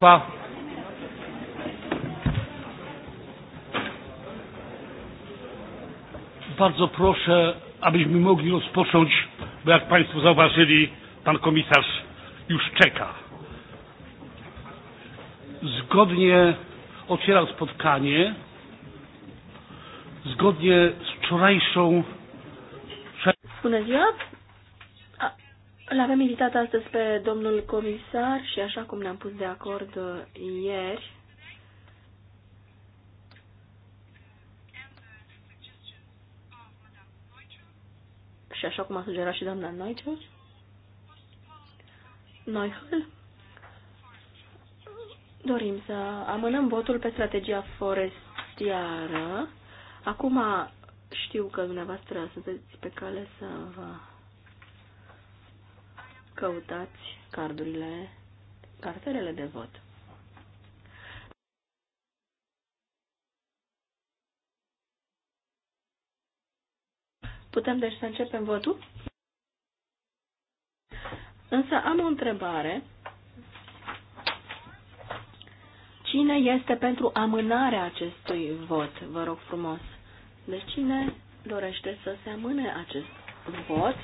Pa. Bardzo proszę, abyśmy mogli rozpocząć, bo jak Państwo zauważyli, Pan Komisarz już czeka. Zgodnie otwieram spotkanie. Zgodnie z wczorajszą. Bună ziua! l avem invitat astăzi pe domnul comisar și așa cum ne-am pus de acord uh, ieri, și așa cum a sugerat și doamna Neuchel, Neuchel, dorim să amânăm votul pe strategia forestiară. Acum știu că dumneavoastră sunteți pe cale să vă căutați cardurile, cartelele de vot. Putem deci să începem votul? Însă am o întrebare. Cine este pentru amânarea acestui vot? Vă rog frumos. Deci cine dorește să se amâne acest vot?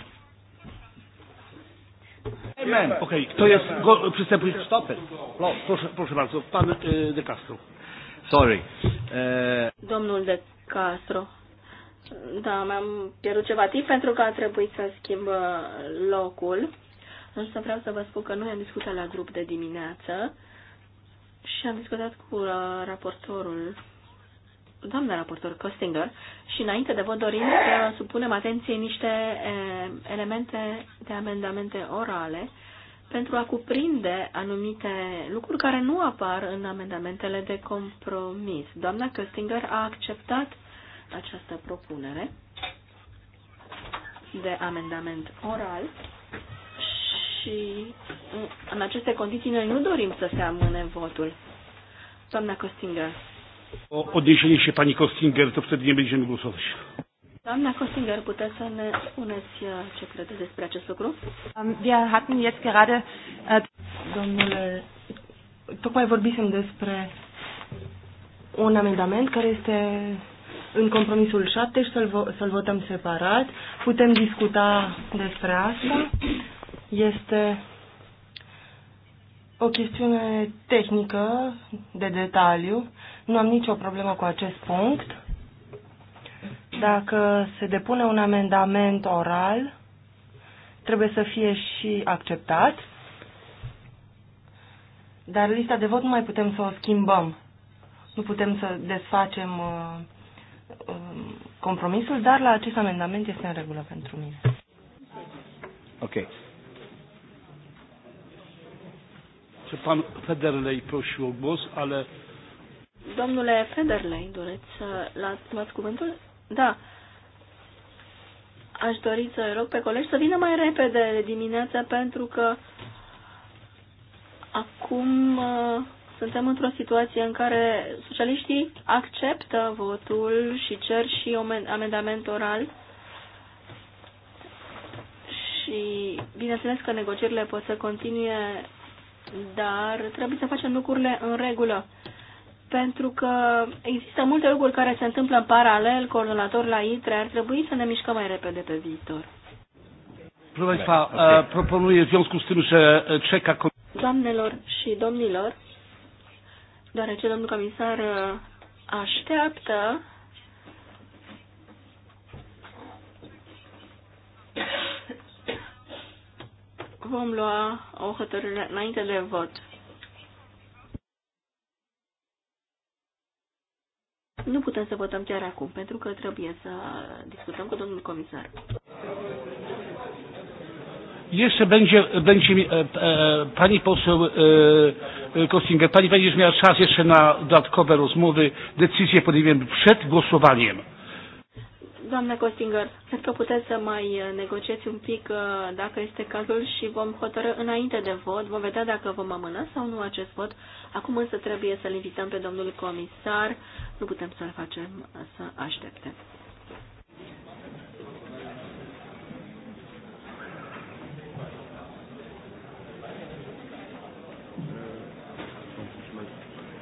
Amen. Okej, okay. kto jest... Go, przystępuje... Stopy. No, proszę, proszę bardzo, pan y, De Castro. Sorry. E... Domnul De Castro. Da, mi-am pierdut ceva timp pentru că a trebuit să schimb uh, locul. Însă vreau să vă spun că noi am discutat la grup de dimineață și am discutat cu uh, raportorul doamna raportor Costinger și înainte de vot dorim să supunem atenție niște elemente de amendamente orale pentru a cuprinde anumite lucruri care nu apar în amendamentele de compromis. Doamna Köstinger a acceptat această propunere de amendament oral și în aceste condiții noi nu dorim să se amâne votul. Doamna Köstinger, o, odniesienie się pani Kostinger, to wtedy nie będziemy głosować. Doamna Kostinger, puteți să ne spuneți ce credeți despre acest lucru? Wir hatten jetzt gerade, äh, domnule, tocmai vorbisem despre un amendament care este în compromisul 7 și să-l, vo- să-l votăm separat. Putem discuta despre asta. Este o chestiune tehnică de detaliu nu am nicio problemă cu acest punct. Dacă se depune un amendament oral, trebuie să fie și acceptat. Dar lista de vot nu mai putem să o schimbăm. Nu putem să desfacem uh, uh, compromisul, dar la acest amendament este în regulă pentru mine. Ok. Czy pan Federley prosił o głos, ale Domnule Federley, doreți să luați cuvântul? Da. Aș dori să rog pe colegi să vină mai repede dimineața pentru că acum uh, suntem într-o situație în care socialiștii acceptă votul și cer și amendament oral și bineînțeles că negocierile pot să continue, dar trebuie să facem lucrurile în regulă pentru că există multe lucruri care se întâmplă în paralel, coordonator la ITRE, ar trebui să ne mișcăm mai repede pe viitor. Doamnelor și domnilor, deoarece domnul comisar așteaptă vom lua o hotărâre înainte de vot. Nu putem să votăm chiar acum, pentru că trebuie să discutăm cu domnul comisar. Jeszcze będzie, będzie e, e, pani poseł e, Kostinger, pani będzie miała czas jeszcze na dodatkowe rozmowy. Decyzję podejmiemy przed głosowaniem. Doamne Costinger, cred că puteți să mai uh, negociați un pic uh, dacă este cazul și vom hotără înainte de vot. Vom vedea dacă vom amâna sau nu acest vot. Acum însă trebuie să-l invităm pe domnul comisar. Nu putem să-l facem să aștepte.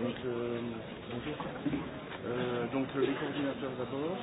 Thank you. Euh, donc les coordinateurs d'abord.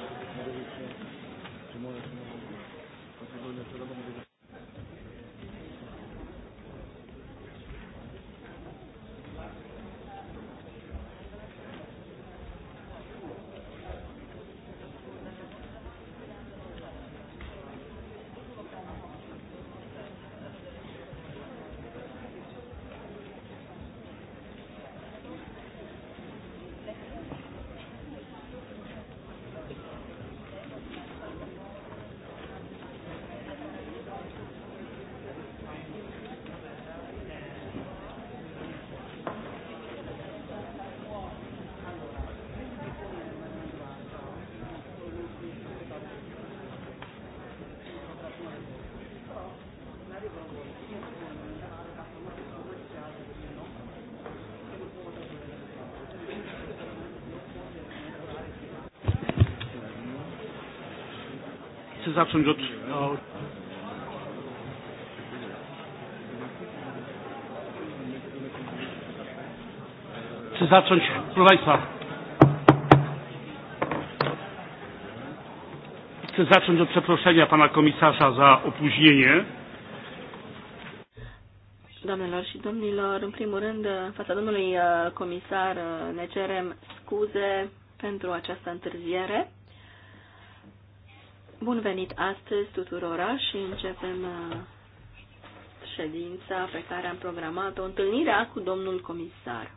Nächste sagt schon gut. Chcę zacząć, proszę Państwa, chcę zacząć od przeproszenia Pana Komisarza za opóźnienie. Doamnelor și domnilor, în primul rând, în fața domnului uh, comisar, uh, ne cerem scuze pentru această întârziere. Bun venit astăzi tuturora și începem uh, ședința pe care am programat-o, întâlnirea cu domnul comisar.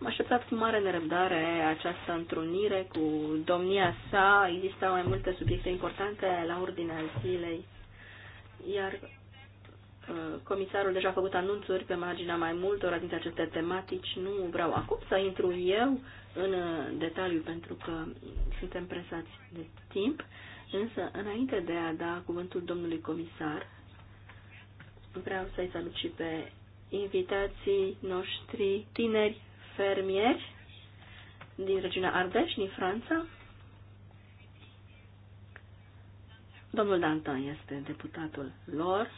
Am așteptat cu mare nerăbdare această întrunire cu domnia sa. Existau mai multe subiecte importante la ordinea zilei, iar Uh, comisarul deja a făcut anunțuri pe marginea mai multor dintre aceste tematici. Nu vreau acum să intru eu în uh, detaliu pentru că suntem presați de timp, însă înainte de a da cuvântul domnului comisar, vreau să-i salut și pe invitații noștri tineri fermieri din regiunea Ardeș, din Franța. Domnul Dantan este deputatul lor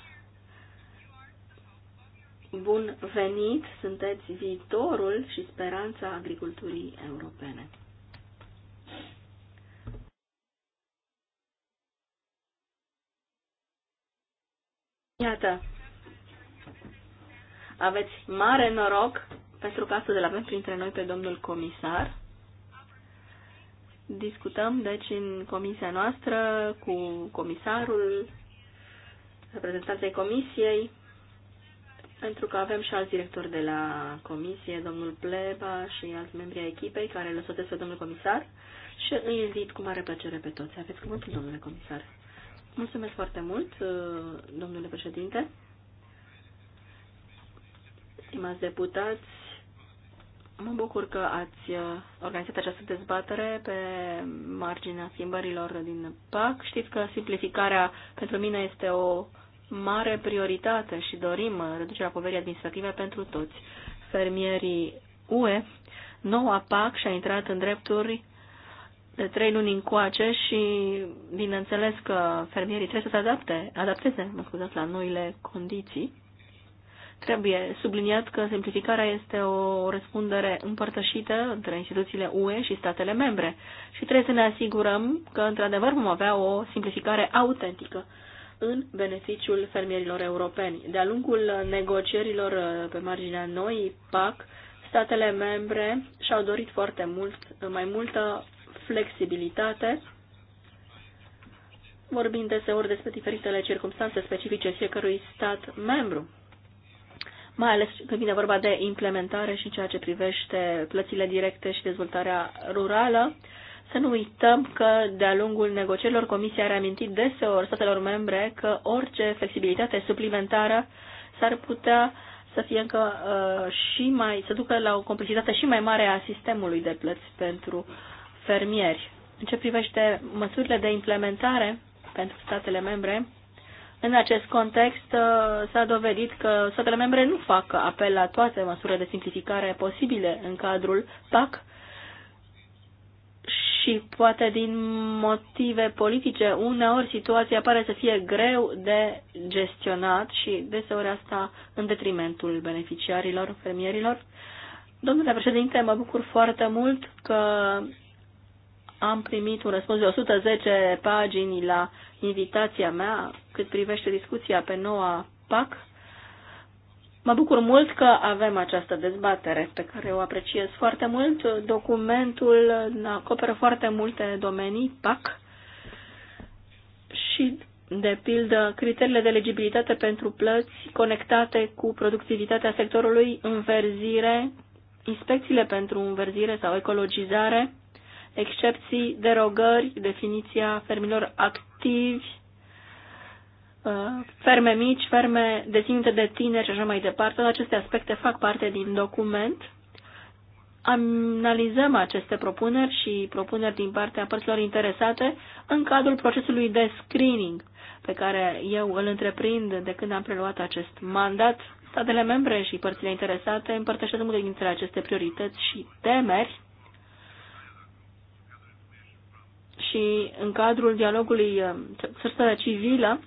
Bun venit, sunteți viitorul și speranța agriculturii europene. Iată, aveți mare noroc pentru că astăzi îl avem printre noi pe domnul comisar. Discutăm, deci, în comisia noastră cu comisarul, reprezentanții comisiei, pentru că avem și alți directori de la comisie, domnul Pleba și alți membri ai echipei care le sotesc pe domnul comisar și îi invit cu mare plăcere pe toți. Aveți cuvântul, domnule comisar. Mulțumesc foarte mult, uh, domnule președinte. Stimați deputați, mă bucur că ați uh, organizat această dezbatere pe marginea schimbărilor din PAC. Știți că simplificarea pentru mine este o mare prioritate și dorim reducerea poverii administrative pentru toți fermierii UE. Noua PAC și-a intrat în drepturi de trei luni încoace și bineînțeles că fermierii trebuie să se adapte, adapteze mă scuzați, la noile condiții. Trebuie subliniat că simplificarea este o răspundere împărtășită între instituțiile UE și statele membre și trebuie să ne asigurăm că într-adevăr vom avea o simplificare autentică în beneficiul fermierilor europeni. De-a lungul negocierilor uh, pe marginea noii PAC, statele membre și-au dorit foarte mult uh, mai multă flexibilitate, vorbind deseori despre diferitele circunstanțe specifice fiecărui stat membru, mai ales când vine vorba de implementare și ceea ce privește plățile directe și dezvoltarea rurală. Uh, să nu uităm că de-a lungul negocierilor Comisia a reamintit deseori statelor membre că orice flexibilitate suplimentară s-ar putea să fie încă uh, și mai, să ducă la o complexitate și mai mare a sistemului de plăți pentru fermieri. În ce privește măsurile de implementare pentru statele membre, în acest context uh, s-a dovedit că statele membre nu fac apel la toate măsurile de simplificare posibile în cadrul PAC, și poate din motive politice, uneori situația pare să fie greu de gestionat și deseori asta în detrimentul beneficiarilor, fermierilor. Domnule președinte, mă bucur foarte mult că am primit un răspuns de 110 pagini la invitația mea cât privește discuția pe noua PAC Mă bucur mult că avem această dezbatere pe care o apreciez foarte mult. Documentul acoperă foarte multe domenii, PAC, și, de pildă, criteriile de legibilitate pentru plăți conectate cu productivitatea sectorului, înverzire, inspecțiile pentru înverzire sau ecologizare, excepții, derogări, definiția fermilor activi, Uh, ferme mici, ferme deținute de tineri și așa mai departe. Toate aceste aspecte fac parte din document. Analizăm aceste propuneri și propuneri din partea părților interesate în cadrul procesului de screening pe care eu îl întreprind de când am preluat acest mandat. Statele membre și părțile interesate împărtășesc multe dintre aceste priorități și temeri și în cadrul dialogului societatea uh, civilă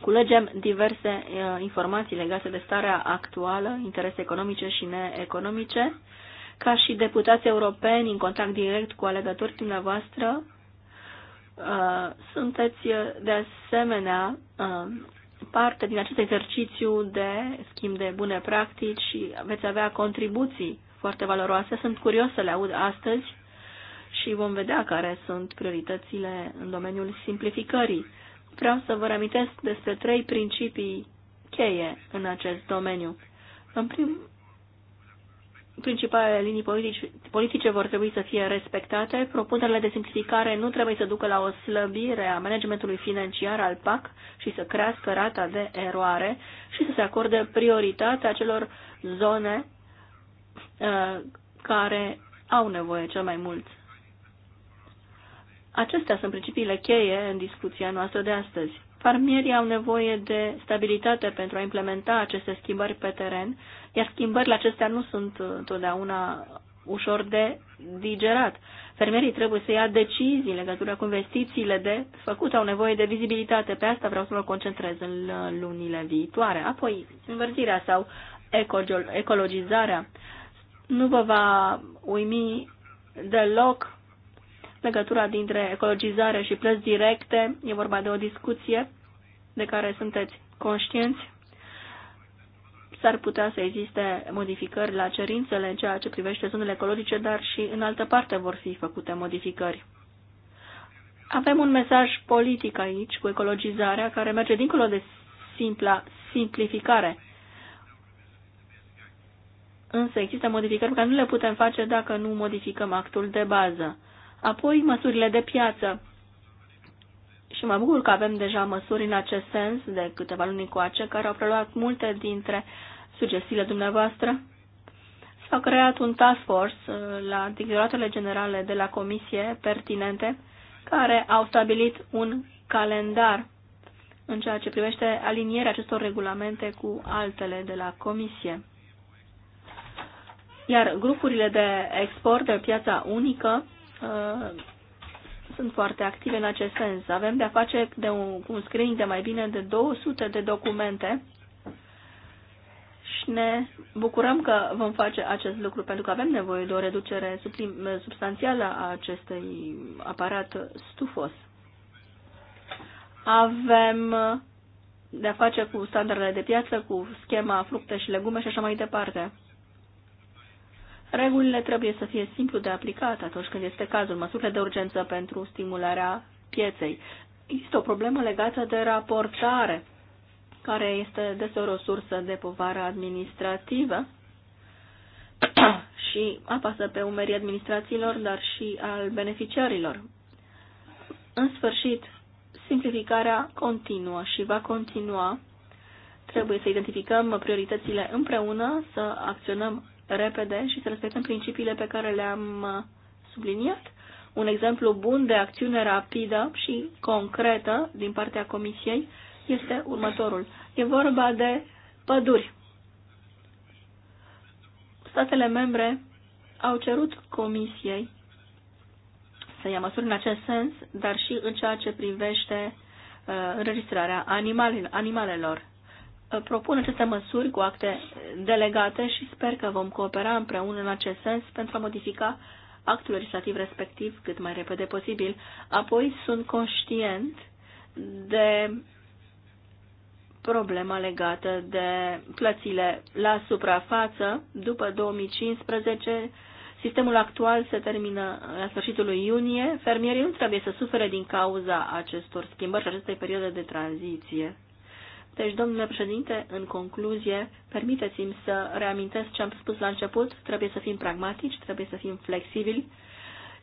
culegem diverse uh, informații legate de starea actuală, interese economice și neeconomice. Ca și deputați europeni în contact direct cu alegători dumneavoastră, uh, sunteți uh, de asemenea parte din acest exercițiu de schimb de bune practici și veți avea contribuții foarte valoroase. Sunt curios să le aud astăzi și vom vedea care sunt prioritățile în domeniul simplificării vreau să vă reamintesc despre trei principii cheie în acest domeniu. În prim, principalele linii politici, politice vor trebui să fie respectate, propunerile de simplificare nu trebuie să ducă la o slăbire a managementului financiar al PAC și să crească rata de eroare și să se acorde prioritatea acelor zone uh, care au nevoie cel mai mult Acestea sunt principiile cheie în discuția noastră de astăzi. Farmierii au nevoie de stabilitate pentru a implementa aceste schimbări pe teren, iar schimbările acestea nu sunt întotdeauna ușor de digerat. Fermierii trebuie să ia decizii în legătură cu investițiile de făcut, au nevoie de vizibilitate. Pe asta vreau să mă concentrez în lunile viitoare. Apoi, învărzirea sau ecologizarea. Nu vă va uimi deloc legătura dintre ecologizare și plăți directe. E vorba de o discuție de care sunteți conștienți. S-ar putea să existe modificări la cerințele în ceea ce privește zonele ecologice, dar și în altă parte vor fi făcute modificări. Avem un mesaj politic aici cu ecologizarea care merge dincolo de simpla simplificare. Însă există modificări pe care nu le putem face dacă nu modificăm actul de bază. Apoi, măsurile de piață. Și mă bucur că avem deja măsuri în acest sens de câteva luni încoace, care au preluat multe dintre sugestiile dumneavoastră. S-a creat un task force uh, la directoratele generale de la comisie pertinente, care au stabilit un calendar în ceea ce privește alinierea acestor regulamente cu altele de la comisie. Iar grupurile de export de piața unică Uh, sunt foarte active în acest sens. Avem de-a face de un, cu un screening de mai bine de 200 de documente și ne bucurăm că vom face acest lucru pentru că avem nevoie de o reducere sublim, substanțială a acestui aparat stufos. Avem de-a face cu standardele de piață, cu schema fructe și legume și așa mai departe. Regulile trebuie să fie simplu de aplicat atunci când este cazul, măsurile de urgență pentru stimularea pieței. Există o problemă legată de raportare, care este deseori o sursă de povară administrativă și apasă pe umerii administrațiilor, dar și al beneficiarilor. În sfârșit, simplificarea continuă și va continua. Trebuie să identificăm prioritățile împreună, să acționăm repede și să respectăm principiile pe care le-am uh, subliniat. Un exemplu bun de acțiune rapidă și concretă din partea Comisiei este următorul. E vorba de păduri. Statele membre au cerut Comisiei să ia măsuri în acest sens, dar și în ceea ce privește uh, înregistrarea animalelor. Uh, propun aceste măsuri cu acte delegate și sper că vom coopera împreună în acest sens pentru a modifica actul legislativ respectiv cât mai repede posibil. Apoi sunt conștient de problema legată de plățile la suprafață. După 2015, sistemul actual se termină la sfârșitul lui iunie. Fermierii nu trebuie să sufere din cauza acestor schimbări și acestei perioade de tranziție. Deci, domnule președinte, în concluzie, permiteți-mi să reamintesc ce am spus la început. Trebuie să fim pragmatici, trebuie să fim flexibili.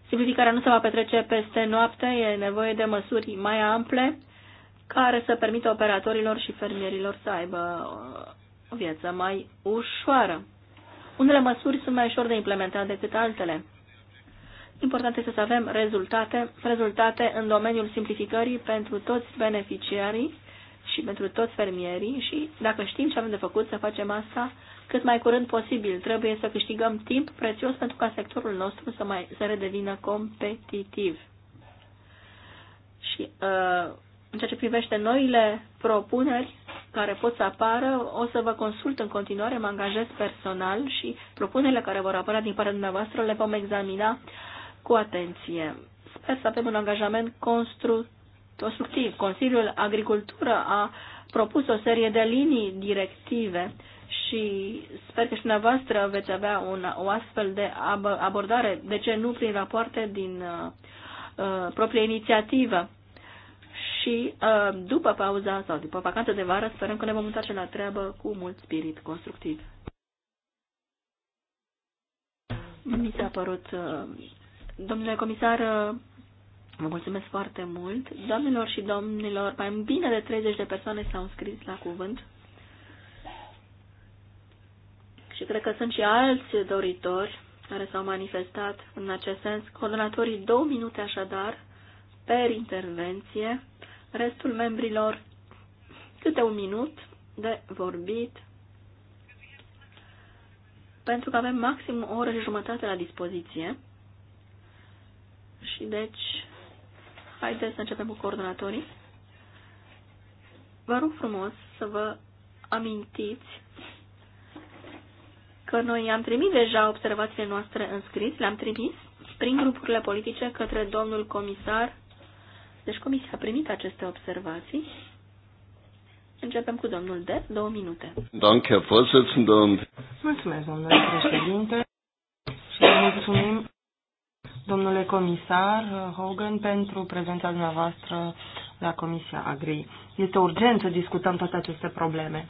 Simplificarea nu se va petrece peste noapte, e nevoie de măsuri mai ample care să permită operatorilor și fermierilor să aibă o viață mai ușoară. Unele măsuri sunt mai ușor de implementat decât altele. Important este să avem rezultate, rezultate în domeniul simplificării pentru toți beneficiarii și pentru toți fermierii și dacă știm ce avem de făcut să facem asta cât mai curând posibil. Trebuie să câștigăm timp prețios pentru ca sectorul nostru să, mai, să redevină competitiv. Și uh, în ceea ce privește noile propuneri care pot să apară, o să vă consult în continuare, mă angajez personal și propunerile care vor apărea din partea dumneavoastră le vom examina cu atenție. Sper să avem un angajament constructiv constructiv. Consiliul Agricultură a propus o serie de linii directive și sper că și dumneavoastră veți avea un, o astfel de abordare, de ce nu prin rapoarte din uh, uh, proprie inițiativă. Și uh, după pauza sau după vacanță de vară sperăm că ne vom întoarce la treabă cu mult spirit constructiv. Mi s-a părut, uh, domnule comisar, uh, Vă mulțumesc foarte mult. Doamnelor și domnilor, mai bine de 30 de persoane s-au înscris la cuvânt. Și cred că sunt și alți doritori care s-au manifestat în acest sens. Coordonatorii două minute așadar per intervenție, restul membrilor câte un minut de vorbit, pentru că avem maxim o oră și jumătate la dispoziție. Și deci Haideți să începem cu coordonatorii. Vă rog frumos să vă amintiți că noi am trimis deja observațiile noastre în scris, le-am trimis prin grupurile politice către domnul comisar. Deci comisia a primit aceste observații. Începem cu domnul De, două minute. Danke, Mulțumesc, domnule președinte, și mulțumim domnule comisar Hogan, pentru prezența dumneavoastră la Comisia Agri. Este urgent să discutăm toate aceste probleme.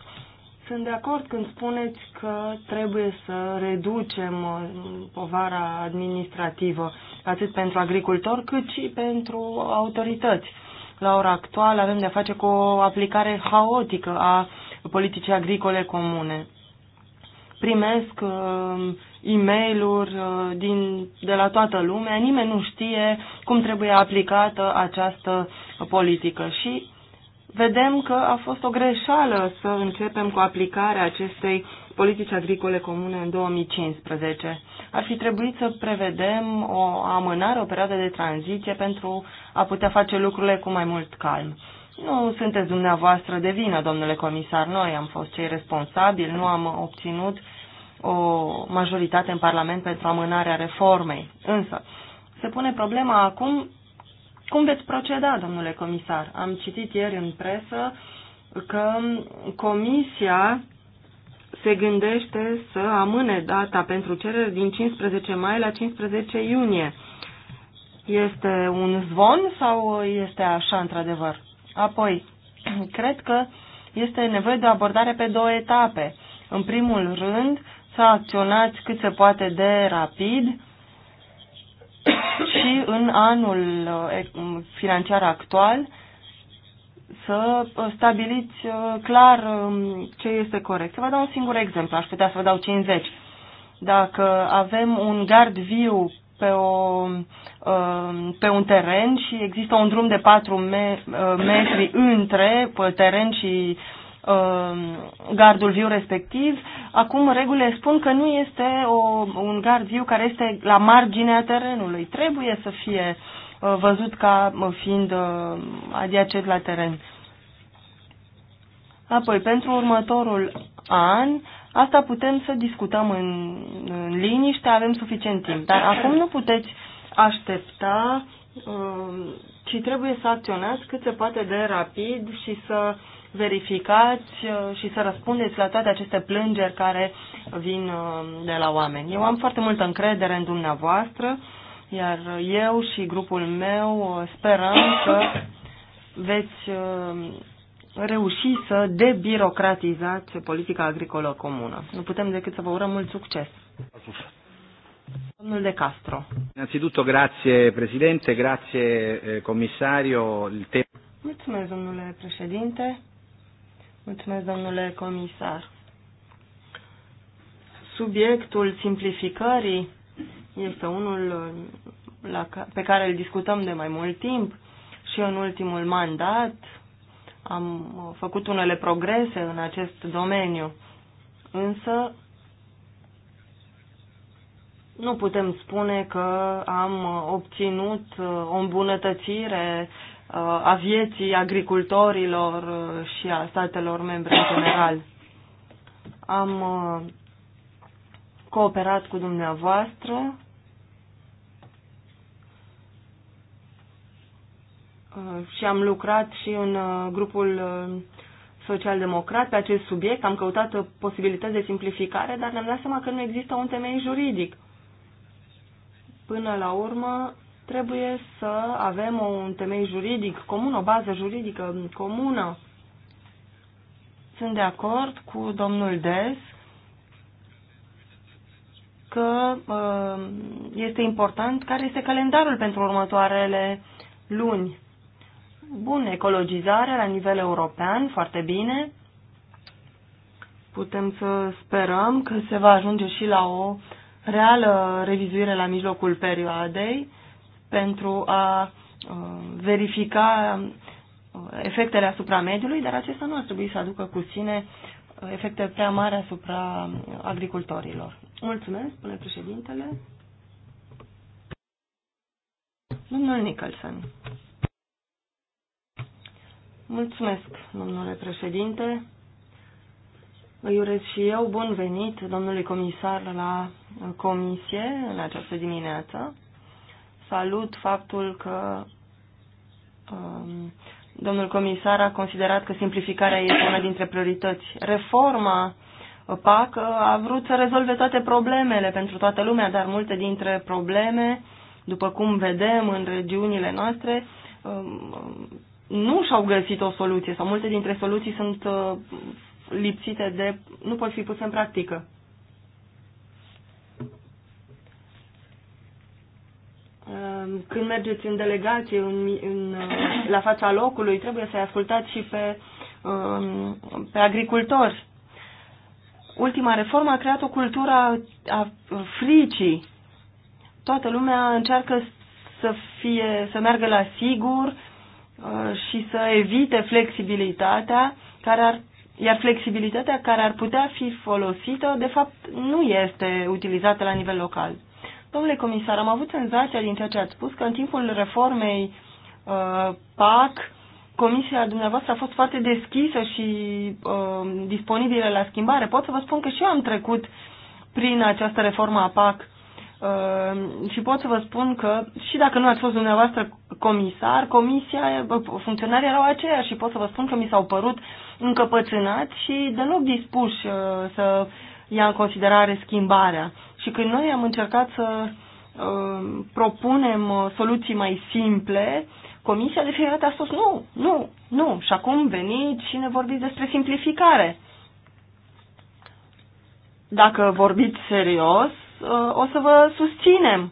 Sunt de acord când spuneți că trebuie să reducem uh, povara administrativă, atât pentru agricultori, cât și pentru autorități. La ora actuală avem de-a face cu o aplicare haotică a politicii agricole comune. Primesc uh, e mail uh, din, de la toată lumea, nimeni nu știe cum trebuie aplicată această politică și vedem că a fost o greșeală să începem cu aplicarea acestei politici agricole comune în 2015. Ar fi trebuit să prevedem o amânare, o perioadă de tranziție pentru a putea face lucrurile cu mai mult calm. Nu sunteți dumneavoastră de vină, domnule comisar, noi am fost cei responsabili, nu am obținut o majoritate în Parlament pentru amânarea reformei. Însă, se pune problema acum cum veți proceda, domnule comisar. Am citit ieri în presă că Comisia se gândește să amâne data pentru cerere din 15 mai la 15 iunie. Este un zvon sau este așa într-adevăr? Apoi, cred că este nevoie de o abordare pe două etape. În primul rând, să acționați cât se poate de rapid și în anul eh, financiar actual să eh, stabiliți eh, clar mm, ce este corect. Să vă dau un singur exemplu, aș putea să vă dau 50. Dacă avem un gard viu pe, o, pe un teren și există un drum de 4 metri între teren și uh, Um, gardul viu respectiv. Acum regulile spun că nu este o, un gard viu care este la marginea terenului. Trebuie să fie uh, văzut ca uh, fiind uh, adiacent la teren. Apoi, pentru următorul an, asta putem să discutăm în, în liniște, avem suficient timp. Dar acum nu puteți aștepta, um, ci trebuie să acționați cât se poate de rapid și să uh, verificați uh, și să răspundeți la toate aceste plângeri care vin uh, de la oameni. Eu am foarte multă încredere în dumneavoastră, iar eu și grupul meu uh, sperăm că veți reuși să debirocratizați politica agricolă comună. Nu putem decât să vă urăm mult succes. Domnul De Castro. Innanzitutto grazie Presidente, grazie eh, Commissario. Mulțumesc, domnule președinte. Mulțumesc, domnule comisar. Subiectul simplificării este unul la ca, pe care îl discutăm de mai mult timp și în ultimul mandat am făcut unele progrese în acest domeniu. Însă nu putem spune că am obținut o îmbunătățire Uh, a vieții agricultorilor uh, și a statelor membre în general. Am uh, cooperat cu dumneavoastră și am lucrat și în grupul social-democrat pe acest subiect. Am căutat posibilități de simplificare, dar ne-am dat seama că nu există un temei juridic. Până la urmă, trebuie să avem un temei juridic comun, o bază juridică comună. Sunt de acord cu domnul Des că uh, este important care este calendarul pentru următoarele luni. Bun, ecologizare la nivel european, foarte bine. Putem să sperăm că se va ajunge și la o reală revizuire la mijlocul perioadei pentru a uh, verifica uh, efectele asupra mediului, dar acesta nu ar trebui să aducă cu sine uh, efecte prea mari asupra agricultorilor. Mulțumesc, spune președintele. Domnul Nicholson. Mulțumesc, domnule președinte. Îi urez și eu bun venit domnului comisar la comisie în această dimineață salut faptul că um, domnul comisar a considerat că simplificarea este una dintre priorități. Reforma PAC a vrut să rezolve toate problemele pentru toată lumea, dar multe dintre probleme, după cum vedem în regiunile noastre, um, nu și-au găsit o soluție sau multe dintre soluții sunt uh, lipsite de, nu pot fi puse în practică. Um, când mergeți în delegație, în, în, uh, la fața locului, trebuie să-i ascultați și pe, um, pe agricultori. Ultima reformă a creat o cultură a fricii. Toată lumea încearcă să, fie, să meargă la sigur uh, și să evite flexibilitatea care ar iar flexibilitatea care ar putea fi folosită, de fapt, nu este utilizată la nivel local. Domnule comisar, am avut senzația din ceea ce ați spus că în timpul reformei uh, PAC, comisia dumneavoastră a fost foarte deschisă și uh, disponibilă la schimbare. Pot să vă spun că și eu am trecut prin această reformă a PAC uh, și pot să vă spun că și dacă nu ați fost dumneavoastră comisar, comisia, uh, funcționarii erau aceiași și pot să vă spun că mi s-au părut încăpățânați și deloc dispuși uh, să ia în considerare schimbarea. Și când noi am încercat să uh, propunem uh, soluții mai simple, comisia de fiecare dată a spus nu, nu, nu. Și acum veniți și ne vorbiți despre simplificare. Dacă vorbiți serios, uh, o să vă susținem.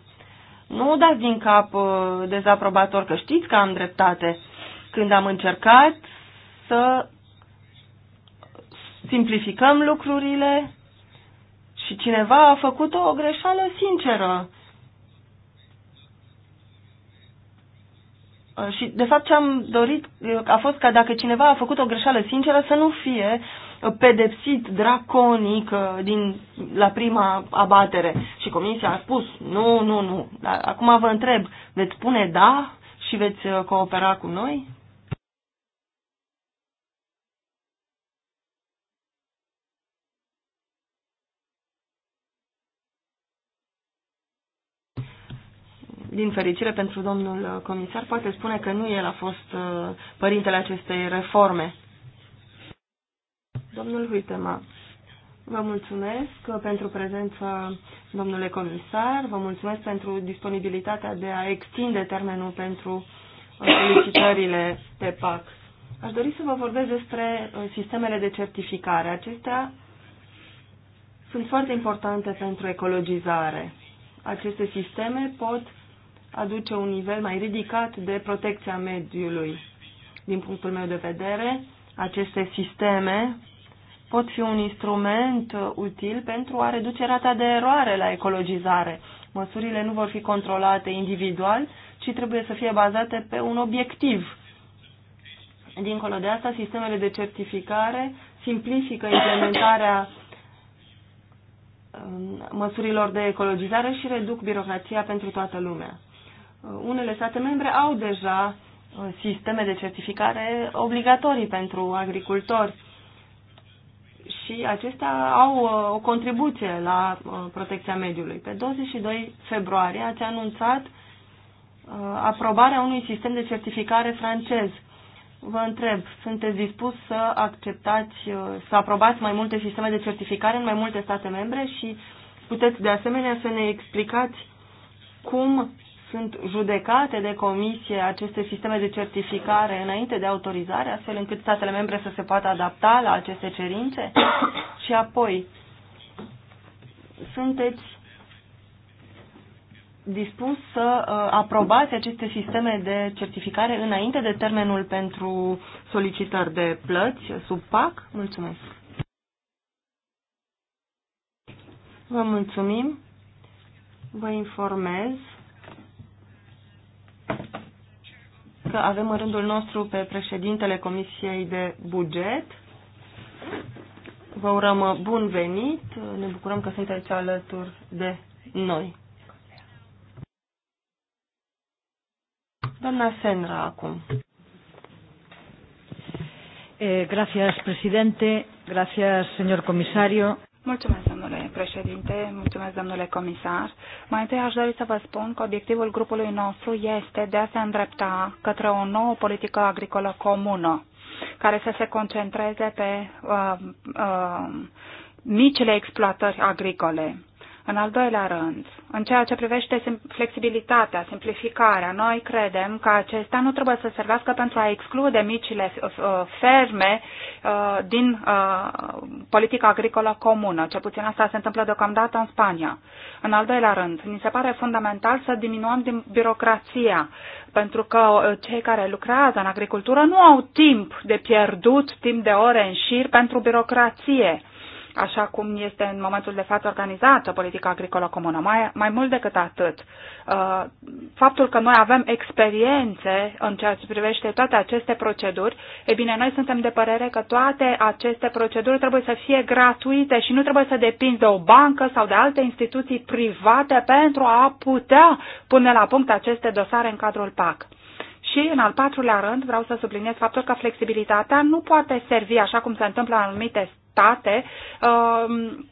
Nu dați din cap dezaprobator, că știți că am dreptate. Când am încercat să simplificăm lucrurile, și cineva a făcut o greșeală sinceră. Uh, și, de fapt, ce am dorit uh, a fost ca dacă cineva a făcut o greșeală sinceră să nu fie pedepsit draconic uh, din, la prima abatere. Și comisia a spus, nu, nu, nu. Acum vă întreb, veți spune da și veți coopera cu noi? din fericire pentru domnul uh, comisar, poate spune că nu el a fost uh, părintele acestei reforme. Domnul Huitema, vă mulțumesc uh, pentru prezența domnule comisar, vă mulțumesc pentru disponibilitatea de a extinde termenul pentru solicitările de PAC. Aș dori să vă vorbesc despre sistemele de certificare. Acestea sunt foarte importante pentru ecologizare. Aceste sisteme pot aduce un nivel mai ridicat de protecția mediului. Din punctul meu de vedere, aceste sisteme pot fi un instrument util pentru a reduce rata de eroare la ecologizare. Măsurile nu vor fi controlate individual, ci trebuie să fie bazate pe un obiectiv. Dincolo de asta, sistemele de certificare simplifică implementarea um, măsurilor de ecologizare și reduc birocrația pentru toată lumea. Uh, unele state membre au deja uh, sisteme de certificare obligatorii pentru agricultori și acestea au uh, o contribuție la protecția mediului. Pe 22 februarie ați anunțat aprobarea unui sistem de certificare francez. Vă întreb, sunteți dispus să acceptați, să aprobați mai multe sisteme de certificare în mai multe state membre și puteți de asemenea să ne explicați cum sunt judecate de comisie aceste sisteme de certificare înainte de autorizare, astfel încât statele membre să se poată adapta la aceste cerințe? Și apoi, sunteți dispus să uh, aprobați aceste sisteme de certificare înainte de termenul pentru solicitări de plăți sub PAC? Mulțumesc! Vă mulțumim! Vă informez că avem în rândul nostru pe președintele Comisiei de Buget. Vă urăm bun venit, ne bucurăm că sunteți alături de noi. Doamna Senra acum. Eh, gracias, presidente. Gracias, señor comisario. Mulțumesc, președinte, mulțumesc, domnule comisar. Mai întâi aș dori să vă spun că obiectivul grupului nostru este de a se îndrepta către o nouă politică agricolă comună, care să se concentreze pe uh, uh, micile exploatări agricole. În al doilea rând, în ceea ce privește flexibilitatea, simplificarea, noi credem că acestea nu trebuie să servească pentru a exclude micile uh, uh, ferme uh, din politica agricolă comună. ce puțin asta se întâmplă deocamdată în Spania. În al doilea rând, ni se pare fundamental să diminuăm din birocrația, pentru că cei care lucrează în agricultură nu au timp de pierdut, timp de ore în șir pentru birocrație așa cum este în momentul de față organizată politica agricolă comună. Mai, mai mult decât atât, uh, faptul că noi avem experiențe în ceea ce privește toate aceste proceduri, e bine, noi suntem de părere că toate aceste proceduri trebuie să fie gratuite și nu trebuie să depindă de o bancă sau de alte instituții private pentru a putea pune la punct aceste dosare în cadrul PAC. Și, în al patrulea rând, vreau să subliniez faptul că flexibilitatea nu poate servi, așa cum se întâmplă în anumite state um,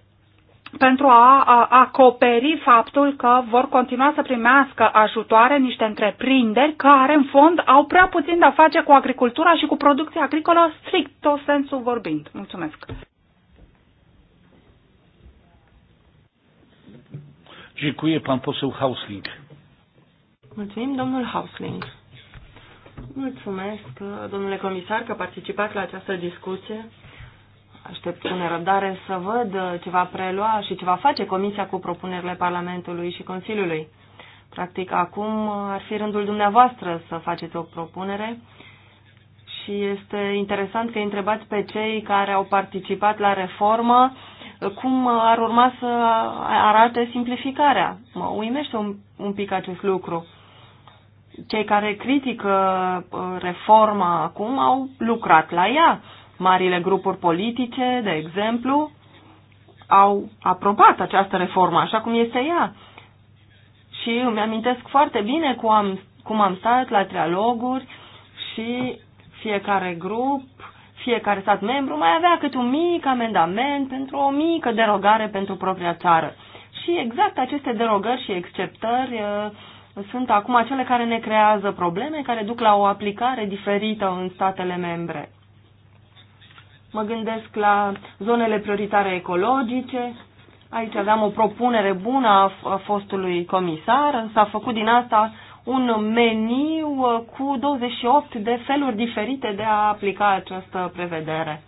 pentru a acoperi faptul că vor continua să primească ajutoare niște întreprinderi care, în fond, au prea puțin de-a face cu agricultura și cu producția agricolă, strict tot sensul vorbind. Mulțumesc! Dziękuję pan poseł Hausling. Mulțumim, domnul Hausling. Mulțumesc, domnule comisar, că participați la această discuție. Aștept cu nerăbdare să văd uh, ce va prelua și ce va face Comisia cu propunerile Parlamentului și Consiliului. Practic, acum uh, ar fi rândul dumneavoastră să faceți o propunere și este interesant că întrebați pe cei care au participat la reformă uh, cum ar urma să arate simplificarea. Mă uimește un, un pic acest lucru. Cei care critică reforma acum au lucrat la ea Marile grupuri politice, de exemplu, au aprobat această reformă așa cum este ea. Și îmi amintesc foarte bine cum am, cum am stat la trialoguri și fiecare grup, fiecare stat membru mai avea câte un mic amendament pentru o mică derogare pentru propria țară. Și exact aceste derogări și exceptări uh, sunt acum cele care ne creează probleme, care duc la o aplicare diferită în statele membre. Mă gândesc la zonele prioritare ecologice. Aici aveam o propunere bună a fostului comisar. S-a făcut din asta un meniu uh, cu 28 de feluri diferite de a aplica această prevedere.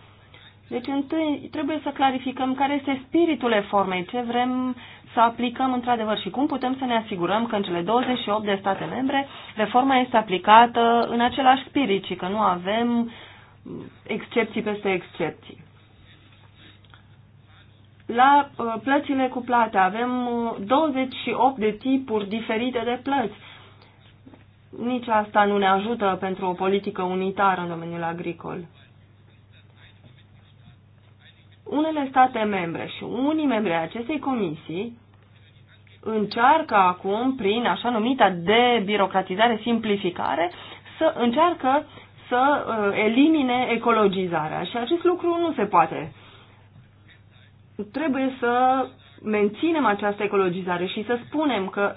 Deci întâi trebuie să clarificăm care este spiritul reformei, ce vrem să aplicăm într-adevăr și cum putem să ne asigurăm că în cele 28 de state membre reforma este aplicată în același spirit și că nu avem excepții peste excepții. La uh, plățile cu plată avem 28 uh, de tipuri diferite de plăți. Nici asta nu ne ajută pentru o politică unitară în domeniul agricol. Unele state membre și unii membri ai acestei comisii încearcă acum, prin așa numita debirocratizare, simplificare, să încearcă să uh, elimine ecologizarea și acest lucru nu se poate. Trebuie să menținem această ecologizare și să spunem că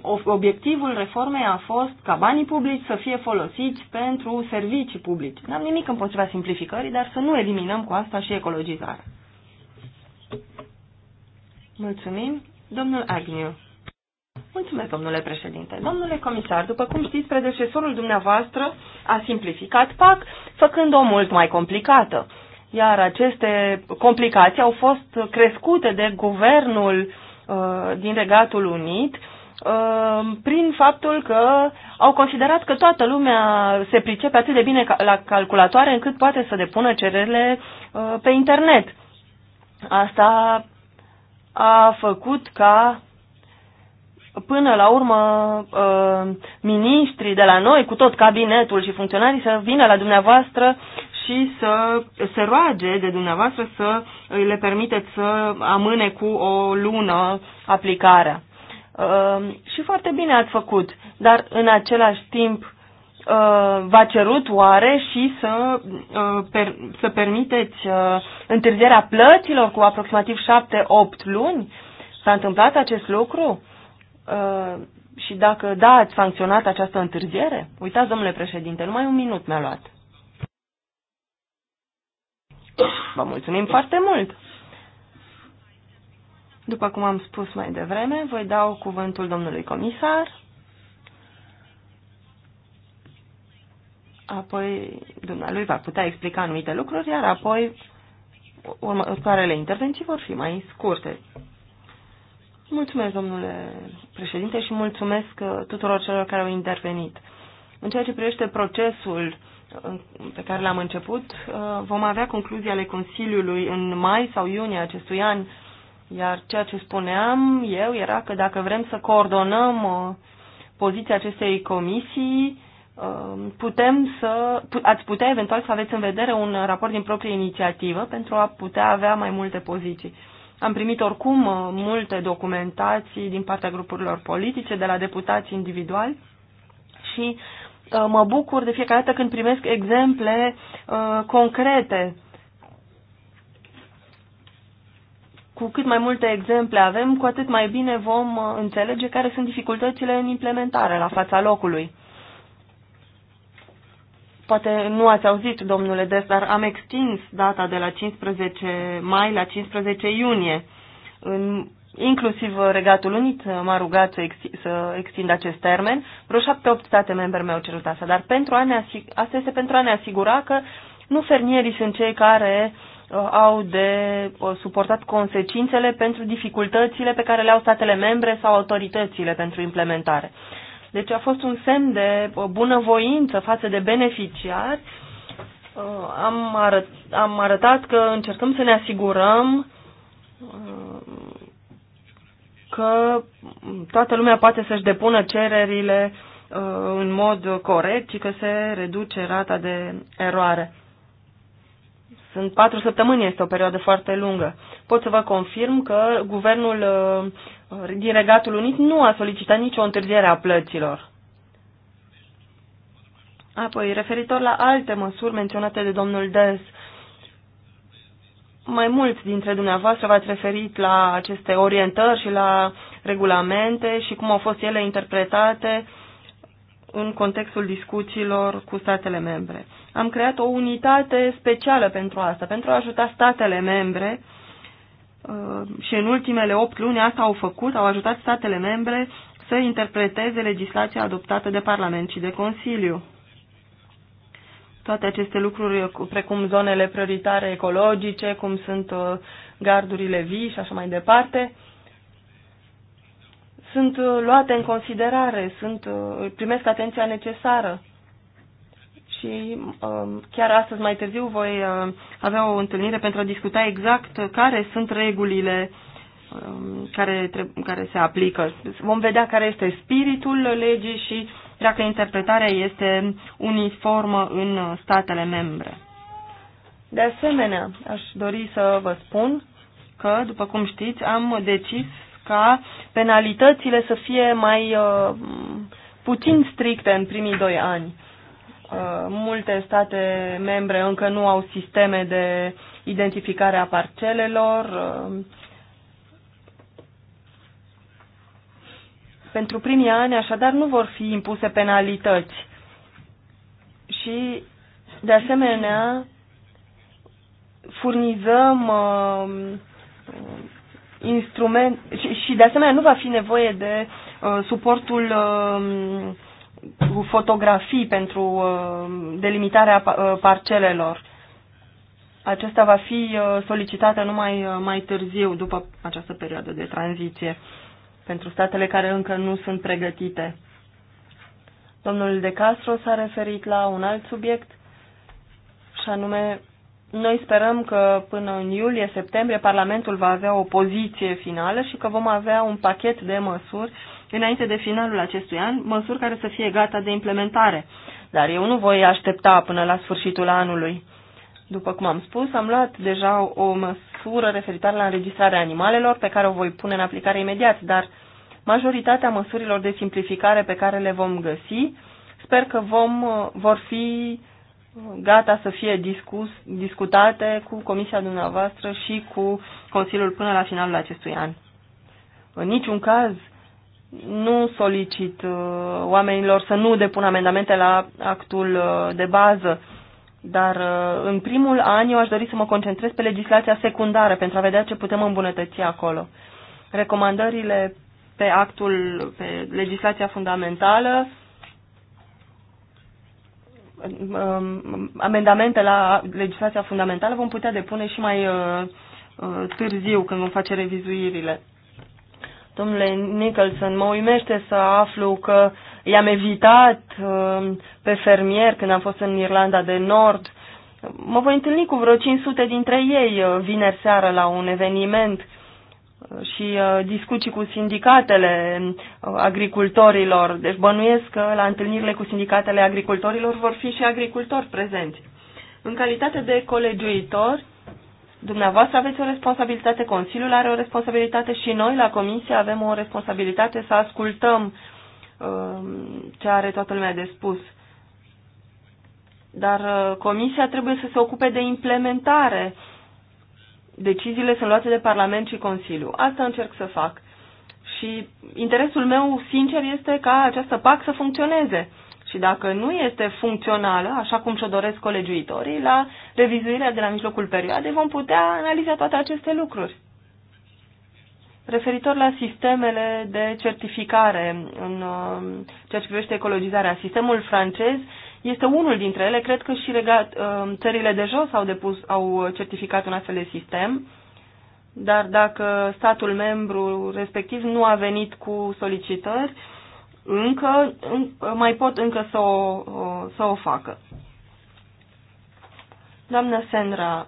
uh, obiectivul reformei a fost ca banii publici să fie folosiți pentru servicii publici. N-am nimic împotriva simplificării, dar să nu eliminăm cu asta și ecologizarea. Mulțumim. Domnul Agnew. Mulțumesc, domnule președinte. Domnule comisar, după cum știți, predecesorul dumneavoastră a simplificat PAC, făcând-o mult mai complicată. Iar aceste complicații au fost crescute de guvernul uh, din Regatul Unit uh, prin faptul că au considerat că toată lumea se pricepe atât de bine la calculatoare încât poate să depună cererile uh, pe internet. Asta a făcut ca până la urmă uh, ministrii de la noi, cu tot cabinetul și funcționarii, să vină la dumneavoastră și să se roage de dumneavoastră să le permiteți să amâne cu o lună aplicarea. Uh, și foarte bine ați făcut, dar în același timp uh, v-a cerut oare și să, să permiteți întârzierea plăților cu aproximativ 7-8 luni? S-a întâmplat acest lucru? Uh, și dacă da, ați sancționat această întârziere? Uitați, domnule președinte, numai un minut mi-a luat. Vă mulțumim foarte mult! După cum am spus mai devreme, voi dau cuvântul domnului comisar, apoi dumnealui va putea explica anumite lucruri, iar apoi următoarele intervenții vor fi mai scurte. Mulțumesc, domnule președinte, și mulțumesc uh, tuturor celor care au intervenit. În ceea ce privește procesul uh, pe care l-am început, uh, vom avea concluzii ale Consiliului în mai sau iunie acestui an, iar ceea ce spuneam eu era că dacă vrem să coordonăm poziția acestei comisii, putem să, ați putea eventual să aveți în vedere un raport din proprie inițiativă pentru a putea avea mai multe poziții. Am primit oricum uh, multe documentații din partea grupurilor politice, de la deputați individuali și uh, mă bucur de fiecare dată când primesc exemple uh, concrete. Cu cât mai multe exemple avem, cu atât mai bine vom înțelege care sunt dificultățile în implementare la fața locului. Poate nu ați auzit, domnule Des, dar am extins data de la 15 mai la 15 iunie. În, inclusiv Regatul Unit m-a rugat să, ex, să extind acest termen. Vreo șapte-opt state membre mi-au cerut asta, dar pentru a ne asigura, asta este pentru a ne asigura că nu fermierii sunt cei care uh, au de uh, suportat consecințele pentru dificultățile pe care le au statele membre sau autoritățile pentru implementare. Uh, deci a fost un semn de bunăvoință față de beneficiari. Uh, am, arăt, am arătat că încercăm să ne asigurăm uh, că toată lumea poate să-și depună cererile uh, în mod corect și că se reduce rata de eroare. Sunt patru săptămâni, este o perioadă foarte lungă. Pot să vă confirm că guvernul din Regatul Unit nu a solicitat nicio întârziere a plăților. Apoi, referitor la alte măsuri menționate de domnul Des, mai mulți dintre dumneavoastră v-ați referit la aceste orientări și la regulamente și cum au fost ele interpretate în contextul discuțiilor cu statele membre. Am creat o unitate specială pentru asta, pentru a ajuta statele membre Uh, și în ultimele opt luni asta au făcut, au ajutat statele membre să interpreteze legislația adoptată de Parlament și de Consiliu. Toate aceste lucruri, precum zonele prioritare ecologice, cum sunt uh, gardurile vii și așa mai departe, sunt uh, luate în considerare, sunt, primesc atenția necesară și um, chiar astăzi mai târziu voi uh, avea o întâlnire pentru a discuta exact care sunt regulile um, care, care se aplică. Vom vedea care este spiritul legii și dacă interpretarea este uniformă în statele membre. De asemenea, aș dori să vă spun că, după cum știți, am decis ca penalitățile să fie mai uh, puțin stricte în primii doi ani. Uh, multe state membre încă nu au sisteme de identificare a parcelelor. Uh, pentru primii ani, așadar, nu vor fi impuse penalități. Și, de asemenea, furnizăm uh, instrument și, și de asemenea nu va fi nevoie de uh, suportul uh, cu fotografii pentru uh, delimitarea uh, parcelelor. Acesta va fi uh, solicitată numai mai târziu, după această perioadă de tranziție, pentru statele care încă nu sunt pregătite. Domnul De Castro s-a referit la un alt subiect, și anume, noi sperăm că până în iulie-septembrie Parlamentul va avea o poziție finală și că vom avea un pachet de măsuri uh, înainte de finalul acestui an măsuri care să fie gata de implementare, dar eu nu voi aștepta până la sfârșitul anului. După cum am spus, am luat deja o măsură referitoare la înregistrarea animalelor pe care o voi pune în aplicare imediat, dar majoritatea măsurilor de simplificare pe care le vom găsi sper că vom, vor fi gata să fie discus, discutate cu comisia dumneavoastră și cu Consiliul până la finalul acestui an. În niciun caz nu solicit uh, oamenilor să nu depun amendamente la actul uh, de bază, dar uh, în primul an eu aș dori să mă concentrez pe legislația secundară pentru a vedea ce putem îmbunătăți acolo. Recomandările pe actul, pe legislația fundamentală, um, amendamente la legislația fundamentală vom putea depune și mai târziu când vom face revizuirile. Domnule Nicholson, mă uimește să aflu că i-am evitat uh, pe fermier când am fost în Irlanda de Nord. Mă voi întâlni cu vreo 500 dintre ei uh, vineri seară la un eveniment uh, și discuții cu sindicatele agricultorilor. Deci bănuiesc că la întâlnirile cu sindicatele agricultorilor vor fi și agricultori prezenți. În calitate de colegiuitor, Dumneavoastră aveți o responsabilitate, Consiliul are o responsabilitate și noi la Comisie avem o responsabilitate să ascultăm uh, ce are toată lumea de spus. Dar uh, Comisia trebuie să se ocupe de implementare. Deciziile sunt luate de Parlament și Consiliu. Asta încerc să fac. Și interesul meu, sincer, este ca această PAC să funcționeze și dacă nu este funcțională, așa cum și-o doresc colegiuitorii, la revizuirea de la mijlocul perioadei vom putea analiza toate aceste lucruri. Referitor la sistemele de certificare în uh, ceea ce privește ecologizarea, sistemul francez este unul dintre ele. Cred că și legat, uh, țările de jos au, depus, au certificat un astfel de sistem, dar dacă statul membru respectiv nu a venit cu solicitări, încă, mai pot încă să o, să o facă. Doamna Sandra,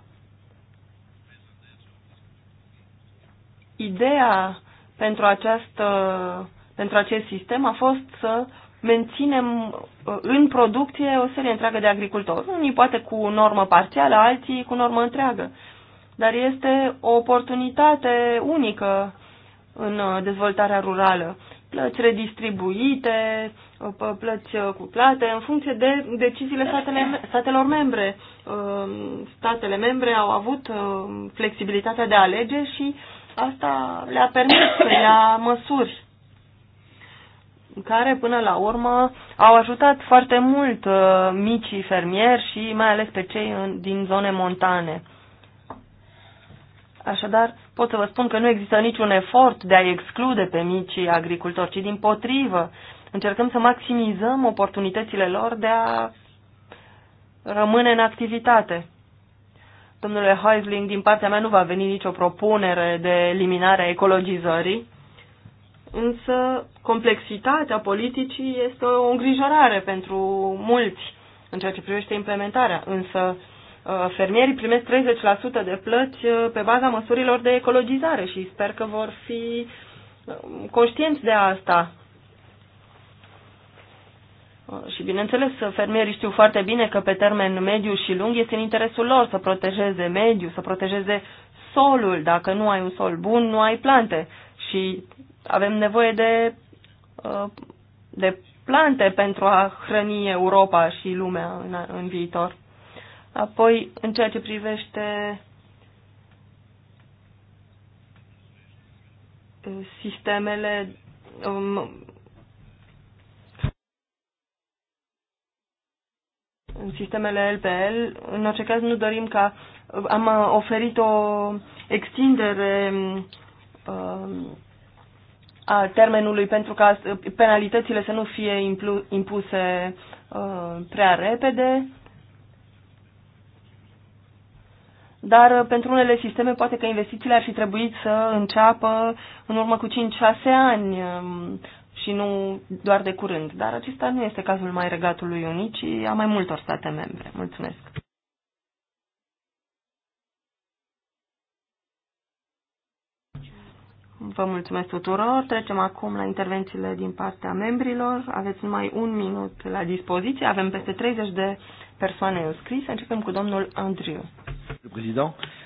ideea pentru, această, pentru acest sistem a fost să menținem uh, în producție o serie întreagă de agricultori. Unii poate cu normă parțială, alții cu normă întreagă. Dar este o oportunitate unică în uh, dezvoltarea rurală plăți redistribuite, plăți uh, plate, în funcție de deciziile statele, statelor membre. Um, statele membre au avut uh, flexibilitatea de a alege și asta le-a permis să ia măsuri care până la urmă au ajutat foarte mult uh, micii fermieri și mai ales pe cei din zone montane. Așadar, pot să vă spun că nu există niciun efort de a exclude pe micii agricultori, ci din potrivă încercăm să maximizăm oportunitățile lor de a rămâne în activitate. Domnule Heisling din partea mea nu va veni nicio propunere de eliminare a ecologizării, însă complexitatea politicii este o îngrijorare pentru mulți în ceea ce privește implementarea, însă Uh, fermierii primesc 30% de plăți uh, pe baza măsurilor de ecologizare și sper că vor fi um, conștienți de asta. Uh, și bineînțeles, fermierii știu foarte bine că pe termen mediu și lung este în interesul lor să protejeze mediu, să protejeze solul. Dacă nu ai un sol bun, nu ai plante. Și avem nevoie de, de plante pentru a hrăni Europa și lumea în viitor. Apoi, în ceea ce privește sistemele um, în sistemele LPL. În orice caz nu dorim ca am oferit o extindere um, a termenului pentru ca penalitățile să nu fie impuse uh, prea repede. dar uh, pentru unele sisteme poate că investițiile ar fi trebuit să înceapă în urmă cu 5-6 ani um, și nu doar de curând. Dar acesta nu este cazul mai regatului unit, ci a mai multor state membre. Mulțumesc! Vă mulțumesc tuturor. Trecem acum la intervențiile din partea membrilor. Aveți numai un minut la dispoziție. Avem peste 30 de persoane înscrise. Începem cu domnul Andriu.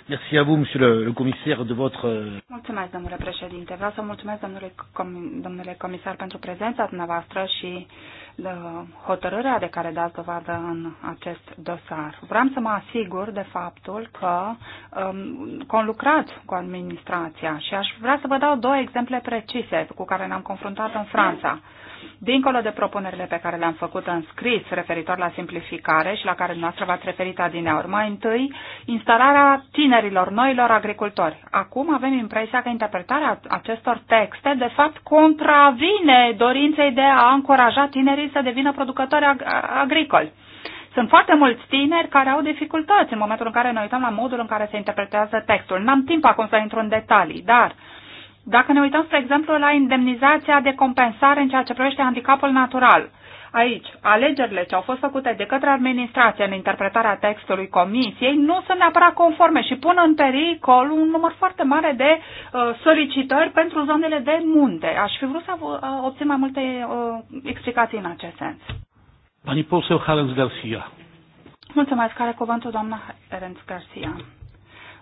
merci à vous, monsieur le, le commissaire, de votre... Mulțumesc, domnule președinte. Vreau să mulțumesc, domnule, com, domnule comisar, pentru prezența dumneavoastră și de uh, hotărârea de care dați dovadă în acest dosar. Vreau să mă asigur de faptul că um, conlucrați cu administrația și aș vrea să vă dau două exemple precise cu care ne-am confruntat în Franța. Mm Dincolo de propunerile pe care le-am făcut în scris referitor la simplificare și la care noastră v-ați referit adineauri, mai întâi, instalarea tinerilor, noilor agricultori. Acum avem impresia că interpretarea acestor texte, de fapt, contravine dorinței de a încuraja tinerii să devină producători ag agricoli. Sunt foarte mulți tineri care au dificultăți în momentul în care ne uităm la modul în care se interpretează textul. N-am timp acum să intru în detalii, dar dacă ne uităm, spre exemplu, la indemnizația de compensare în ceea ce privește handicapul natural, Aici, alegerile ce au fost făcute de către administrație în interpretarea textului comisiei nu sunt neapărat conforme și pun în pericol un număr foarte mare de uh, solicitări pentru zonele de munte. Aș fi vrut să uh, obțin mai multe uh, explicații în acest sens. Pani poseu Harens Garcia. Mulțumesc, care cuvântul doamna Harens Garcia.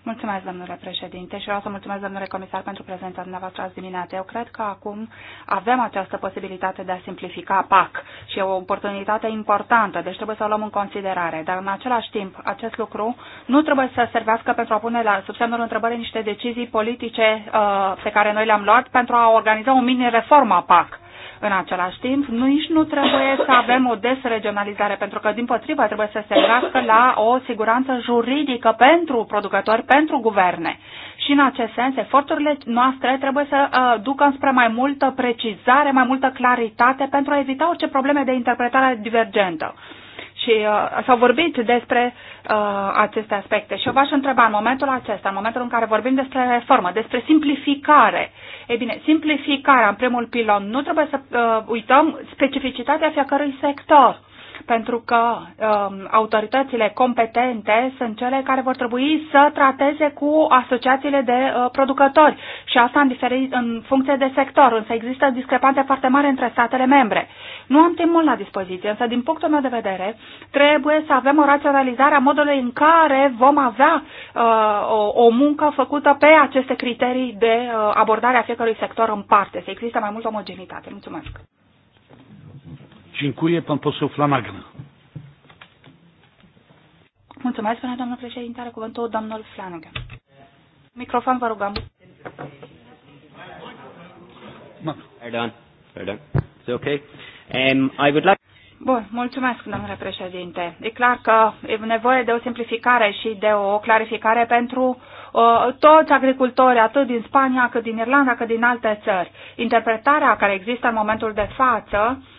Mulțumesc, domnule președinte, și vreau să mulțumesc, domnule comisar, pentru prezența dumneavoastră azi dimineață. Eu cred că acum avem această posibilitate de a simplifica PAC și e o oportunitate importantă, deci trebuie să o luăm în considerare. Dar în același timp, acest lucru nu trebuie să servească pentru a pune la sub semnul întrebării niște decizii politice uh, pe care noi le-am luat pentru a organiza o mini-reformă a PAC în același timp, nici nu trebuie să avem o desregionalizare, pentru că, din potrivă, trebuie să se gască la o siguranță juridică pentru producători, pentru guverne. Și, în acest sens, eforturile noastre trebuie să uh, ducă spre mai multă precizare, mai multă claritate pentru a evita orice probleme de interpretare divergentă și uh, s-au vorbit despre uh, aceste aspecte. Și eu v-aș întreba în momentul acesta, în momentul în care vorbim despre reformă, despre simplificare. Ei bine, simplificarea în primul pilon, nu trebuie să uh, uităm specificitatea fiecărui sector pentru că um, autoritățile competente sunt cele care vor trebui să trateze cu asociațiile de uh, producători și asta în, diferit, în funcție de sector, însă există discrepanțe foarte mari între statele membre. Nu am timp mult la dispoziție, însă din punctul meu de vedere trebuie să avem o raționalizare a modului în care vom avea uh, o, o muncă făcută pe aceste criterii de uh, abordare a fiecărui sector în parte, să există mai multă omogenitate. Mulțumesc! Dziękuję. Pan poseł Flanagan. Mulțumesc, până doamnă președinte. Are cuvântul domnul Flanagan. Microfon, vă rugăm. Pardon. Pardon. It's okay. Um, I would like... Bun, mulțumesc, domnule președinte. E clar că e nevoie de o simplificare și de o clarificare pentru uh, toți agricultorii, atât din Spania, cât din Irlanda, cât din alte țări. Interpretarea care există în momentul de față uh,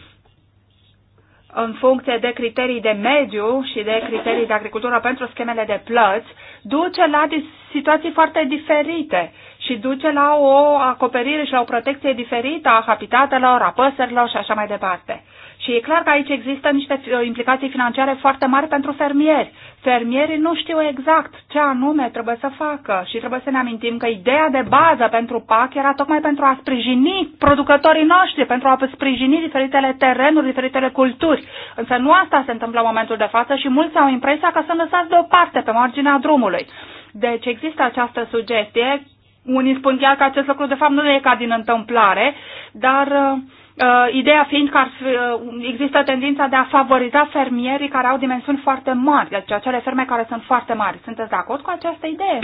în funcție de criterii de mediu și de criterii de agricultură pentru schemele de plăți, duce la situații foarte diferite și duce la o acoperire și la o protecție diferită a habitatelor, a păsărilor și așa mai departe. Și e clar că aici există niște implicații financiare foarte mari pentru fermieri. Fermierii nu știu exact ce anume trebuie să facă și trebuie să ne amintim că ideea de bază pentru PAC era tocmai pentru a sprijini producătorii noștri, pentru a sprijini diferitele terenuri, diferitele culturi. Însă nu asta se întâmplă în momentul de față și mulți au impresia că sunt lăsați deoparte pe marginea drumului. Deci există această sugestie unii spun chiar că acest lucru de fapt nu e ca din întâmplare, dar uh, Uh, ideea fiind că ar fi, uh, există tendința de a favoriza fermierii care au dimensiuni foarte mari, deci acele ferme care sunt foarte mari. Sunteți de acord cu această idee?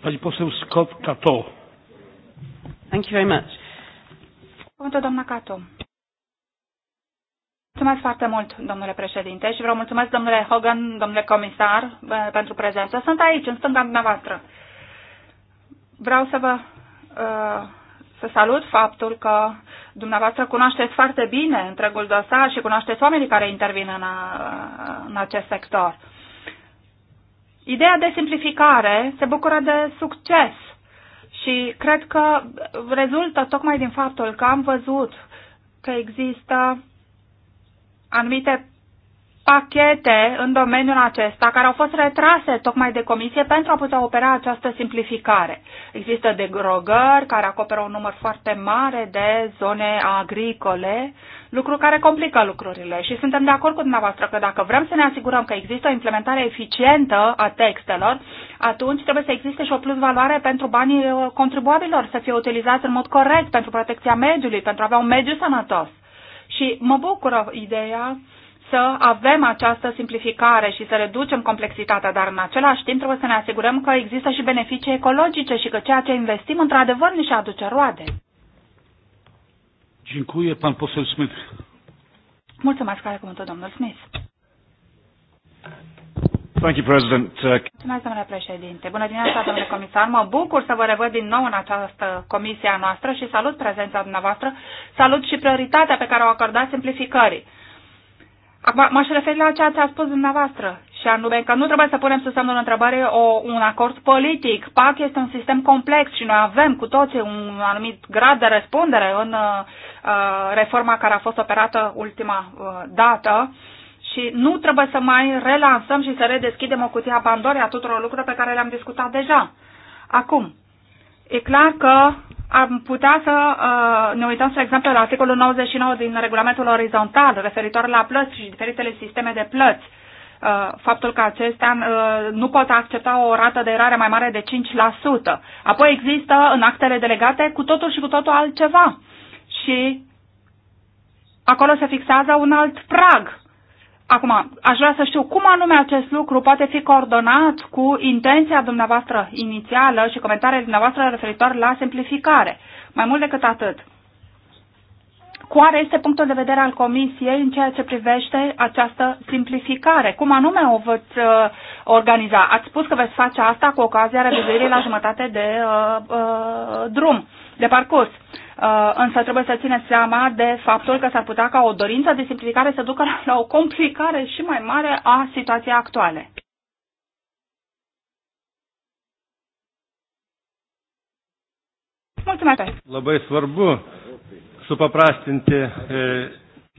Pani poseł Scott Cato. Thank you very much. Cuvântul doamna Cato. Mulțumesc foarte mult, domnule președinte, și vreau mulțumesc, domnule Hogan, domnule comisar, uh, pentru prezență. Sunt aici, în stânga dumneavoastră. Vreau să vă uh, să salut faptul că Dumneavoastră cunoașteți foarte bine întregul dosar și cunoașteți oamenii care intervin în, în acest sector. Ideea de simplificare se bucură de succes și cred că rezultă tocmai din faptul că am văzut că există anumite pachete în domeniul acesta care au fost retrase tocmai de comisie pentru a putea opera această simplificare. Există degrogări care acoperă un număr foarte mare de zone agricole, lucru care complică lucrurile și suntem de acord cu dumneavoastră că dacă vrem să ne asigurăm că există o implementare eficientă a textelor, atunci trebuie să existe și o plus valoare pentru banii uh, contribuabilor să fie utilizați în mod corect pentru protecția mediului, pentru a avea un mediu sănătos. Și mă bucură ideea să avem această simplificare și să reducem complexitatea, dar în același timp trebuie să ne asigurăm că există și beneficii ecologice și că ceea ce investim într-adevăr ne și aduce roade. Dziękuję, pan poseł Smith. Mulțumesc, care cuvântul, domnul Smith. Thank you, President. Uh, Mulțumesc, domnule președinte. Bună dimineața, domnule comisar. Mă bucur să vă revăd din nou în această comisie a noastră și salut prezența dumneavoastră. Salut și prioritatea pe care o acordați simplificării. Acum m-aș referi la ceea ce a spus dumneavoastră, și anume că nu trebuie să punem sub semnul întrebare o, un acord politic. PAC este un sistem complex și noi avem cu toții un anumit grad de răspundere în uh, uh reforma care a fost operată ultima uh, dată și nu trebuie să mai relansăm și să redeschidem o cutie a a tuturor lucrurilor pe care le-am discutat deja. Acum, e clar că am putea să uh, ne uităm, spre exemplu, la articolul 99 din regulamentul orizontal referitor la plăți și diferitele sisteme de plăți. Uh, faptul că acestea uh, nu pot accepta o rată de erare mai mare de 5%. Apoi există în actele delegate cu totul și cu totul altceva. Și acolo se fixează un alt prag Acum, aș vrea să știu cum anume acest lucru poate fi coordonat cu intenția dumneavoastră inițială și comentariile dumneavoastră referitor la simplificare. Mai mult decât atât, care este punctul de vedere al Comisiei în ceea ce privește această simplificare? Cum anume o veți uh, organiza? Ați spus că veți face asta cu ocazia revizuirii la jumătate de uh, uh, drum, de parcurs. Uh, Uh, însă trebuie să țineți seama de faptul că s-ar putea ca o dorință de simplificare să ducă la o complicare și mai mare a situației actuale. Mulțumesc.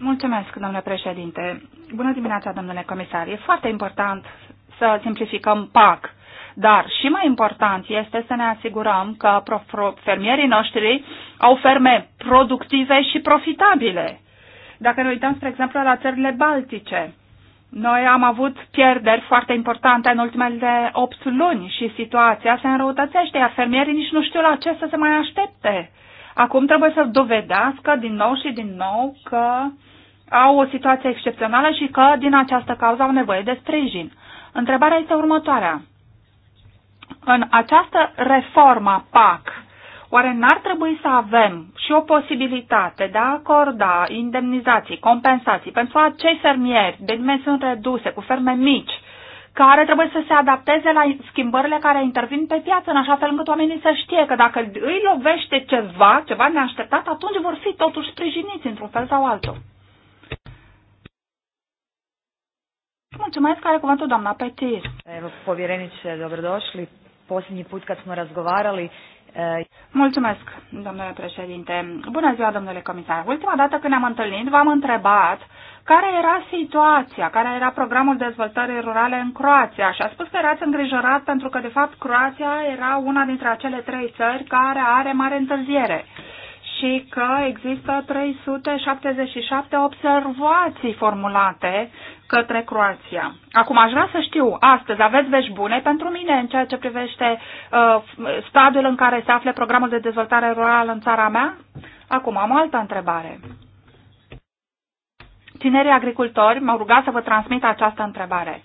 Mulțumesc, domnule președinte. Bună dimineața, domnule comisar. E foarte important să simplificăm PAC dar și mai important este să ne asigurăm că fermierii noștri au ferme productive și profitabile. Dacă ne uităm, spre exemplu, la țările baltice, noi am avut pierderi foarte importante în ultimele 8 luni și situația se înrăutățește, iar fermierii nici nu știu la ce să se mai aștepte. Acum trebuie să dovedească din nou și din nou că au o situație excepțională și că din această cauză au nevoie de sprijin. Întrebarea este următoarea în această reformă PAC, oare n-ar trebui să avem și o posibilitate de a acorda indemnizații, compensații pentru acei fermieri de dimensiuni reduse, cu ferme mici, care trebuie să se adapteze la schimbările care intervin pe piață, în așa fel încât oamenii să știe că dacă îi lovește ceva, ceva neașteptat, atunci vor fi totuși sprijiniți într-un fel sau altul. Mulțumesc, care cuvântul doamna Petir. Povjerenice, dobrodošli posljednji put kad smo razgovarali. Eh, Mulțumesc, domnule președinte. Bună ziua, domnule comisar. Ultima dată când ne-am întâlnit, v-am întrebat care era situația, care era programul dezvoltării rurale în Croația și a spus că erați îngrijorat pentru că, de fapt, Croația era una dintre acele trei țări care are mare întârziere și că există 377 observații formulate către Croația. Acum aș vrea să știu, astăzi aveți vești bune pentru mine în ceea ce privește uh, stadiul în care se află programul de dezvoltare rurală în țara mea? Acum am o altă întrebare. Tinerii agricultori m-au rugat să vă transmit această întrebare.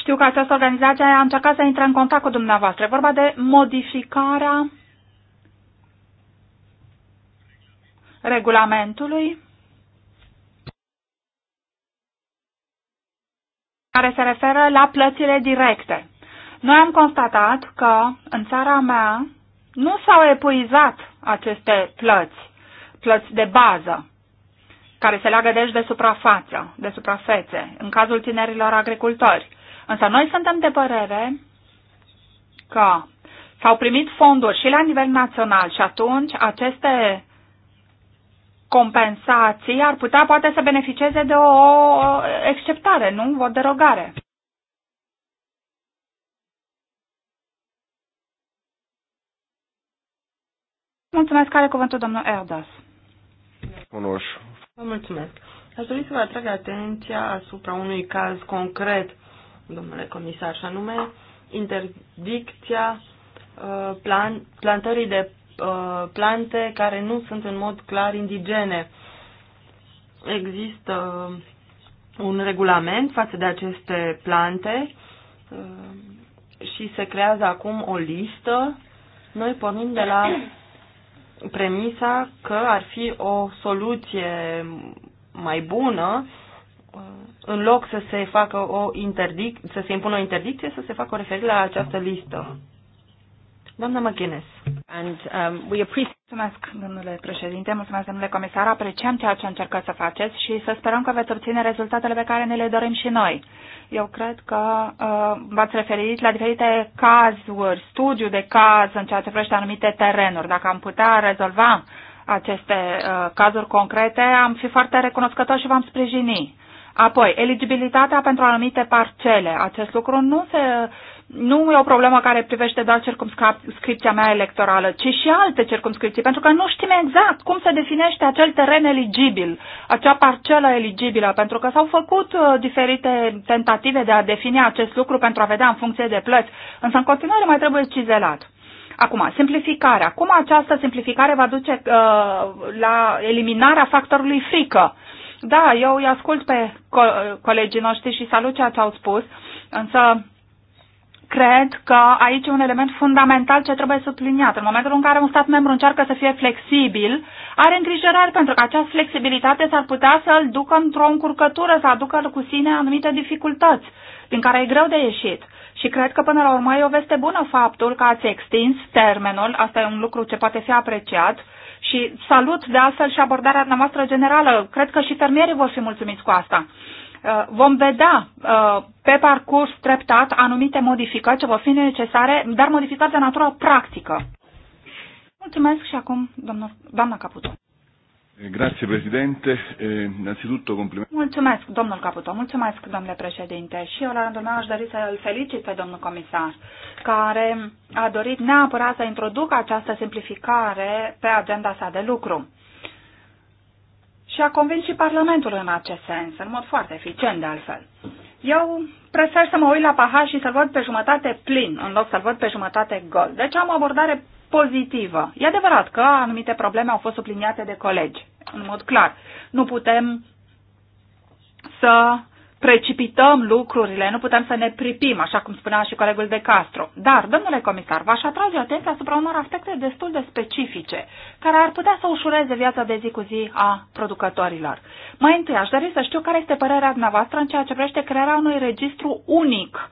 Știu că această organizație a încercat să intre în contact cu dumneavoastră. E vorba de modificarea regulamentului care se referă la plățile directe. Noi am constatat că în țara mea nu s-au epuizat aceste plăți, plăți de bază, care se leagă deci de suprafață, de suprafețe, în cazul tinerilor agricultori. Însă noi suntem de părere că s-au primit fonduri și la nivel național și atunci aceste compensații ar putea poate să beneficieze de o exceptare, nu? O derogare. Mulțumesc, care cuvântul domnul Erdas. Vă mulțumesc. Aș dori să vă atrag atenția asupra unui caz concret, domnule comisar, și anume interdicția uh, plan, plantării de Uh, plante care nu sunt în mod clar indigene. Există un regulament față de aceste plante uh, și se creează acum o listă. Noi pornim de la premisa că ar fi o soluție mai bună uh, în loc să se facă o interdic- să se impună o interdicție, să se facă o referire la această listă. Doamna McGuinness. And, um, we appreciate... Mulțumesc, domnule președinte, mulțumesc, domnule comisar. Apreciem ceea ce încercați să faceți și să sperăm că veți obține rezultatele pe care ne le dorim și noi. Eu cred că uh, v-ați referit la diferite cazuri, studiu de caz în ceea ce privește anumite terenuri. Dacă am putea rezolva aceste uh, cazuri concrete, am fi foarte recunoscători și v-am sprijini. Apoi, eligibilitatea pentru anumite parcele. Acest lucru nu se nu e o problemă care privește doar circumscripția mea electorală, ci și alte circumscripții, pentru că nu știm exact cum se definește acel teren eligibil, acea parcelă eligibilă, pentru că s-au făcut uh, diferite tentative de a defini acest lucru pentru a vedea în funcție de plăți, însă în continuare mai trebuie cizelat. Acum, simplificarea. Cum această simplificare va duce uh, la eliminarea factorului frică? Da, eu îi ascult pe co- colegii noștri și salut ceea ce au spus, însă cred că aici e un element fundamental ce trebuie subliniat. În momentul în care un stat membru încearcă să fie flexibil, are îngrijorări pentru că această flexibilitate s-ar putea să îl ducă într-o încurcătură, să aducă cu sine anumite dificultăți, din care e greu de ieșit. Și cred că până la urmă e o veste bună faptul că ați extins termenul, asta e un lucru ce poate fi apreciat, și salut de altfel și abordarea noastră generală. Cred că și fermierii vor fi mulțumiți cu asta. Uh, vom vedea uh, pe parcurs treptat anumite modificări ce vor fi necesare, dar modificări de natură practică. Mulțumesc și acum, doamna, doamna Caputo. Eh, grazie Presidente, eh, innanzitutto complimenti. Mulțumesc, domnul Caputo, mulțumesc, domnule președinte. Și eu, la rândul meu, aș dori să-l felicit pe domnul comisar, care a dorit neapărat să introducă această simplificare pe agenda sa de lucru. Și a convins și Parlamentul în acest sens, în mod foarte eficient de altfel. Eu prefer să mă uit la pahar și să-l văd pe jumătate plin, în loc să-l văd pe jumătate gol. Deci am o abordare pozitivă. E adevărat că anumite probleme au fost subliniate de colegi, în mod clar. Nu putem să precipităm lucrurile, nu putem să ne pripim, așa cum spunea și colegul de Castro. Dar, domnule comisar, v-aș atrage atenția asupra unor aspecte destul de specifice, care ar putea să ușureze viața de zi cu zi a producătorilor. Mai întâi, aș dori să știu care este părerea dumneavoastră în ceea ce privește crearea unui registru unic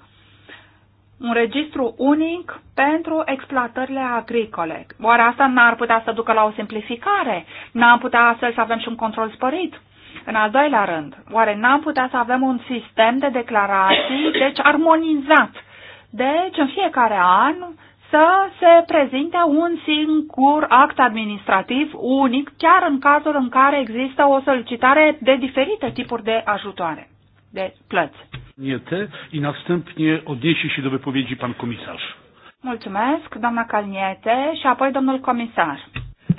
un registru unic pentru exploatările agricole. Oare asta n-ar putea să ducă la o simplificare? N-am putea astfel să avem și un control sporit? În al doilea rând, oare n-am putea să avem un sistem de declarații, deci armonizat? Deci, în fiecare an să se prezinte un singur act administrativ unic, chiar în cazul în care există o solicitare de diferite tipuri de ajutoare, de plăți. I następnie odniesie się do wypowiedzi pan komisarz. Mulțumesc, doamna Calniete, și apoi domnul comisar.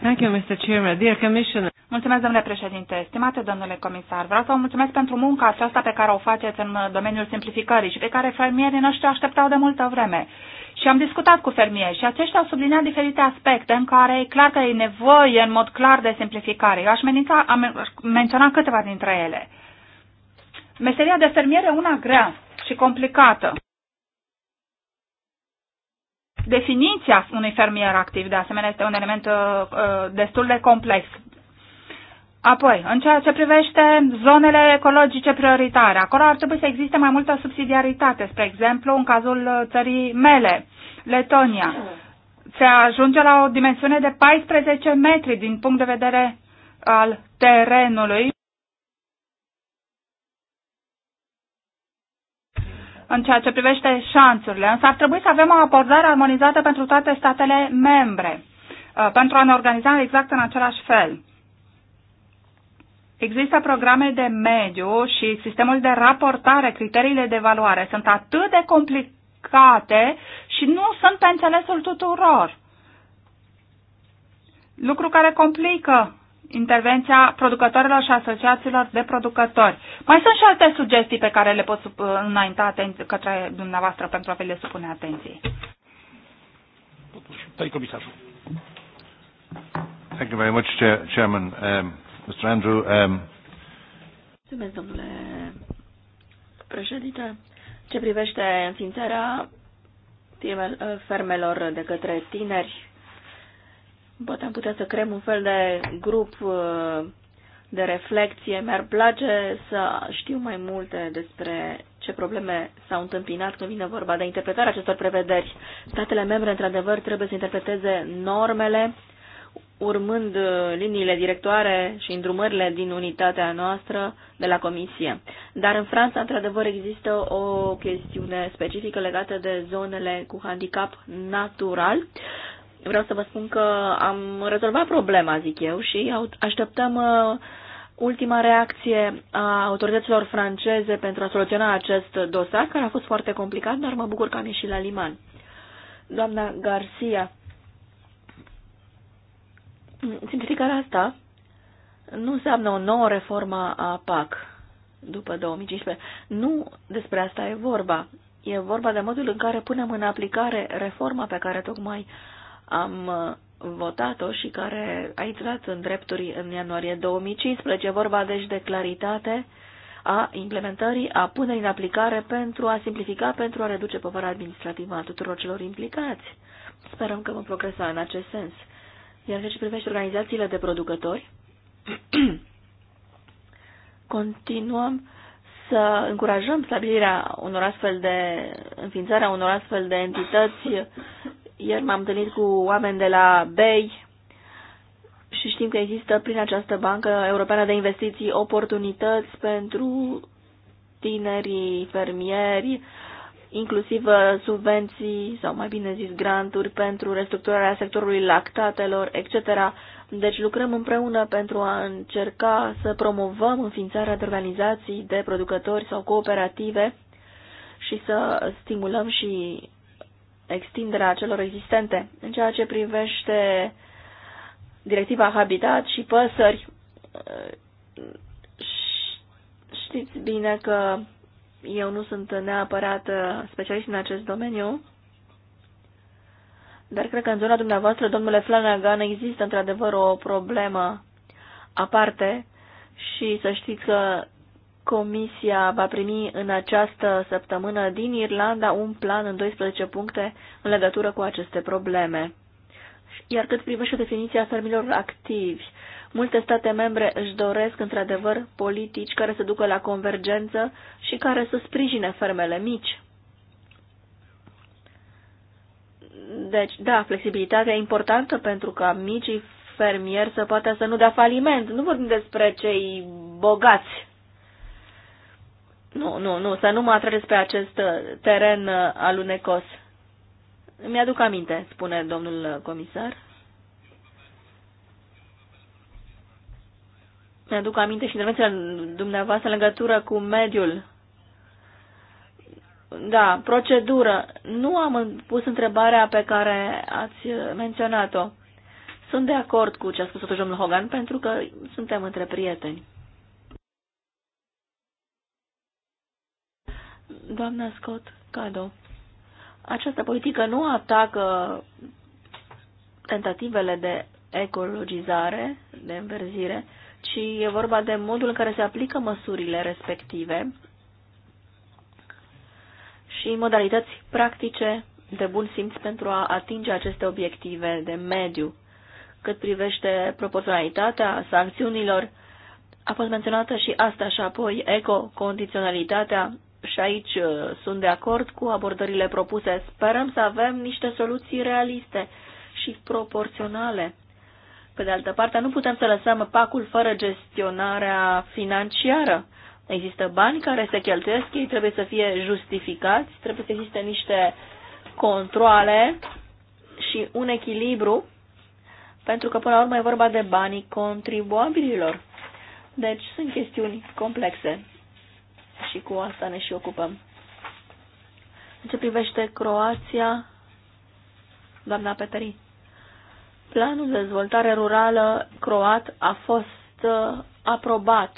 Thank you, Mr. Chairman. Dear Commissioner. Mulțumesc, domnule președinte. Stimate domnule comisar, vreau să vă mulțumesc pentru munca aceasta pe care o faceți în uh, domeniul simplificării și pe care fermierii noștri așteptau de multă vreme. Și am discutat cu fermieri și aceștia au subliniat diferite aspecte în care e clar că e nevoie în mod clar de simplificare. Eu aș, menința, am menționat câteva dintre ele. Meseria de fermier e una grea și complicată. Definiția unui fermier activ, de asemenea, este un element uh, uh, destul de complex. Apoi, în ceea ce privește zonele ecologice prioritare, acolo ar trebui să existe mai multă subsidiaritate, spre exemplu, în cazul uh, țării mele, Letonia. Se ajunge la o dimensiune de 14 metri din punct de vedere al terenului în ceea ce privește șanțurile, însă ar trebui să avem o abordare armonizată pentru toate statele membre, uh, pentru a ne organiza exact în același fel. Există programe de mediu și sistemul de raportare, criteriile de evaluare sunt atât de complicate și nu sunt pe înțelesul tuturor. Lucru care complică intervenția producătorilor și asociațiilor de producători. Mai sunt și alte sugestii pe care le pot înainta atenție, către dumneavoastră pentru a le supune atenției. Păi comisarul. Thank you very much, Chairman. Um, Mr. Andrew. Um... Mulțumesc, domnule președinte. Ce privește înființarea fermelor de către tineri, Poate am putea să creăm un fel de grup uh, de reflexie. Mi-ar place să știu mai multe despre ce probleme s-au întâmpinat când vine vorba de interpretarea acestor prevederi. Statele membre, într-adevăr, trebuie să interpreteze normele urmând uh, liniile directoare și îndrumările din unitatea noastră de la Comisie. Dar în Franța, într-adevăr, există o chestiune specifică legată de zonele cu handicap natural vreau să vă spun că am rezolvat problema, zic eu, și așteptăm uh, ultima reacție a autorităților franceze pentru a soluționa acest dosar, care a fost foarte complicat, dar mă bucur că am ieșit la liman. Doamna Garcia, simplificarea asta nu înseamnă o nouă reformă a PAC după 2015. Nu despre asta e vorba. E vorba de modul în care punem în aplicare reforma pe care tocmai am uh, votat-o și care a intrat în drepturi în ianuarie 2015, vorba deci de claritate a implementării, a punerii în aplicare pentru a simplifica, pentru a reduce povara administrativă a tuturor celor implicați. Sperăm că vom progresa în acest sens. Iar ce privește organizațiile de producători, continuăm să încurajăm stabilirea unor astfel de, înființarea unor astfel de entități ieri m-am întâlnit cu oameni de la BEI și știm că există prin această Bancă Europeană de Investiții oportunități pentru tinerii fermieri, inclusiv uh, subvenții sau mai bine zis granturi pentru restructurarea sectorului lactatelor, etc. Deci lucrăm împreună pentru a încerca să promovăm înființarea de organizații de producători sau cooperative și să stimulăm și extinderea celor existente. În ceea ce privește directiva Habitat și păsări, uh, știți bine că eu nu sunt neapărat uh, specialist în acest domeniu, dar cred că în zona dumneavoastră, domnule Flanagan, există într-adevăr o problemă aparte și să știți că Comisia va primi în această săptămână din Irlanda un plan în 12 puncte în legătură cu aceste probleme. Iar cât privește definiția fermilor activi, multe state membre își doresc într-adevăr politici care să ducă la convergență și care să sprijine fermele mici. Deci, da, flexibilitatea e importantă pentru ca micii fermieri să poată să nu dea faliment. Nu vorbim despre cei bogați nu, nu, nu, să nu mă atrageți pe acest uh, teren uh, alunecos. mi aduc aminte, spune domnul uh, comisar. mi aduc aminte și intervenția dumneavoastră în legătură cu mediul. Da, procedură. Nu am pus întrebarea pe care ați menționat-o. Sunt de acord cu ce a spus domnul Hogan, pentru că suntem între prieteni. Doamna Scott Cado, această politică nu atacă tentativele de ecologizare, de înverzire, ci e vorba de modul în care se aplică măsurile respective și modalități practice de bun simț pentru a atinge aceste obiective de mediu. Cât privește proporționalitatea sancțiunilor, a fost menționată și asta și apoi ecocondiționalitatea și aici uh, sunt de acord cu abordările propuse. Sperăm să avem niște soluții realiste și proporționale. Pe de altă parte, nu putem să lăsăm pacul fără gestionarea financiară. Există bani care se cheltuiesc, ei trebuie să fie justificați, trebuie să existe niște controle și un echilibru, pentru că până la urmă e vorba de banii contribuabililor. Deci sunt chestiuni complexe și cu asta ne și ocupăm. În ce privește Croația, doamna Petării, planul de dezvoltare rurală croat a fost uh, aprobat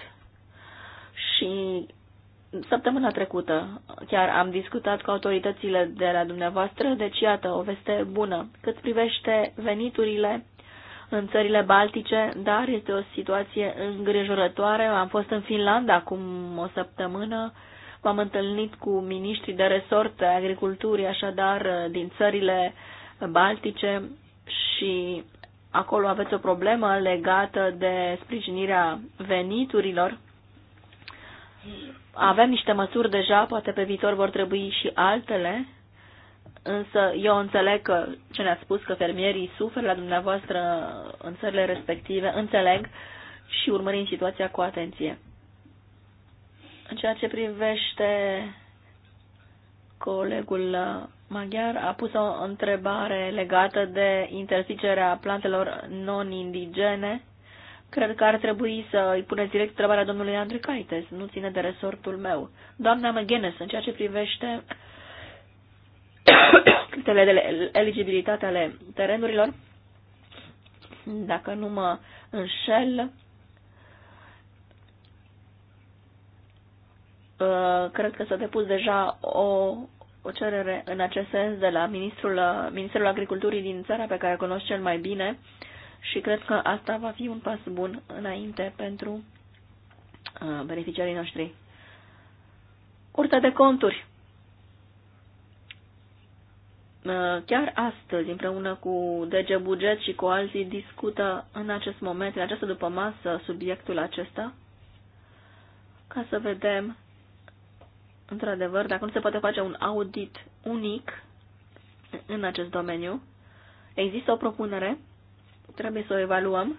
și săptămâna trecută chiar am discutat cu autoritățile de la dumneavoastră, deci iată o veste bună. Cât privește veniturile, în țările Baltice, dar este o situație îngrijorătoare. Am fost în Finlanda acum o săptămână, m-am întâlnit cu miniștrii de resort agriculturii, așadar, din țările Baltice și acolo aveți o problemă legată de sprijinirea veniturilor. Avem niște măsuri deja, poate pe viitor vor trebui și altele, Însă eu înțeleg că ce ne-a spus că fermierii suferă la dumneavoastră în țările respective, înțeleg și urmărim situația cu atenție. În ceea ce privește colegul maghiar, a pus o întrebare legată de interzicerea plantelor non-indigene. Cred că ar trebui să îi puneți direct întrebarea domnului Andrei Caites, nu ține de resortul meu. Doamna McGuinness, în ceea ce privește uh, Eligibilitatea de eligibilitate ale terenurilor. Dacă nu mă înșel, uh, cred că s-a depus deja o, o cerere în acest sens de la ministrul, Ministerul Agriculturii din țara pe care cunosc cel mai bine și cred că asta va fi un pas bun înainte pentru uh, beneficiarii noștri. Curtea de conturi. Uh, chiar astăzi, împreună cu DG Buget și cu alții, discută în acest moment, în această după masă, subiectul acesta, ca să vedem, într-adevăr, dacă nu se poate face un audit unic în acest domeniu. Există o propunere, trebuie să o evaluăm,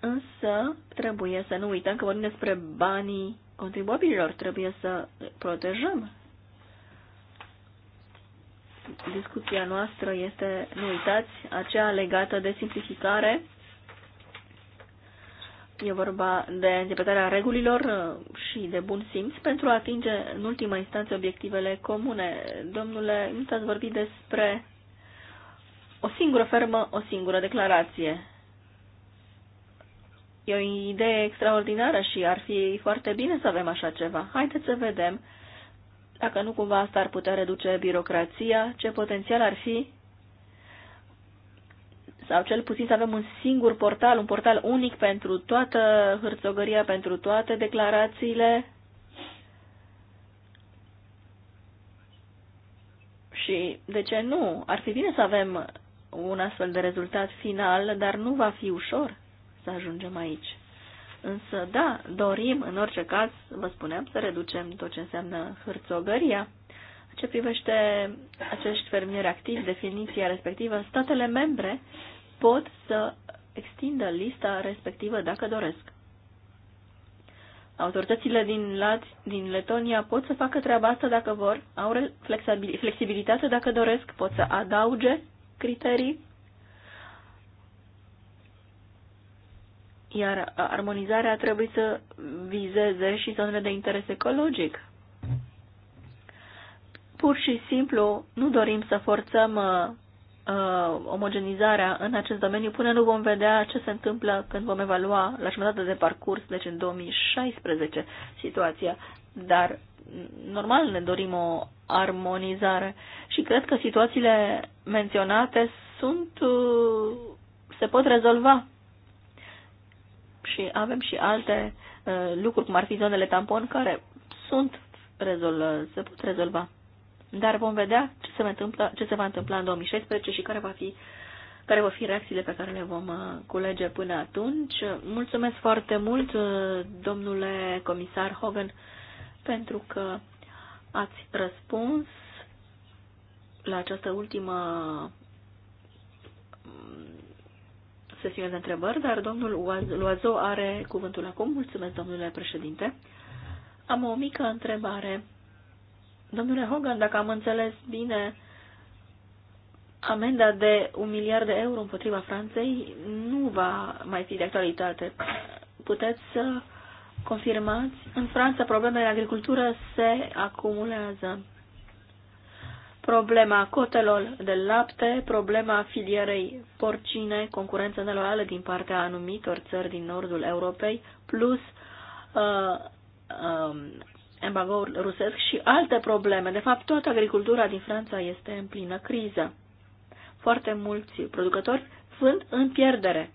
însă trebuie să nu uităm că vorbim despre banii contribuabililor, trebuie să protejăm discuția noastră este, nu uitați, aceea legată de simplificare. E vorba de interpretarea regulilor uh, și de bun simț pentru a atinge în ultima instanță obiectivele comune. Domnule, nu ați vorbit despre o singură fermă, o singură declarație. E o idee extraordinară și ar fi foarte bine să avem așa ceva. Haideți să vedem dacă nu cumva asta ar putea reduce birocrația, ce potențial ar fi sau cel puțin să avem un singur portal, un portal unic pentru toată hârțogăria, pentru toate declarațiile și de ce nu? Ar fi bine să avem un astfel de rezultat final, dar nu va fi ușor să ajungem aici. Însă, da, dorim, în orice caz, vă spuneam, să reducem tot ce înseamnă hârțogăria. Ce privește acești fermieri activi, definiția respectivă, statele membre pot să extindă lista respectivă dacă doresc. Autoritățile din, Lat, din Letonia pot să facă treaba asta dacă vor, au flexibilitate dacă doresc, pot să adauge criterii Iar armonizarea trebuie să vizeze și zonele de interes ecologic. Pur și simplu nu dorim să forțăm uh, uh, omogenizarea în acest domeniu până nu vom vedea ce se întâmplă când vom evalua la jumătate de parcurs, deci în 2016, situația. Dar normal ne dorim o armonizare și cred că situațiile menționate sunt, uh, se pot rezolva și avem și alte uh, lucruri, cum ar fi zonele tampon, care sunt rezolv, se pot rezolva. Dar vom vedea ce se, întâmpla, ce se va întâmpla în 2016 și care, va fi, care vor fi reacțiile pe care le vom uh, culege până atunci. Mulțumesc foarte mult, uh, domnule comisar Hogan, pentru că ați răspuns la această ultimă sesiune de întrebări, dar domnul Loazo are cuvântul acum. Mulțumesc, domnule președinte. Am o mică întrebare. Domnule Hogan, dacă am înțeles bine, amenda de un miliard de euro împotriva Franței nu va mai fi de actualitate. Puteți să confirmați? În Franța, problemele agricultură se acumulează problema cotelor de lapte, problema filierei porcine, concurență neloială din partea anumitor țări din nordul Europei, plus uh, um, embargoul rusesc și alte probleme. De fapt, toată agricultura din Franța este în plină criză. Foarte mulți producători sunt în pierdere.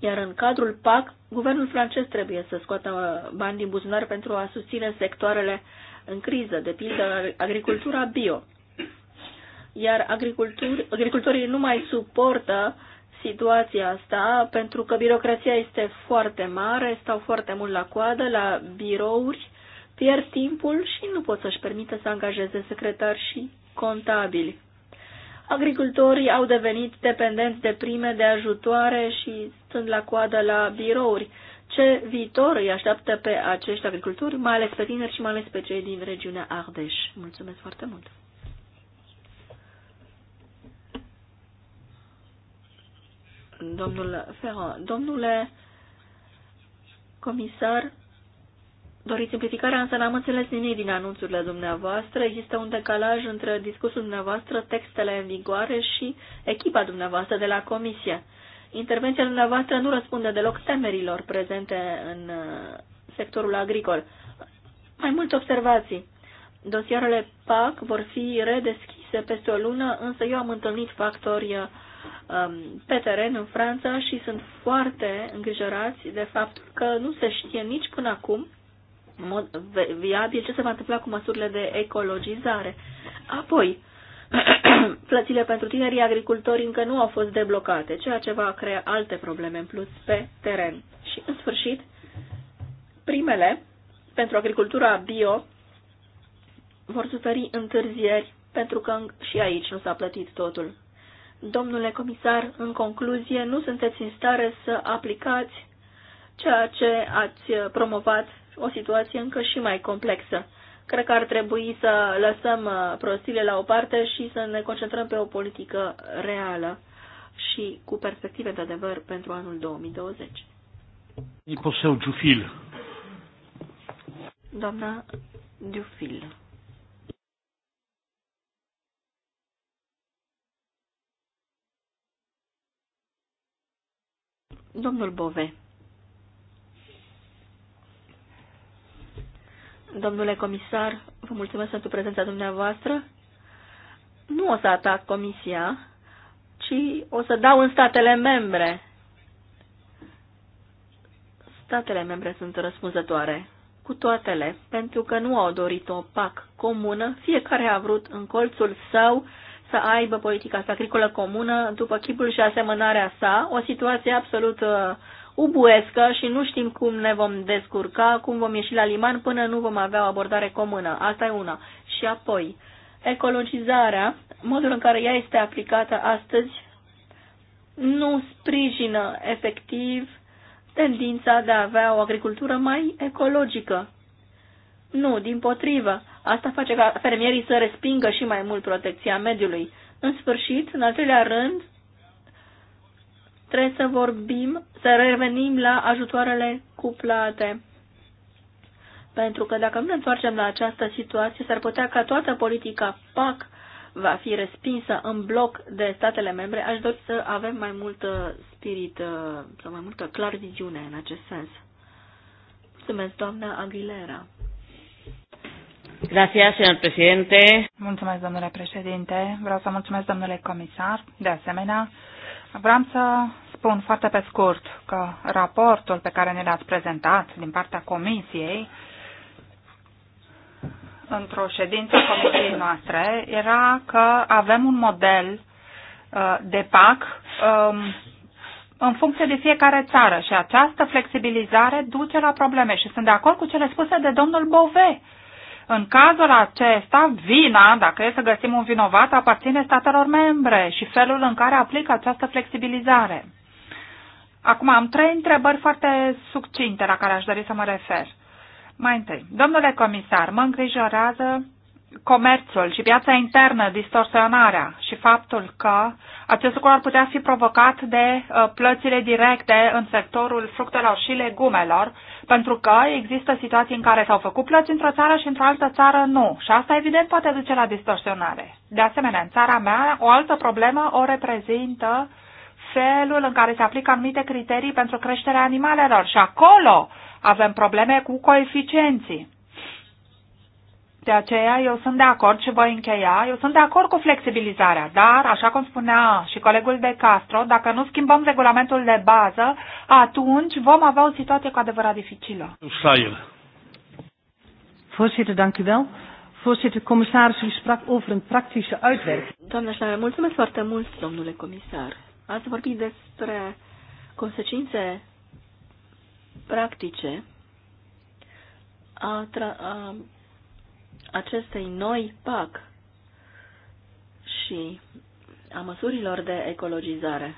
Iar în cadrul PAC, guvernul francez trebuie să scoată bani din buzunar pentru a susține sectoarele uh, în criză, de pildă agricultura bio. Iar agricultorii nu mai suportă situația asta pentru că birocrația este foarte mare, stau foarte mult la coadă, la birouri, pierd timpul și nu pot să-și permită să angajeze secretari și contabili. Agricultorii au devenit dependenți de prime, de ajutoare și sunt la coadă la birouri ce viitor îi așteaptă pe acești agricultori, mai ales pe tineri și mai ales pe cei din regiunea Ardeș. Mulțumesc foarte mult! Domnul Ferrand, domnule comisar, doriți simplificarea, însă n-am înțeles nimic din anunțurile dumneavoastră. Există un decalaj între discursul dumneavoastră, textele în vigoare și echipa dumneavoastră de la comisie. Intervenția dumneavoastră nu răspunde deloc temerilor prezente în uh, sectorul agricol. Mai multe observații. Dosiarele PAC vor fi redeschise peste o lună, însă eu am întâlnit factori uh, um, pe teren în Franța și sunt foarte îngrijorați de faptul că nu se știe nici până acum în mod viabil ce se va întâmpla cu măsurile de ecologizare. Apoi, Plățile pentru tinerii agricultori încă nu au fost deblocate, ceea ce va crea alte probleme în plus pe teren. Și, în sfârșit, primele pentru agricultura bio vor suferi întârzieri pentru că și aici nu s-a plătit totul. Domnule comisar, în concluzie, nu sunteți în stare să aplicați ceea ce ați promovat, o situație încă și mai complexă. Cred că ar trebui să lăsăm uh, prostile la o parte și să ne concentrăm pe o politică reală și cu perspective de adevăr pentru anul 2020. Niposeu Giufil. Doamna Giufil. Domnul Bove. Domnule comisar, vă mulțumesc pentru prezența dumneavoastră. Nu o să atac comisia, ci o să dau în statele membre. Statele membre sunt răspunzătoare cu toatele, pentru că nu au dorit o PAC comună, fiecare a vrut în colțul său să aibă politica sa agricolă comună după chipul și asemănarea sa, o situație absolut uh, ubuescă și nu știm cum ne vom descurca, cum vom ieși la liman până nu vom avea o abordare comună. Asta e una. Și apoi, ecologizarea, modul în care ea este aplicată astăzi, nu sprijină efectiv tendința de a avea o agricultură mai ecologică. Nu, din potrivă. Asta face ca fermierii să respingă și mai mult protecția mediului. În sfârșit, în al treilea rând, trebuie să vorbim, să revenim la ajutoarele cuplate. Pentru că dacă nu ne întoarcem la această situație, s-ar putea ca toată politica PAC va fi respinsă în bloc de statele membre. Aș dori să avem mai mult uh, spirit uh, sau mai multă clar viziune în acest sens. Mulțumesc, doamna Aguilera. Gracias, señor presidente. Mulțumesc, domnule președinte. Vreau să mulțumesc, domnule comisar, de asemenea, Vreau să spun foarte pe scurt că raportul pe care ne l-ați prezentat din partea Comisiei într-o ședință a comisiei noastre era că avem un model uh, de PAC um, în funcție de fiecare țară și această flexibilizare duce la probleme și sunt de acord cu cele spuse de domnul Bove în cazul acesta, vina, dacă e să găsim un vinovat, aparține statelor membre și felul în care aplică această flexibilizare. Acum am trei întrebări foarte succinte la care aș dori să mă refer. Mai întâi, domnule comisar, mă îngrijorează comerțul și piața internă, distorsionarea și faptul că acest lucru ar putea fi provocat de uh, plățile directe în sectorul fructelor și legumelor, pentru că există situații în care s-au făcut plăți într-o țară și într-o altă țară nu. Și asta, evident, poate duce la distorsionare. De asemenea, în țara mea, o altă problemă o reprezintă felul în care se aplică anumite criterii pentru creșterea animalelor și acolo avem probleme cu coeficienții de aceea eu sunt de acord și voi încheia, eu sunt de acord cu flexibilizarea, dar, așa cum spunea și colegul de Castro, dacă nu schimbăm regulamentul de bază, atunci vom avea o situație cu adevărat dificilă. Voorzitter, dank u wel. Voorzitter, commissaris, u sprak over een praktische uitwerking. Doamna Schneider, mulțumesc foarte mult, domnule comisar. Ați vorbit despre consecințe practice a, tra- a acestei noi PAC și a măsurilor de ecologizare.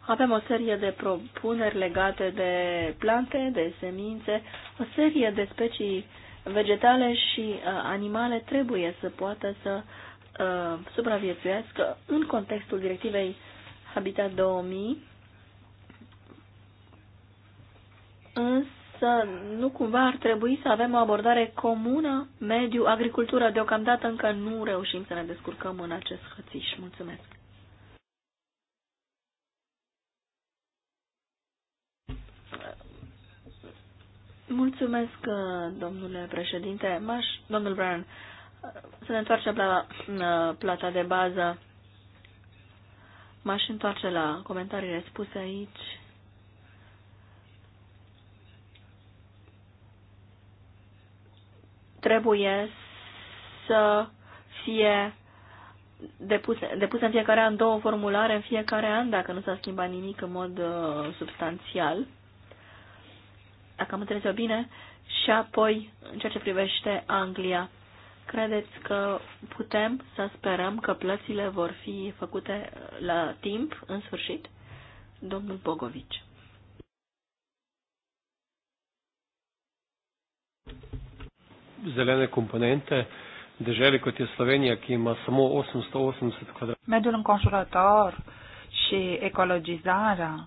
Avem o serie de propuneri legate de plante, de semințe, o serie de specii vegetale și uh, animale trebuie să poată să uh, supraviețuiască în contextul directivei Habitat 2000, însă Însă nu cumva ar trebui să avem o abordare comună, mediu, agricultură. Deocamdată încă nu reușim să ne descurcăm în acest hățiș. Mulțumesc! Mulțumesc, domnule președinte. Maș, domnul Brian, să ne întoarcem la plata de bază. M-aș întoarce la comentariile spuse aici. trebuie să fie depuse, depuse în fiecare an două formulare în fiecare an, dacă nu s-a schimbat nimic în mod uh, substanțial, dacă am înțeles o bine, și apoi, în ceea ce privește Anglia, credeți că putem să sperăm că plățile vor fi făcute uh, la timp, în sfârșit? Domnul Bogovici. zelene komponente, deželi kot je Slovenija, ki ima samo 880 kvadratnih. Mediul înconjurător și ecologizarea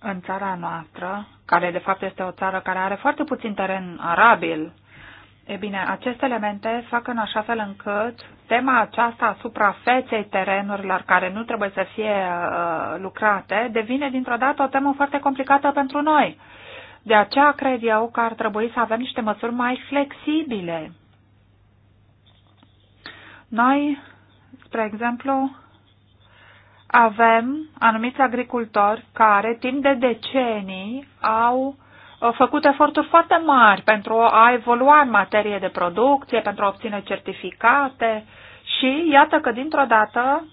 în țara noastră, care de fapt este o țară care are foarte puțin teren arabil, e bine, aceste elemente fac în așa fel încât tema aceasta a suprafeței terenurilor care nu trebuie să fie uh, lucrate devine dintr-o dată o temă foarte complicată pentru noi. Uh, de aceea cred eu că ar trebui să avem niște măsuri mai flexibile. Noi, spre exemplu, avem anumiți agricultori care timp de decenii au uh, făcut eforturi foarte mari pentru a evolua în materie de producție, pentru a obține certificate și iată că dintr-o dată,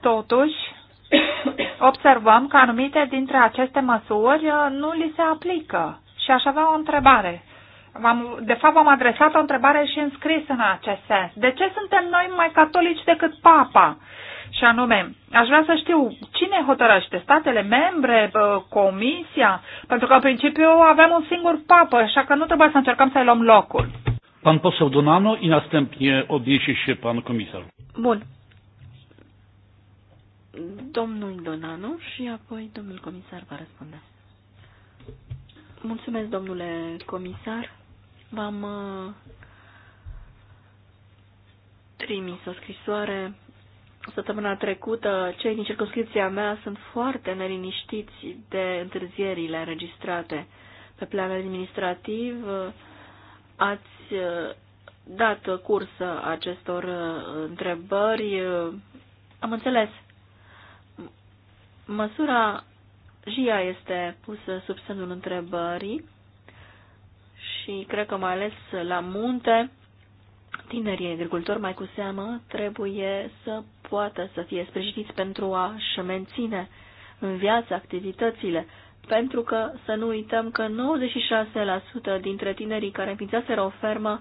totuși, observăm că anumite dintre aceste măsuri uh, nu li se aplică. Și aș avea o întrebare. de fapt, v-am adresat o întrebare și înscris în acest sens. De ce suntem noi mai catolici decât Papa? Și anume, aș vrea să știu cine hotărăște, statele membre, comisia, pentru că în principiu avem un singur papă, așa că nu trebuie să încercăm să-i luăm locul. Pan poseu Donano i następnie odniesie się pan comisar. Bun domnul Donanu și apoi domnul comisar va răspunde. Mulțumesc, domnule comisar. V-am uh, trimis o scrisoare săptămâna trecută. Cei din circunscripția mea sunt foarte neliniștiți de întârzierile înregistrate pe plan administrativ. Uh, ați uh, dat cursă acestor întrebări. Am înțeles Măsura JIA este pusă sub semnul întrebării și cred că mai ales la munte tinerii agricultori, mai cu seamă, trebuie să poată să fie sprijiniți pentru a-și menține în viață activitățile, pentru că să nu uităm că 96% dintre tinerii care înființaseră o fermă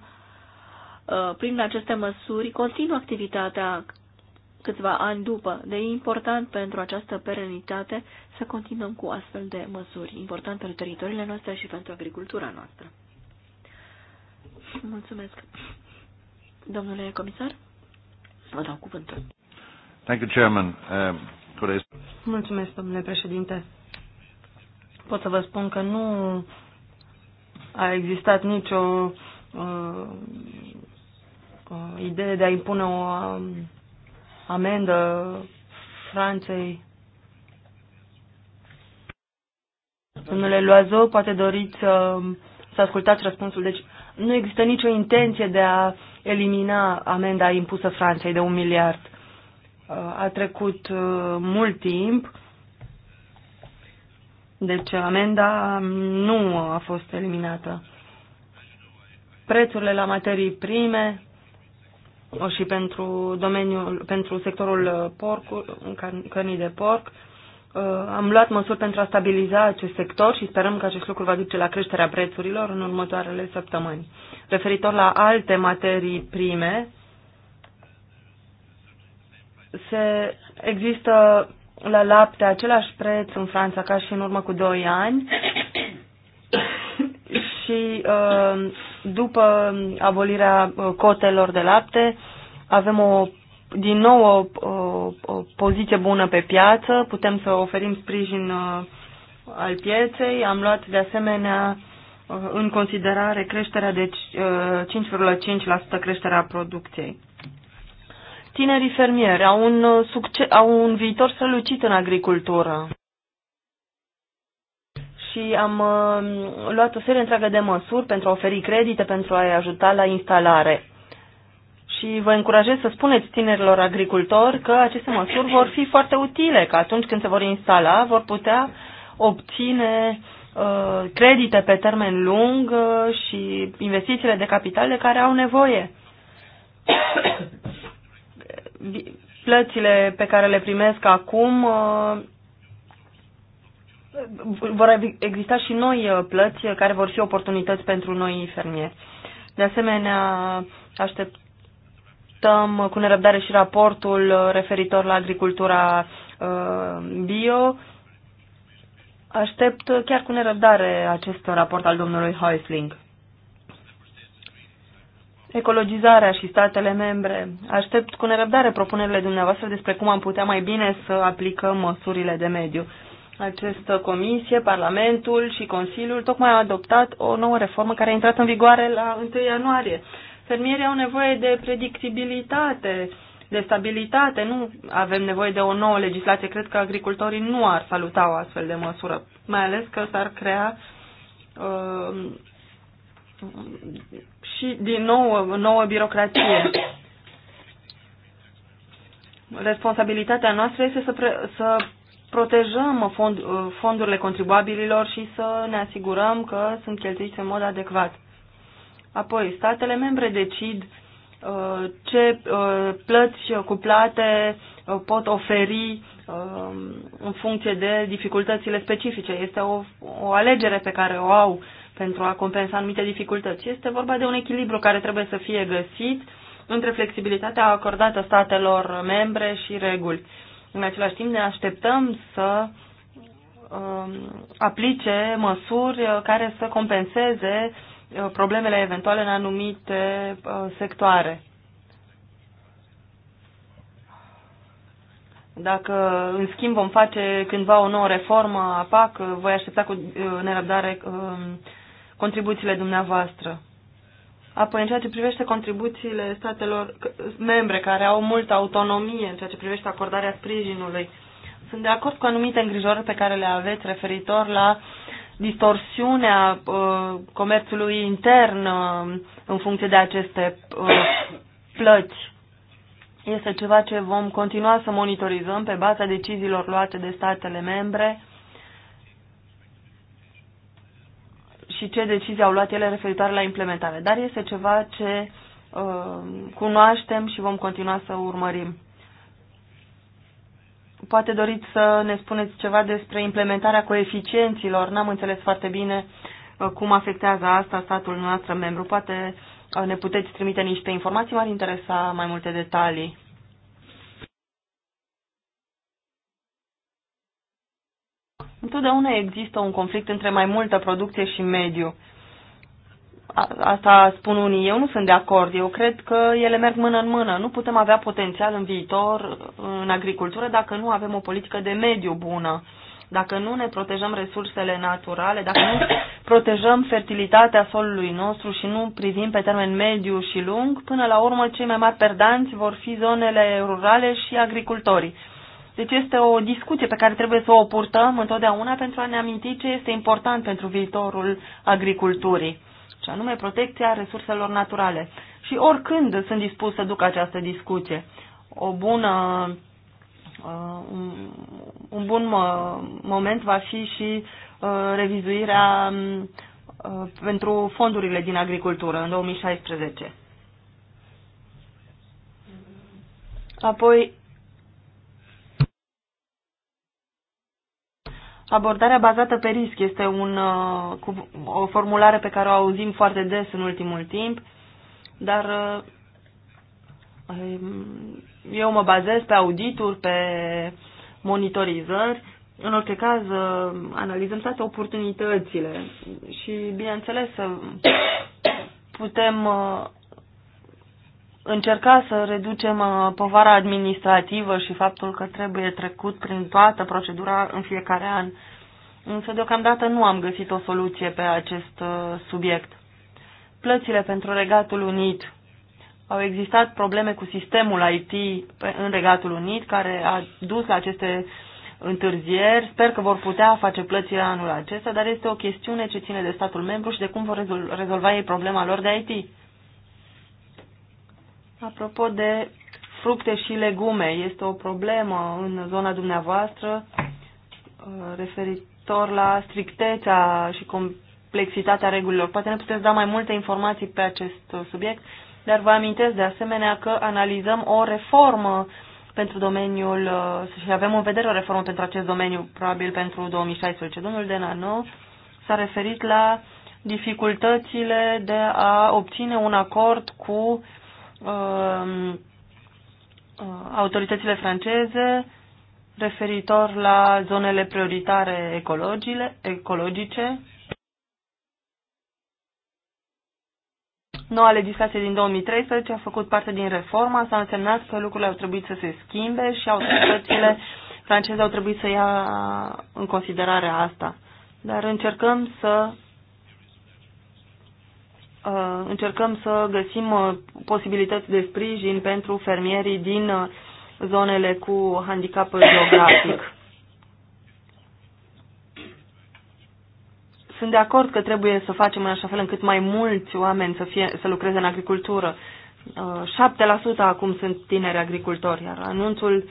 uh, prin aceste măsuri continuă activitatea câțiva ani după. De important pentru această perenitate să continuăm cu astfel de măsuri. Important pentru teritoriile noastre și pentru agricultura noastră. Mulțumesc. Domnule comisar, vă dau cuvântul. Thank you, Chairman. Uh, Mulțumesc, domnule președinte. Pot să vă spun că nu a existat nicio uh, uh idee de a impune o uh, amendă Franței. Domnule Loazou, poate doriți să, uh, să ascultați răspunsul. Deci nu există nicio intenție de a elimina amenda impusă Franței de un miliard. Uh, a trecut uh, mult timp, deci amenda nu a fost eliminată. Prețurile la materii prime și pentru domeniul, pentru sectorul uh, porc, cărnii de porc. Uh, am luat măsuri pentru a stabiliza acest sector și sperăm că acest lucru va duce la creșterea prețurilor în următoarele săptămâni. Referitor la alte materii prime, se există la lapte același preț în Franța ca și în urmă cu 2 ani și uh, după abolirea uh, cotelor de lapte avem o, din nou o, o, o poziție bună pe piață, putem să oferim sprijin uh, al pieței. Am luat de asemenea în considerare creșterea de 5,5% creșterea producției. Tinerii fermieri au un, succes, au un viitor strălucit în agricultură și am uh, luat o serie întreagă de măsuri pentru a oferi credite, pentru a-i ajuta la instalare. Și vă încurajez să spuneți tinerilor agricultori că aceste măsuri vor fi foarte utile, că atunci când se vor instala vor putea obține uh, credite pe termen lung uh, și investițiile de capital de care au nevoie. Plățile pe care le primesc acum uh, vor exista și noi uh, plăți care vor fi oportunități pentru noi fermieri. De asemenea, așteptăm cu nerăbdare și raportul uh, referitor la agricultura uh, bio. Aștept chiar cu nerăbdare acest raport al domnului Heusling. Ecologizarea și statele membre. Aștept cu nerăbdare propunerile dumneavoastră despre cum am putea mai bine să aplicăm măsurile de mediu această comisie, Parlamentul și Consiliul tocmai au adoptat o nouă reformă care a intrat în vigoare la 1 ianuarie. Fermierii au nevoie de predictibilitate, de stabilitate, nu avem nevoie de o nouă legislație. Cred că agricultorii nu ar saluta o astfel de măsură, mai ales că s-ar crea uh, și din nou nouă birocrație. Responsabilitatea noastră este să, pre, să protejăm fond, fondurile contribuabililor și să ne asigurăm că sunt cheltuiți în mod adecvat. Apoi, statele membre decid uh, ce uh, plăți cuplate uh, pot oferi în funcție de dificultățile specifice. Este o, o alegere pe care o au pentru a compensa anumite dificultăți. Este vorba de un echilibru care trebuie să fie găsit între flexibilitatea acordată statelor membre și reguli. În același timp ne așteptăm să um, aplice măsuri uh, care să compenseze uh, problemele eventuale în anumite uh, sectoare. Dacă, în schimb, vom face cândva o nouă reformă a PAC, voi aștepta cu nerăbdare um, contribuțiile dumneavoastră. Apoi, în ceea ce privește contribuțiile statelor membre, care au multă autonomie în ceea ce privește acordarea sprijinului, sunt de acord cu anumite îngrijorări pe care le aveți referitor la distorsiunea uh, comerțului intern uh, în funcție de aceste uh, plăți. Este ceva ce vom continua să monitorizăm pe baza deciziilor luate de statele membre și ce decizii au luat ele referitoare la implementare. Dar este ceva ce uh, cunoaștem și vom continua să urmărim. Poate doriți să ne spuneți ceva despre implementarea coeficienților. N-am înțeles foarte bine uh, cum afectează asta statul noastră membru. Poate uh, ne puteți trimite niște informații, m-ar interesa mai multe detalii. Întotdeauna există un conflict între mai multă producție și mediu. Asta spun unii, eu nu sunt de acord, eu cred că ele merg mână în mână. Nu putem avea potențial în viitor în agricultură dacă nu avem o politică de mediu bună, dacă nu ne protejăm resursele naturale, dacă nu protejăm fertilitatea solului nostru și nu privim pe termen mediu și lung, până la urmă cei mai mari perdanți vor fi zonele rurale și agricultorii deci este o discuție pe care trebuie să o purtăm întotdeauna pentru a ne aminti ce este important pentru viitorul agriculturii, și anume protecția resurselor naturale. Și oricând sunt dispus să duc această discuție. O bună, uh, un bun uh, moment va fi și uh, revizuirea um, pentru fondurile din agricultură în 2016. Apoi, Abordarea bazată pe risc este un, uh, o formulare pe care o auzim foarte des în ultimul timp, dar uh, um, eu mă bazez pe audituri, pe monitorizări. În orice caz, uh, analizăm toate oportunitățile și, bineînțeles, putem încerca să reducem uh, povara administrativă și faptul că trebuie trecut prin toată procedura în fiecare an. Însă deocamdată nu am găsit o soluție pe acest uh, subiect. Plățile pentru Regatul Unit. Au existat probleme cu sistemul IT în Regatul Unit care a dus la aceste întârzieri. Sper că vor putea face plățile anul acesta, dar este o chestiune ce ține de statul membru și de cum vor rezolva ei problema lor de IT. Apropo de fructe și legume, este o problemă în zona dumneavoastră uh, referitor la strictețea și complexitatea regulilor. Poate ne puteți da mai multe informații pe acest uh, subiect, dar vă amintesc de asemenea că analizăm o reformă pentru domeniul uh, și avem în vedere o reformă pentru acest domeniu, probabil pentru 2016. Domnul Denano s-a referit la dificultățile de a obține un acord cu uh, Um, autoritățile franceze referitor la zonele prioritare ecologice. Noua legislație din 2013 a făcut parte din reforma, s-a însemnat că lucrurile au trebuit să se schimbe și autoritățile franceze au trebuit să ia în considerare asta. Dar încercăm să Uh, încercăm să găsim uh, posibilități de sprijin pentru fermierii din uh, zonele cu handicap geografic. Sunt de acord că trebuie să facem în așa fel încât mai mulți oameni să, fie, să lucreze în agricultură. 7% acum sunt tineri agricultori, iar anunțul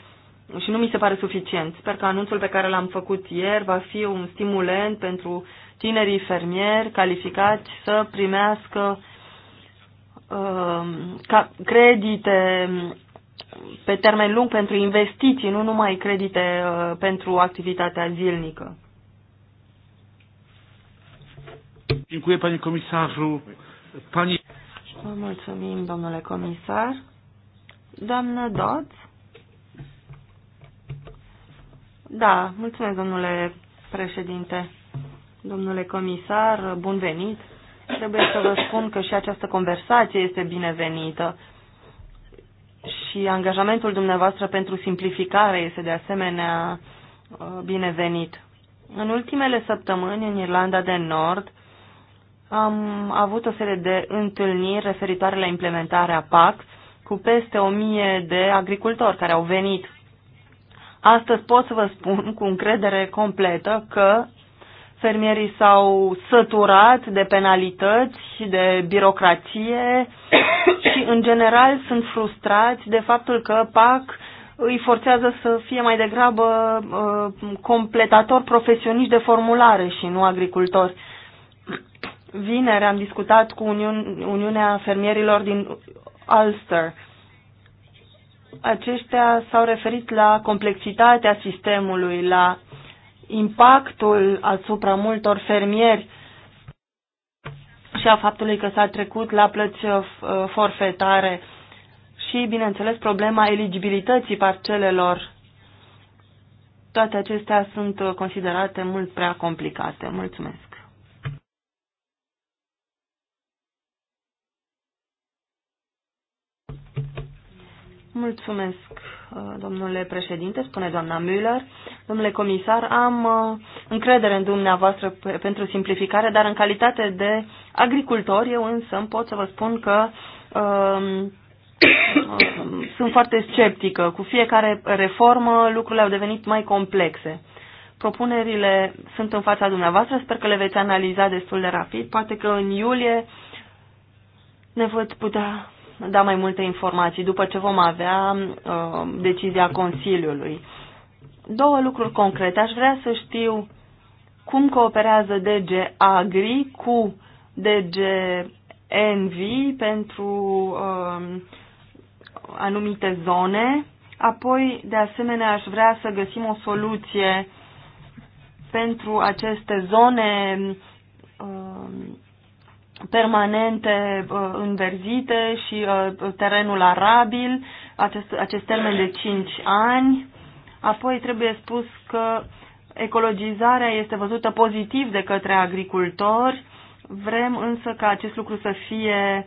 și nu mi se pare suficient. Sper că anunțul pe care l-am făcut ieri va fi un stimulent pentru tinerii fermieri calificați să primească uh, credite pe termen lung pentru investiții, nu numai credite uh, pentru activitatea zilnică. Dziękuję panie komisarzu. Pani... Mulțumim, domnule comisar. Doamnă Dodds. Da, mulțumesc, domnule președinte, domnule comisar, bun venit. Trebuie să vă spun că și această conversație este binevenită și angajamentul dumneavoastră pentru simplificare este de asemenea uh, binevenit. În ultimele săptămâni, în Irlanda de Nord, am avut o serie de întâlniri referitoare la implementarea PAC cu peste o mie de agricultori care au venit Astăzi pot să vă spun cu încredere completă că fermierii s-au săturat de penalități, și de birocrație și, în general, sunt frustrați de faptul că PAC îi forțează să fie mai degrabă uh, completatori profesioniști de formulare și nu agricultori. Vineri am discutat cu Uniunea Fermierilor din Ulster aceștia s-au referit la complexitatea sistemului, la impactul asupra multor fermieri și a faptului că s-a trecut la plăți uh, forfetare și, bineînțeles, problema eligibilității parcelelor. Toate acestea sunt uh, considerate mult prea complicate. Mulțumesc! Mulțumesc, uh, domnule președinte, spune doamna Müller. Domnule comisar, am uh, încredere în dumneavoastră pentru simplificare, dar în calitate de agricultor, eu însă pot să vă spun că um, sunt foarte sceptică. Cu fiecare reformă lucrurile au devenit mai complexe. Propunerile sunt în fața dumneavoastră, sper că le veți analiza destul de rapid. Poate că în iulie ne văd putea da mai multe informații după ce vom avea uh, decizia Consiliului. Două lucruri concrete. Aș vrea să știu cum cooperează DG Agri cu DG Envy pentru uh, anumite zone. Apoi, de asemenea, aș vrea să găsim o soluție pentru aceste zone uh, permanente uh, înverzite și uh, terenul arabil, acest, acest termen de 5 ani. Apoi trebuie spus că ecologizarea este văzută pozitiv de către agricultori, vrem însă ca acest lucru să fie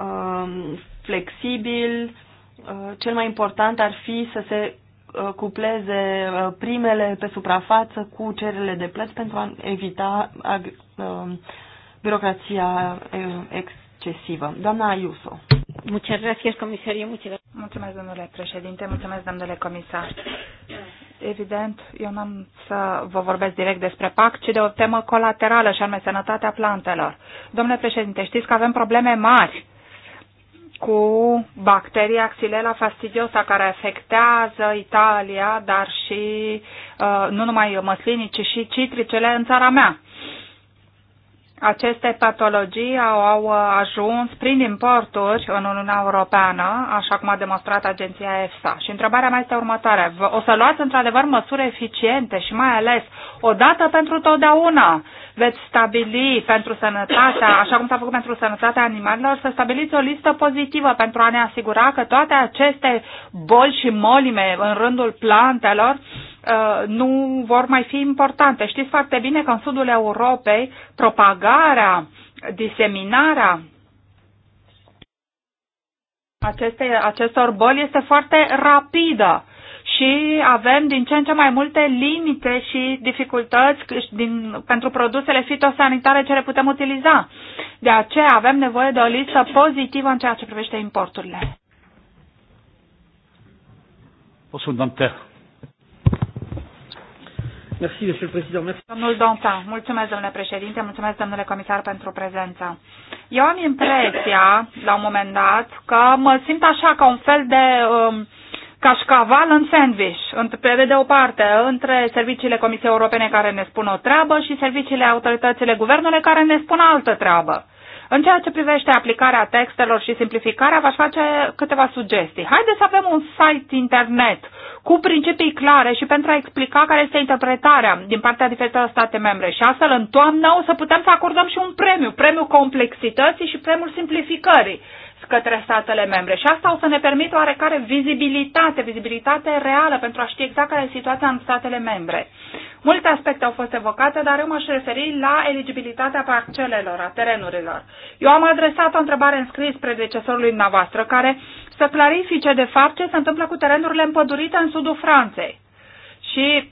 uh, flexibil. Uh, cel mai important ar fi să se uh, cupleze uh, primele pe suprafață cu cererile de plăți pentru a evita birocrația eh, excesivă. Doamna Ayuso. comisario. Mulțumesc, domnule președinte. Mulțumesc, domnule comisar. Evident, eu n-am să vă vorbesc direct despre PAC, ci de o temă colaterală, și anume sănătatea plantelor. Domnule președinte, știți că avem probleme mari cu bacteria Xylella fastidiosa care afectează Italia, dar și uh, nu numai măslinii, ci și citricele în țara mea. Aceste patologii au, au uh, ajuns prin importuri în Uniunea Europeană, așa cum a demonstrat agenția EFSA. Și întrebarea mea este următoare: O să luați într-adevăr măsuri eficiente și mai ales o dată pentru totdeauna veți stabili pentru sănătatea, așa cum s-a făcut pentru sănătatea animalelor, să stabiliți o listă pozitivă pentru a ne asigura că toate aceste boli și molime în rândul plantelor uh, Uh, nu vor mai fi importante. Știți foarte bine că în sudul Europei propagarea, diseminarea aceste, acestor boli este foarte rapidă și avem din ce în ce mai multe limite și dificultăți din, pentru produsele fitosanitare ce le putem utiliza. De aceea avem nevoie de o listă pozitivă în ceea ce privește importurile. Posul Danter. Merci, monsieur le président. Merci. Domnul Donta, mulțumesc, domnule președinte, mulțumesc, domnule comisar, pentru prezență. Eu am impresia, la un moment dat, că mă simt așa ca un fel de um, cașcaval în sandwich, pe de o parte, între serviciile Comisiei Europene care ne spun o treabă și serviciile autoritățile guvernului care ne spun altă treabă. În ceea ce privește aplicarea textelor și simplificarea, v-aș face câteva sugestii. Haideți să avem un site internet cu principii clare și pentru a explica care este interpretarea din partea diferitelor state membre. Și astfel, în toamnă, o să putem să acordăm și un premiu, premiul complexității și premiul simplificării către statele membre. Și asta o să ne permită oarecare vizibilitate, vizibilitate reală pentru a ști exact care e situația în statele membre. Multe aspecte au fost evocate, dar eu m-aș referi la eligibilitatea parcelelor, a terenurilor. Eu am adresat o întrebare în scris predecesorului dumneavoastră care să clarifice de fapt ce se întâmplă cu terenurile împădurite în sudul Franței. Și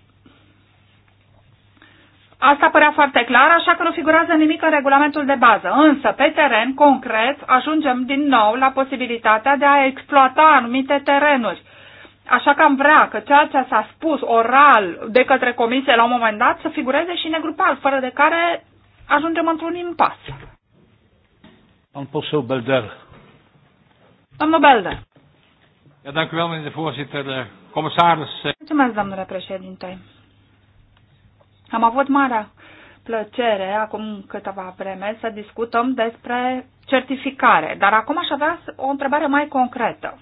Asta părea foarte clar, așa că nu figurează nimic în regulamentul de bază. Însă, pe teren, concret, ajungem din nou la posibilitatea de a exploata anumite terenuri. Așa că am vrea că ceea ce s-a spus oral de către comisie la un moment dat să figureze și negrupal, fără de care ajungem într-un impas. Am pus eu Belder. Domnul Belder. Ja, dank u wel, meneer de voorzitter. Eh, commissaris. Eh. Mulțumesc, domnule președinte. Am avut marea plăcere, acum câteva vreme, să discutăm despre certificare, dar acum aș avea o întrebare mai concretă.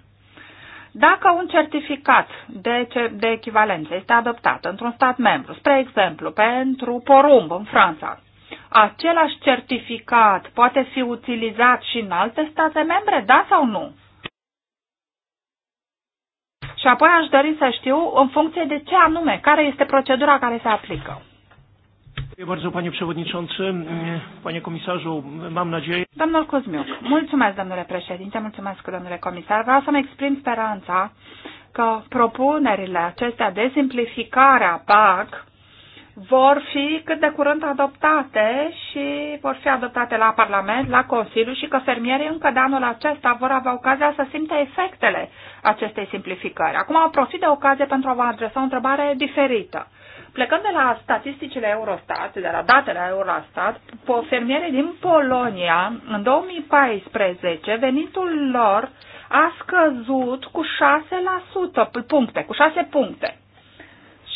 Dacă un certificat de, de echivalență este adoptat într-un stat membru, spre exemplu, pentru porumb în Franța, același certificat poate fi utilizat și în alte state membre, da sau nu? Și apoi aș dori să știu în funcție de ce anume, care este procedura care se aplică. Bardzo, panie przewodniczący, panie komisarzu, mam nadzieję... Domnul Cuzmiuc, mulțumesc, domnule președinte, mulțumesc, domnule comisar. Vreau să-mi exprim speranța că propunerile acestea de simplificare a PAC vor fi cât de curând adoptate și vor fi adoptate la Parlament, la Consiliu și că fermierii încă de anul acesta vor avea ocazia să simtă efectele acestei simplificări. Acum profit de ocazie pentru a vă adresa o întrebare diferită. Plecăm de la statisticile Eurostat, de la datele Eurostat, fermierii din Polonia, în 2014, venitul lor a scăzut cu 6% puncte, cu 6 puncte.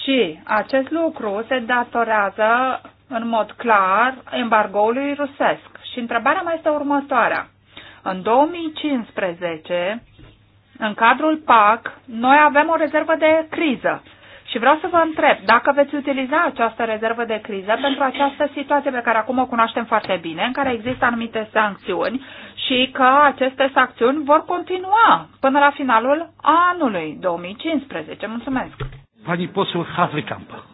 Și acest lucru se datorează în mod clar embargoului rusesc. Și întrebarea mai este următoarea. În 2015, în cadrul PAC, noi avem o rezervă de criză și vreau să vă întreb dacă veți utiliza această rezervă de criză pentru această situație pe care acum o cunoaștem foarte bine, în care există anumite sancțiuni și că aceste sancțiuni vor continua până la finalul anului 2015. Mulțumesc! Pani posul Hazekamp.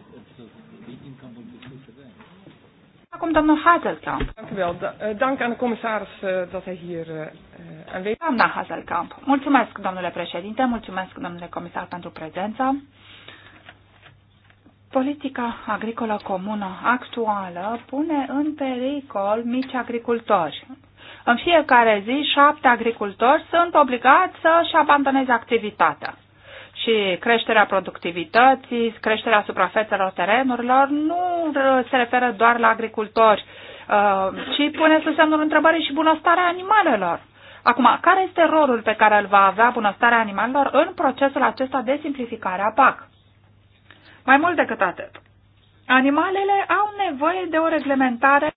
Acum domnul Hazelkamp. Da- eh, eh, eh, Doamna Hazelkamp. Mulțumesc, domnule președinte, mulțumesc, domnule comisar, pentru prezență. Politica agricolă comună actuală pune în pericol mici agricultori. În fiecare zi, șapte agricultori sunt obligați să-și abandoneze activitatea. Și creșterea productivității, creșterea suprafețelor terenurilor nu se referă doar la agricultori, uh, ci pune sub semnul întrebării și bunăstarea animalelor. Acum, care este rolul pe care îl va avea bunăstarea animalelor în procesul acesta de simplificare a PAC? Mai mult decât atât, animalele au nevoie de o reglementare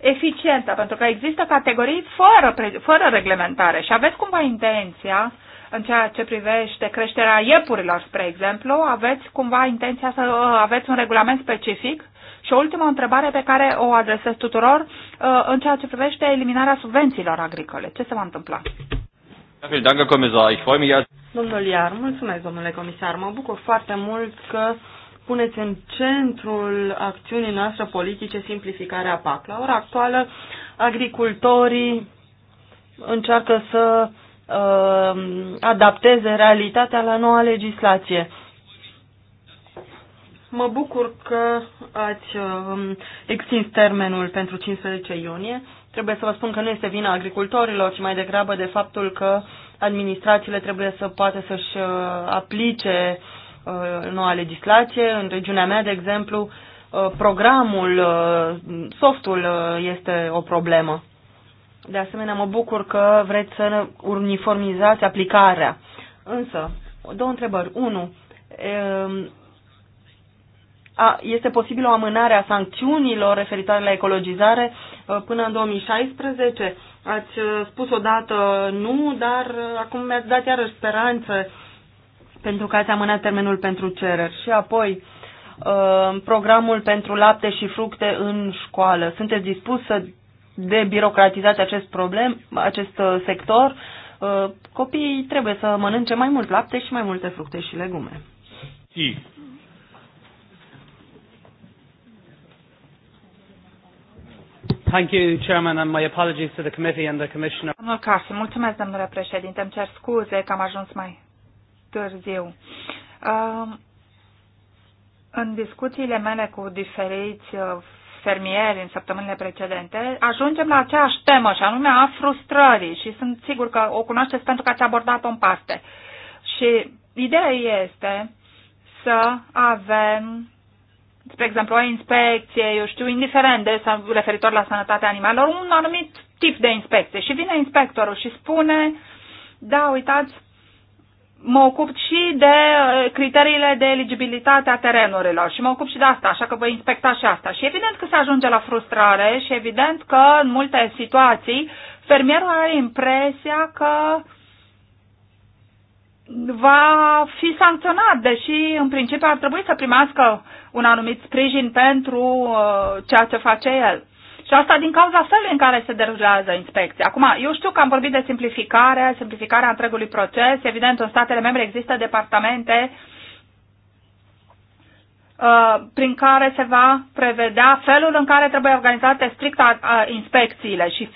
eficientă, pentru că există categorii fără, fără reglementare și aveți cumva intenția în ceea ce privește creșterea iepurilor, spre exemplu, aveți cumva intenția să uh, aveți un regulament specific? Și o ultimă întrebare pe care o adresez tuturor uh, în ceea ce privește eliminarea subvențiilor agricole. Ce se va întâmpla? Domnul Iar, mulțumesc, domnule comisar. Mă bucur foarte mult că puneți în centrul acțiunii noastre politice simplificarea PAC. La ora actuală, agricultorii încearcă să uh, adapteze realitatea la noua legislație. Mă bucur că ați uh, extins termenul pentru 15 iunie. Trebuie să vă spun că nu este vina agricultorilor, ci mai degrabă de faptul că uh, administrațiile trebuie să poată să-și uh, aplice uh, noua legislație. În regiunea mea, de exemplu, uh, programul, softul este o problemă. De asemenea, mă bucur că vreți să uniformizați aplicarea. Însă, două întrebări. Unu, um, este posibilă o amânare a sancțiunilor referitoare la ecologizare până în 2016? Ați uh, spus odată nu, dar uh, acum mi-ați dat iarăși speranță pentru că ați amânat termenul pentru cereri. Și apoi, uh, programul pentru lapte și fructe în școală. Sunteți dispus să debirocratizați acest problem, acest sector? Copiii trebuie să mănânce mai mult lapte și mai multe fructe și legume. Thank you, Chairman, and my apologies to the committee and the Commissioner. Domnul Carson, mulțumesc, domnule președinte. Îmi cer scuze că am ajuns mai târziu. Um, în discuțiile mele cu diferiți uh, fermieri în săptămânile precedente, ajungem la aceeași temă și anume a frustrării și sunt sigur că o cunoașteți pentru că ați abordat-o în parte. Și ideea este să avem spre exemplu, o inspecție, eu știu, indiferent de referitor la sănătatea animalelor, un anumit tip de inspecție. Și vine inspectorul și spune, da, uitați, mă ocup și de uh, criteriile de eligibilitate a terenurilor și mă ocup și de asta, așa că voi inspecta și asta. Și evident că se ajunge la frustrare și evident că în multe situații fermierul are impresia că va fi sancționat, deși în principiu ar trebui să primească un anumit sprijin pentru uh, ceea ce face el. Și asta din cauza felului în care se derulează inspecția. Acum, eu știu că am vorbit de simplificare, simplificarea întregului proces. Evident, în statele membre există departamente uh, prin care se va prevedea felul în care trebuie organizate strict uh, inspecțiile și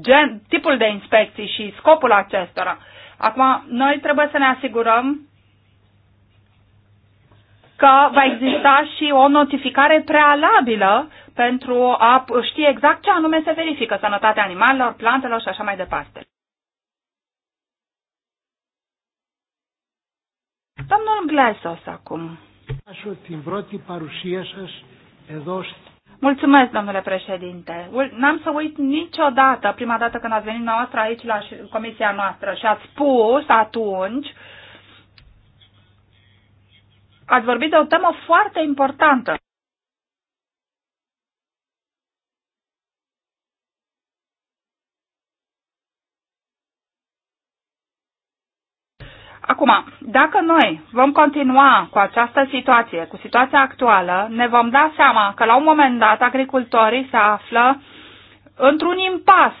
gen, tipul de inspecții și scopul acestora. Acum, noi trebuie să ne asigurăm că va exista și o notificare prealabilă pentru a ști exact ce anume se verifică, sănătatea animalelor, plantelor și așa mai departe. Domnul Glesos acum. Mulțumesc, domnule președinte. N-am să uit niciodată, prima dată când ați venit noastră aici la comisia noastră și ați spus atunci uh, ați vorbit de o temă foarte importantă. Acum, dacă noi vom continua cu această situație, cu situația actuală, ne vom da seama că la un moment dat agricultorii se află într-un impas.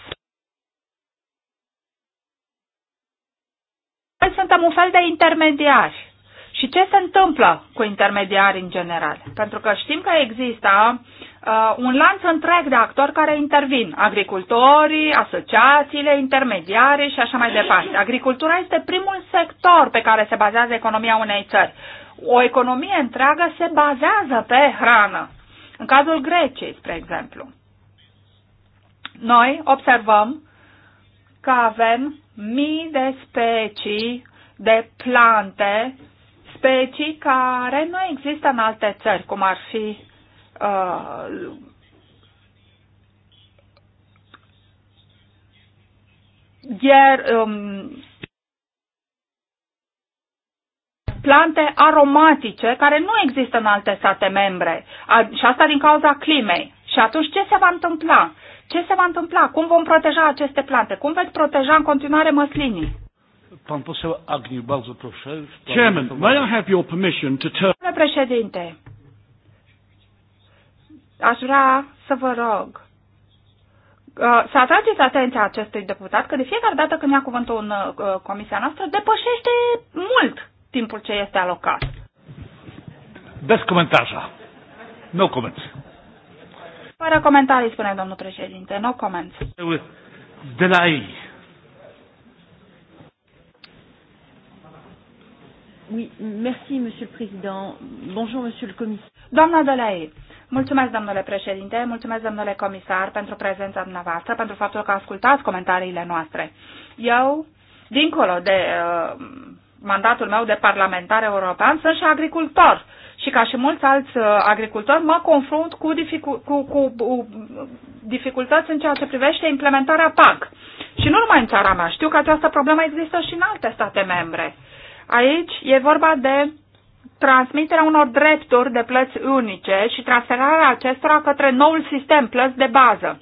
Noi suntem un fel de intermediari și ce se întâmplă cu intermediari în general? Pentru că știm că există uh, un lanț întreg de actori care intervin. Agricultorii, asociațiile, intermediari și așa mai departe. Agricultura este primul sector pe care se bazează economia unei țări. O economie întreagă se bazează pe hrană. În cazul Greciei, spre exemplu. Noi observăm că avem mii de specii de plante specii care nu există în alte țări, cum ar fi uh, ier, um, plante aromatice care nu există în alte state membre a, și asta din cauza climei. Și atunci ce se va întâmpla? Ce se va întâmpla? Cum vom proteja aceste plante? Cum veți proteja în continuare măslinii? Pan poseł Agniu, bardzo proszę. Chairman, may I have your permission to turn... Domnule președinte, aș vrea să vă rog uh, să atrageți atenția acestui deputat că de fiecare dată când ia cuvântul în uh, comisia noastră depășește mult timpul ce este alocat. Des comentarii. No comments. Fără comentarii, spune domnul președinte. No comments. ei. Oui, merci, Monsieur le Président. Bonjour, Monsieur le Commissaire. Doamna Delahaye, mulțumesc, domnule președinte, mulțumesc, domnule comisar, pentru prezența dumneavoastră, pentru faptul că ascultați comentariile noastre. Eu, dincolo de uh, mandatul meu de parlamentar european, sunt și agricultor. Și ca și mulți alți uh, agricultori, mă confrunt cu, dificu- cu, cu, cu uh, dificultăți în ceea ce privește implementarea PAC. Și nu numai în țara mea, știu că această problemă există și în alte state membre. Uh, Aici e vorba de transmiterea unor drepturi de plăți unice și transferarea acestora către noul sistem plăți de bază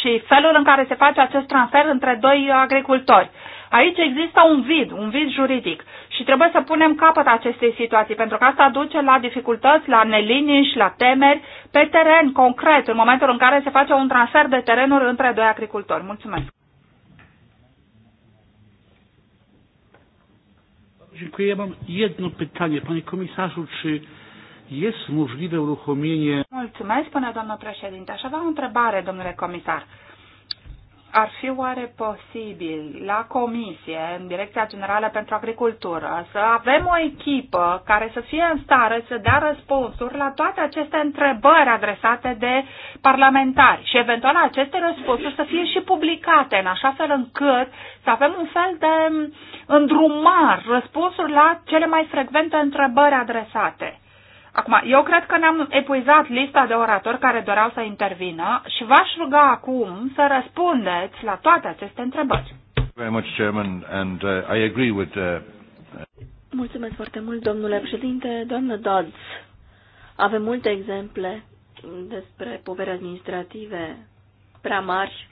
și felul în care se face acest transfer între doi agricultori. Aici există un vid, un vid juridic și trebuie să punem capăt acestei situații, pentru că asta duce la dificultăți, la neliniști, la temeri pe teren concret, în momentul în care se face un transfer de terenuri între doi agricultori. Mulțumesc! Dziękuję. Mam jedno pytanie. Panie komisarzu, czy jest możliwe uruchomienie... Mulțumesc, până doamnă președinte. Aș avea o întrebare, domnule comisar ar fi oare posibil la Comisie, în Direcția Generală pentru Agricultură, să avem o echipă care să fie în stare să dea răspunsuri la toate aceste întrebări adresate de parlamentari și eventual aceste răspunsuri să fie și publicate în așa fel încât să avem un fel de îndrumar răspunsuri la cele mai frecvente întrebări adresate. Acum, eu cred că ne-am epuizat lista de oratori care doreau să intervină și v-aș ruga acum să răspundeți la toate aceste întrebări. Uh, uh, Mulțumesc foarte mult, domnule președinte. Doamnă Dodds, avem multe exemple despre povere administrative prea mari.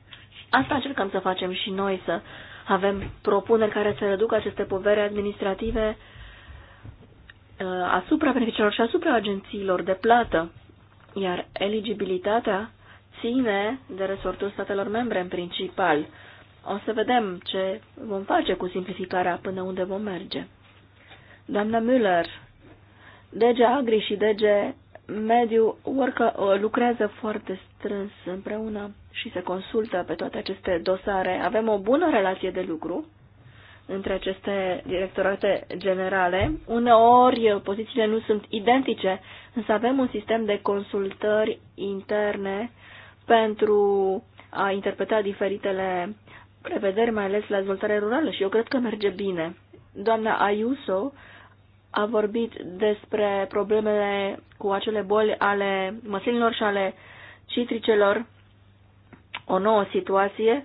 Asta încercăm să facem și noi, să avem propuneri care să reducă aceste povere administrative uh, Uh, asupra beneficiarilor și asupra agențiilor de plată, iar eligibilitatea ține de resortul statelor membre în principal. O să vedem ce vom face cu simplificarea până unde vom merge. Doamna Müller, DG Agri și DG Mediu worcă, uh, lucrează foarte strâns împreună și se consultă pe toate aceste dosare. Avem o bună relație de lucru între aceste directorate generale. Uneori pozițiile nu sunt identice, însă avem un sistem de consultări interne pentru a interpreta diferitele prevederi, mai ales la dezvoltare rurală și eu cred că merge bine. Doamna Ayuso a vorbit despre problemele cu acele boli ale măsilor și ale citricelor, o nouă situație,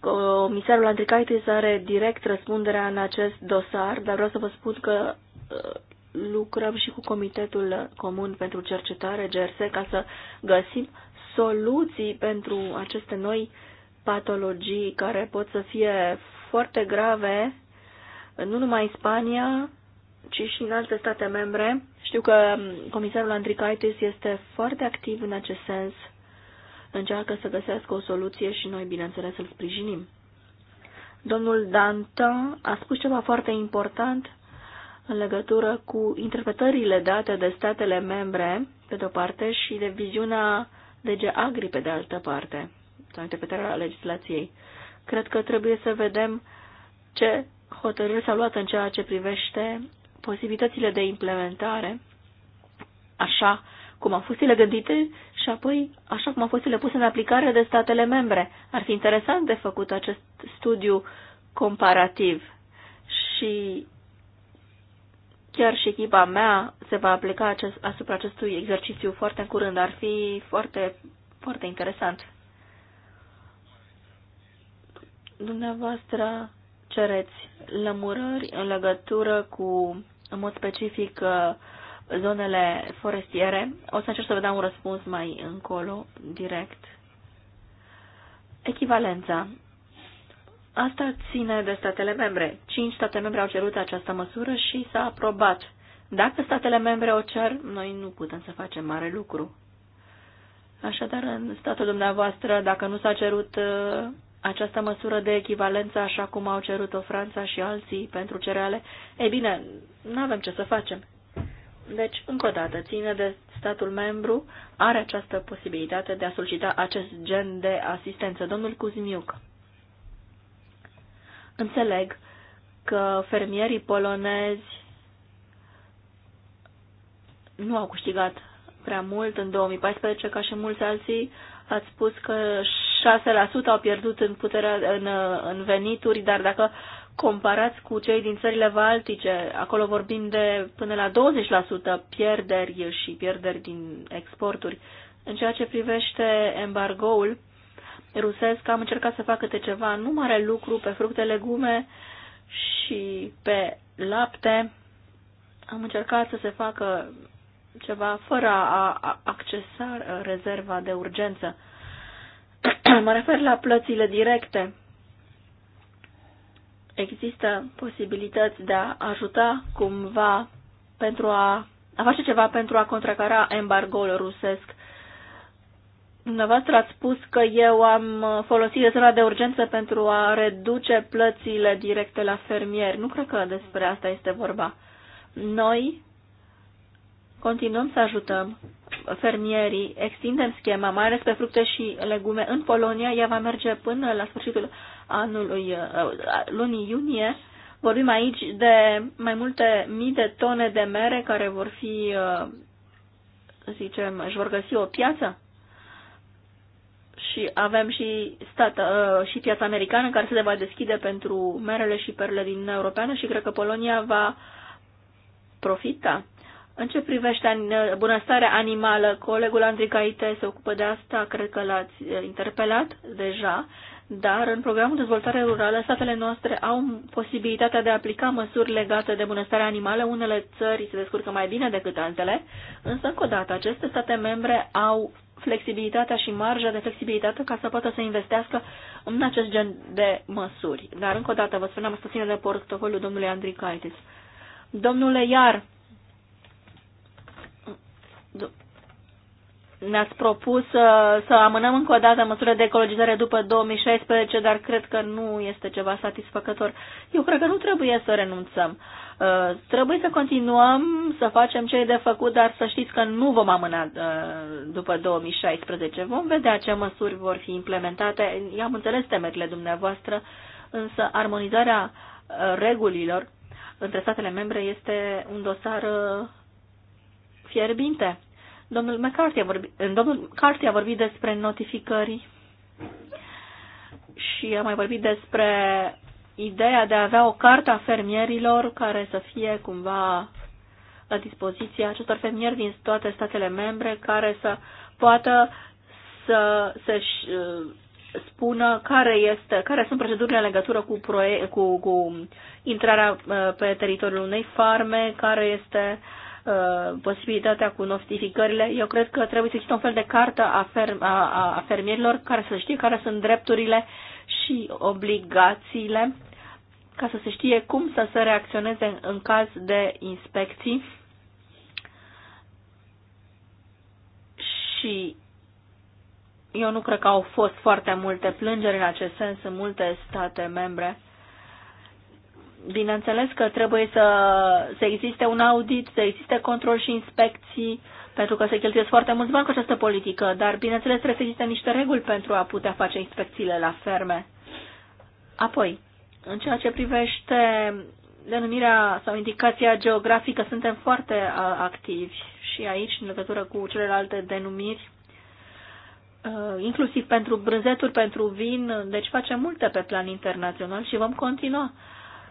Comisarul Andricaitis are direct răspunderea în acest dosar, dar vreau să vă spun că uh, lucrăm și cu Comitetul Comun pentru Cercetare, GRS, ca să găsim soluții pentru aceste noi patologii care pot să fie foarte grave, nu numai în Spania, ci și în alte state membre. Știu că um, comisarul Andricaitis este foarte activ în acest sens încearcă să găsească o soluție și noi, bineînțeles, îl sprijinim. Domnul Dantin a spus ceva foarte important în legătură cu interpretările date de statele membre, pe de-o parte, și de viziunea lege agri, pe de altă parte, sau interpretarea legislației. Cred că trebuie să vedem ce hotărâri s-au luat în ceea ce privește posibilitățile de implementare, așa cum au fost ele gândite și apoi, așa cum a fost ele pus în aplicare de statele membre. Ar fi interesant de făcut acest studiu comparativ și chiar și echipa mea se va aplica acest, asupra acestui exercițiu foarte în curând. Ar fi foarte, foarte interesant. Dumneavoastră cereți lămurări în legătură cu, în mod specific, uh, zonele forestiere. O să încerc să vă dau un răspuns mai încolo, direct. Echivalența. Asta ține de statele membre. Cinci state membre au cerut această măsură și s-a aprobat. Dacă statele membre o cer, noi nu putem să facem mare lucru. Așadar, în statul dumneavoastră, dacă nu s-a cerut uh, această măsură de echivalență, așa cum au cerut-o Franța și alții pentru cereale, ei bine, nu avem ce să facem. Deci, încă o dată, ține de statul membru, are această posibilitate de a solicita acest gen de asistență. Domnul Cuzmiuc, înțeleg că fermierii polonezi nu au câștigat prea mult în 2014, ca și mulți alții. Ați spus că 6% au pierdut în, puterea, în, în venituri, dar dacă uh, comparați cu cei din țările baltice, acolo vorbim de până la 20% pierderi și pierderi din exporturi. În ceea ce privește embargoul rusesc, am încercat să fac câte ceva, nu mare lucru, pe fructe, legume și pe lapte. Am încercat să se facă ceva fără a accesa rezerva de urgență. mă refer la plățile directe există posibilități de a ajuta cumva pentru a, a face ceva pentru a contracara embargoul rusesc. Dumneavoastră ați spus că eu am folosit rezerva de urgență pentru a reduce plățile directe la fermieri. Nu cred că despre asta este vorba. Noi continuăm să ajutăm fermierii, extindem schema, mai ales pe fructe și legume. În Polonia ea va merge până la sfârșitul anului, uh, uh, lunii iunie. Vorbim aici de mai multe mii de tone de mere care vor fi, să uh, zicem, își vor găsi o piață. Și avem și, stat, și piața americană care se va deschide pentru merele și perle din Uniunea Europeană și cred că Polonia va profita. În ce privește bunăstarea animală, colegul Andrei Caite se ocupă de asta, cred că l-ați interpelat deja dar în programul de dezvoltare rurală statele noastre au posibilitatea de a aplica măsuri legate de bunăstarea animală. Unele țări se descurcă mai bine decât altele, însă, încă o dată, aceste state membre au flexibilitatea și marja de flexibilitate ca să poată să investească în acest gen de măsuri. Dar, încă o dată, vă spuneam, să ține de portofoliu domnului Caitis. Domnule Iar, ne-ați propus să, să amânăm încă o dată măsurile de ecologizare după 2016, dar cred că nu este ceva satisfăcător. Eu cred că nu trebuie să renunțăm. Uh, trebuie să continuăm să facem ce e de făcut, dar să știți că nu vom amâna uh, după 2016. Vom vedea ce măsuri vor fi implementate. Eu am înțeles temerile dumneavoastră, însă armonizarea uh, regulilor între statele membre este un dosar uh, fierbinte Domnul McCarthy a vorbit, domnul McCarthy a vorbit despre notificări și a mai vorbit despre ideea de a avea o carte a fermierilor care să fie cumva la dispoziția acestor fermieri din toate statele membre care să poată să se uh, spună care, este, care sunt procedurile în legătură cu, proie, cu, cu intrarea uh, pe teritoriul unei farme, care este Uh, posibilitatea cu notificările. Eu cred că trebuie să există un fel de cartă a, ferm, a, a fermierilor care să știe care sunt drepturile și obligațiile ca să se știe cum să se reacționeze în caz de inspecții. Și eu nu cred că au fost foarte multe plângeri în acest sens în multe state membre bineînțeles că trebuie să, să existe un audit, să existe control și inspecții, pentru că se cheltuiesc foarte mulți bani cu această politică, dar bineînțeles trebuie să existe niște reguli pentru a putea face inspecțiile la ferme. Apoi, în ceea ce privește denumirea sau indicația geografică, suntem foarte activi și aici, în legătură cu celelalte denumiri, inclusiv pentru brânzeturi, pentru vin, deci facem multe pe plan internațional și vom continua.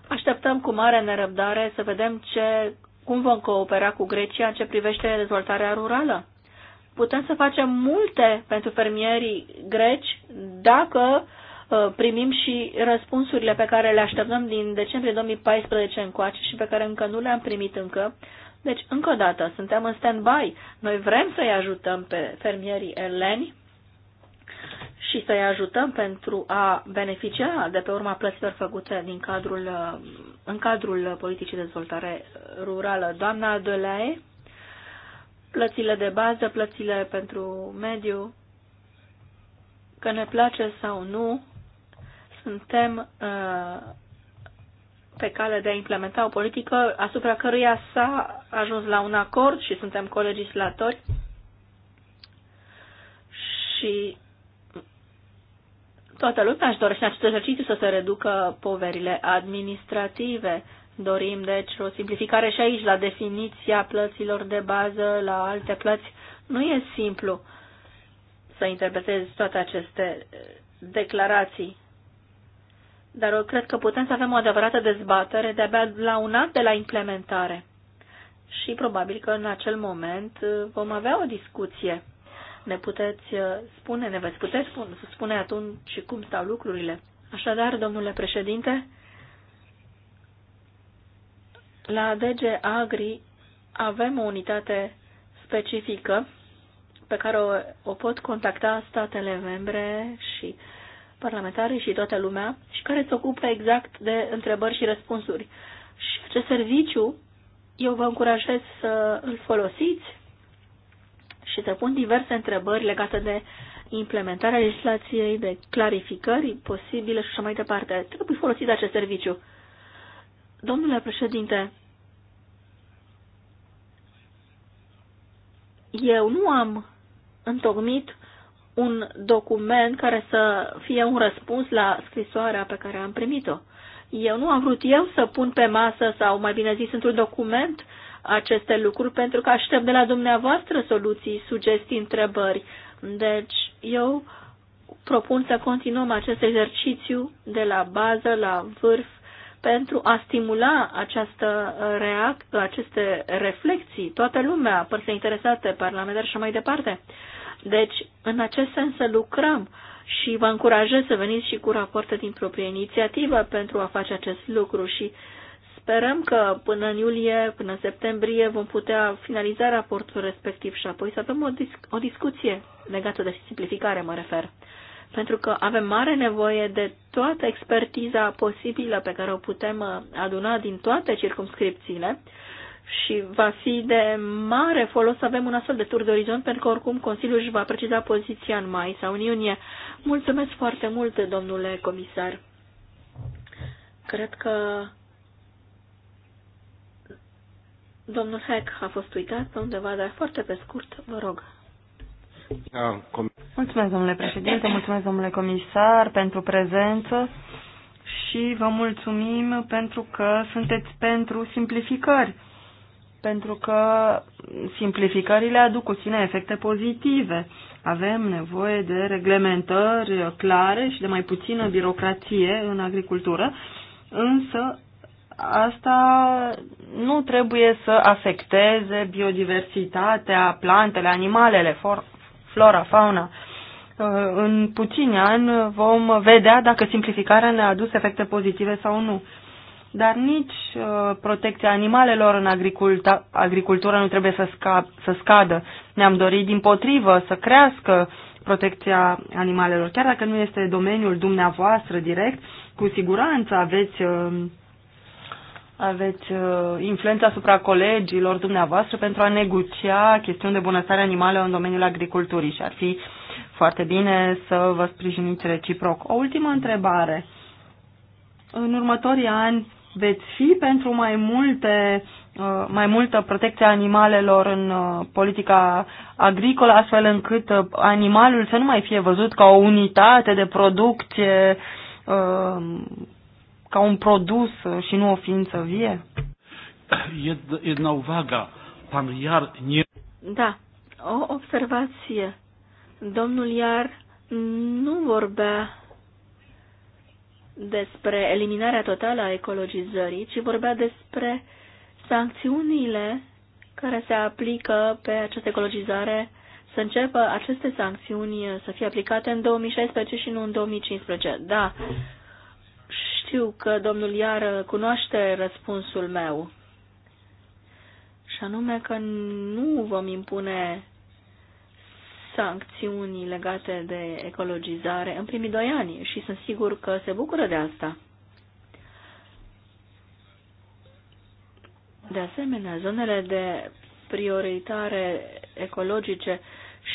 Așteptăm cu mare nerăbdare să vedem ce, cum vom coopera cu Grecia în ce privește dezvoltarea rurală. Putem să facem multe pentru fermierii greci dacă uh, primim și răspunsurile pe care le așteptăm din decembrie 2014 încoace și pe care încă nu le-am primit încă. Deci, încă o dată, suntem în stand-by. Noi vrem să-i ajutăm pe fermierii eleni și să-i ajutăm pentru a beneficia de pe urma plăților făcute din cadrul, în cadrul politicii de dezvoltare rurală. Doamna Adelae, plățile de bază, plățile pentru mediu, că ne place sau nu, suntem uh, pe cale de a implementa o politică asupra căruia s-a ajuns la un acord și suntem colegislatori și Toată lumea își dorește în acest exercițiu să se reducă poverile administrative. Dorim, deci, o simplificare și aici, la definiția plăților de bază, la alte plăți. Nu e simplu să interpretezi toate aceste eh, declarații. Dar eu cred că putem să avem o adevărată dezbatere de-abia la un an de la implementare. Și probabil că în acel moment eh, vom avea o discuție ne puteți uh, spune, ne veți putea spune, să spune atunci cum stau lucrurile. Așadar, domnule președinte, la DG Agri avem o unitate specifică pe care o, o pot contacta statele membre și parlamentarii și toată lumea și care se ocupă exact de întrebări și răspunsuri. Și acest serviciu eu vă încurajez să îl folosiți și se pun diverse întrebări legate de implementarea legislației, de clarificări posibile și așa mai departe. Trebuie folosit de acest serviciu. Domnule președinte, eu nu am întocmit un document care să fie un răspuns la scrisoarea pe care am primit-o. Eu nu am vrut eu să pun pe masă, sau mai bine zis, într-un document, aceste lucruri pentru că aștept de la dumneavoastră soluții, sugestii, întrebări. Deci eu propun să continuăm acest exercițiu de la bază la vârf pentru a stimula această reac- aceste reflexii, toată lumea, părți interesate, parlamentari și mai departe. Deci, în acest sens să lucrăm și vă încurajez să veniți și cu rapoarte din proprie inițiativă pentru a face acest lucru și uh, Sperăm că până în iulie, până în septembrie vom putea finaliza raportul respectiv și apoi să avem o, dis- o discuție legată de simplificare, mă refer. Pentru că avem mare nevoie de toată expertiza posibilă pe care o putem uh, aduna din toate circumscripțiile și va fi de mare folos să avem un astfel de tur de orizont, pentru că oricum Consiliul își va preciza poziția în mai sau în iunie. Mulțumesc foarte mult, domnule comisar. Cred că Domnul Heck a fost uitat pe undeva, dar foarte pe scurt, vă rog. Da, mulțumesc, domnule președinte, mulțumesc, domnule comisar, pentru prezență și vă mulțumim pentru că sunteți pentru simplificări, pentru că simplificările aduc cu sine efecte pozitive. Avem nevoie de reglementări clare și de mai puțină birocrație în agricultură, însă asta nu trebuie să afecteze biodiversitatea, plantele, animalele, flora, fauna. Uh, în puțini ani vom vedea dacă simplificarea ne-a adus efecte pozitive sau nu. Dar nici uh, protecția animalelor în agricultură nu trebuie să, sca- să scadă. Ne-am dorit din potrivă să crească protecția animalelor. Chiar dacă nu este domeniul dumneavoastră direct, cu siguranță aveți uh, aveți uh, influența asupra colegilor dumneavoastră pentru a negocia chestiuni de bunăstare animală în domeniul agriculturii și ar fi foarte bine să vă sprijiniți reciproc. O ultimă întrebare. În următorii ani veți fi pentru mai multe uh, mai multă protecție a animalelor în uh, politica agricolă, astfel încât uh, animalul să nu mai fie văzut ca o unitate de producție ca un produs uh, și nu o ființă vie? Jedna uwaga, pan Iar nie... Da, o observație. Domnul Iar nu vorbea despre eliminarea totală a ecologizării, ci vorbea despre sancțiunile care se aplică pe această ecologizare, să înceapă aceste sancțiuni să fie aplicate în 2016 și nu în 2015. Da, știu că domnul Iar cunoaște răspunsul meu, și anume că nu vom impune sancțiuni legate de ecologizare în primii doi ani și sunt sigur că se bucură de asta. De asemenea, zonele de prioritare ecologice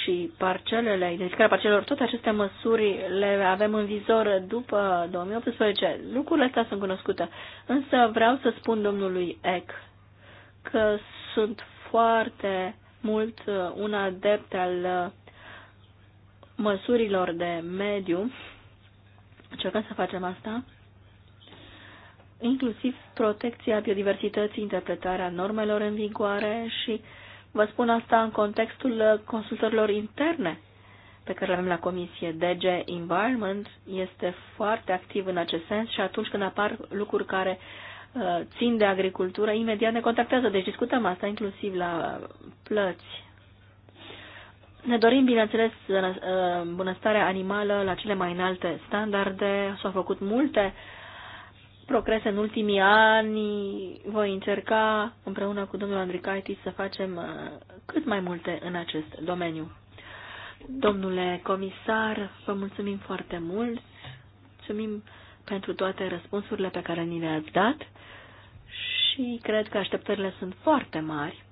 și parcelele, identificarea parcelelor, toate aceste măsuri le avem în vizor după 2018. Lucrurile astea sunt cunoscute. Însă vreau să spun domnului Eck că sunt foarte mult uh, un adept al uh, măsurilor de mediu. Încercăm să facem asta inclusiv protecția biodiversității, interpretarea normelor în vigoare și uh, Vă spun asta în contextul uh, consultărilor interne pe care le avem la comisie. DG Environment este foarte activ în acest sens și atunci când apar lucruri care uh, țin de agricultură, imediat ne contactează. Deci discutăm asta inclusiv la plăți. Ne dorim, bineînțeles, uh, bunăstarea animală la cele mai înalte standarde. S-au făcut multe uh, progrese în ultimii ani. Voi încerca împreună cu domnul Andricaitis să facem uh, cât mai multe în acest domeniu. Domnule comisar, vă mulțumim foarte mult. Mulțumim pentru toate răspunsurile pe care ni le-ați dat și cred că așteptările sunt foarte mari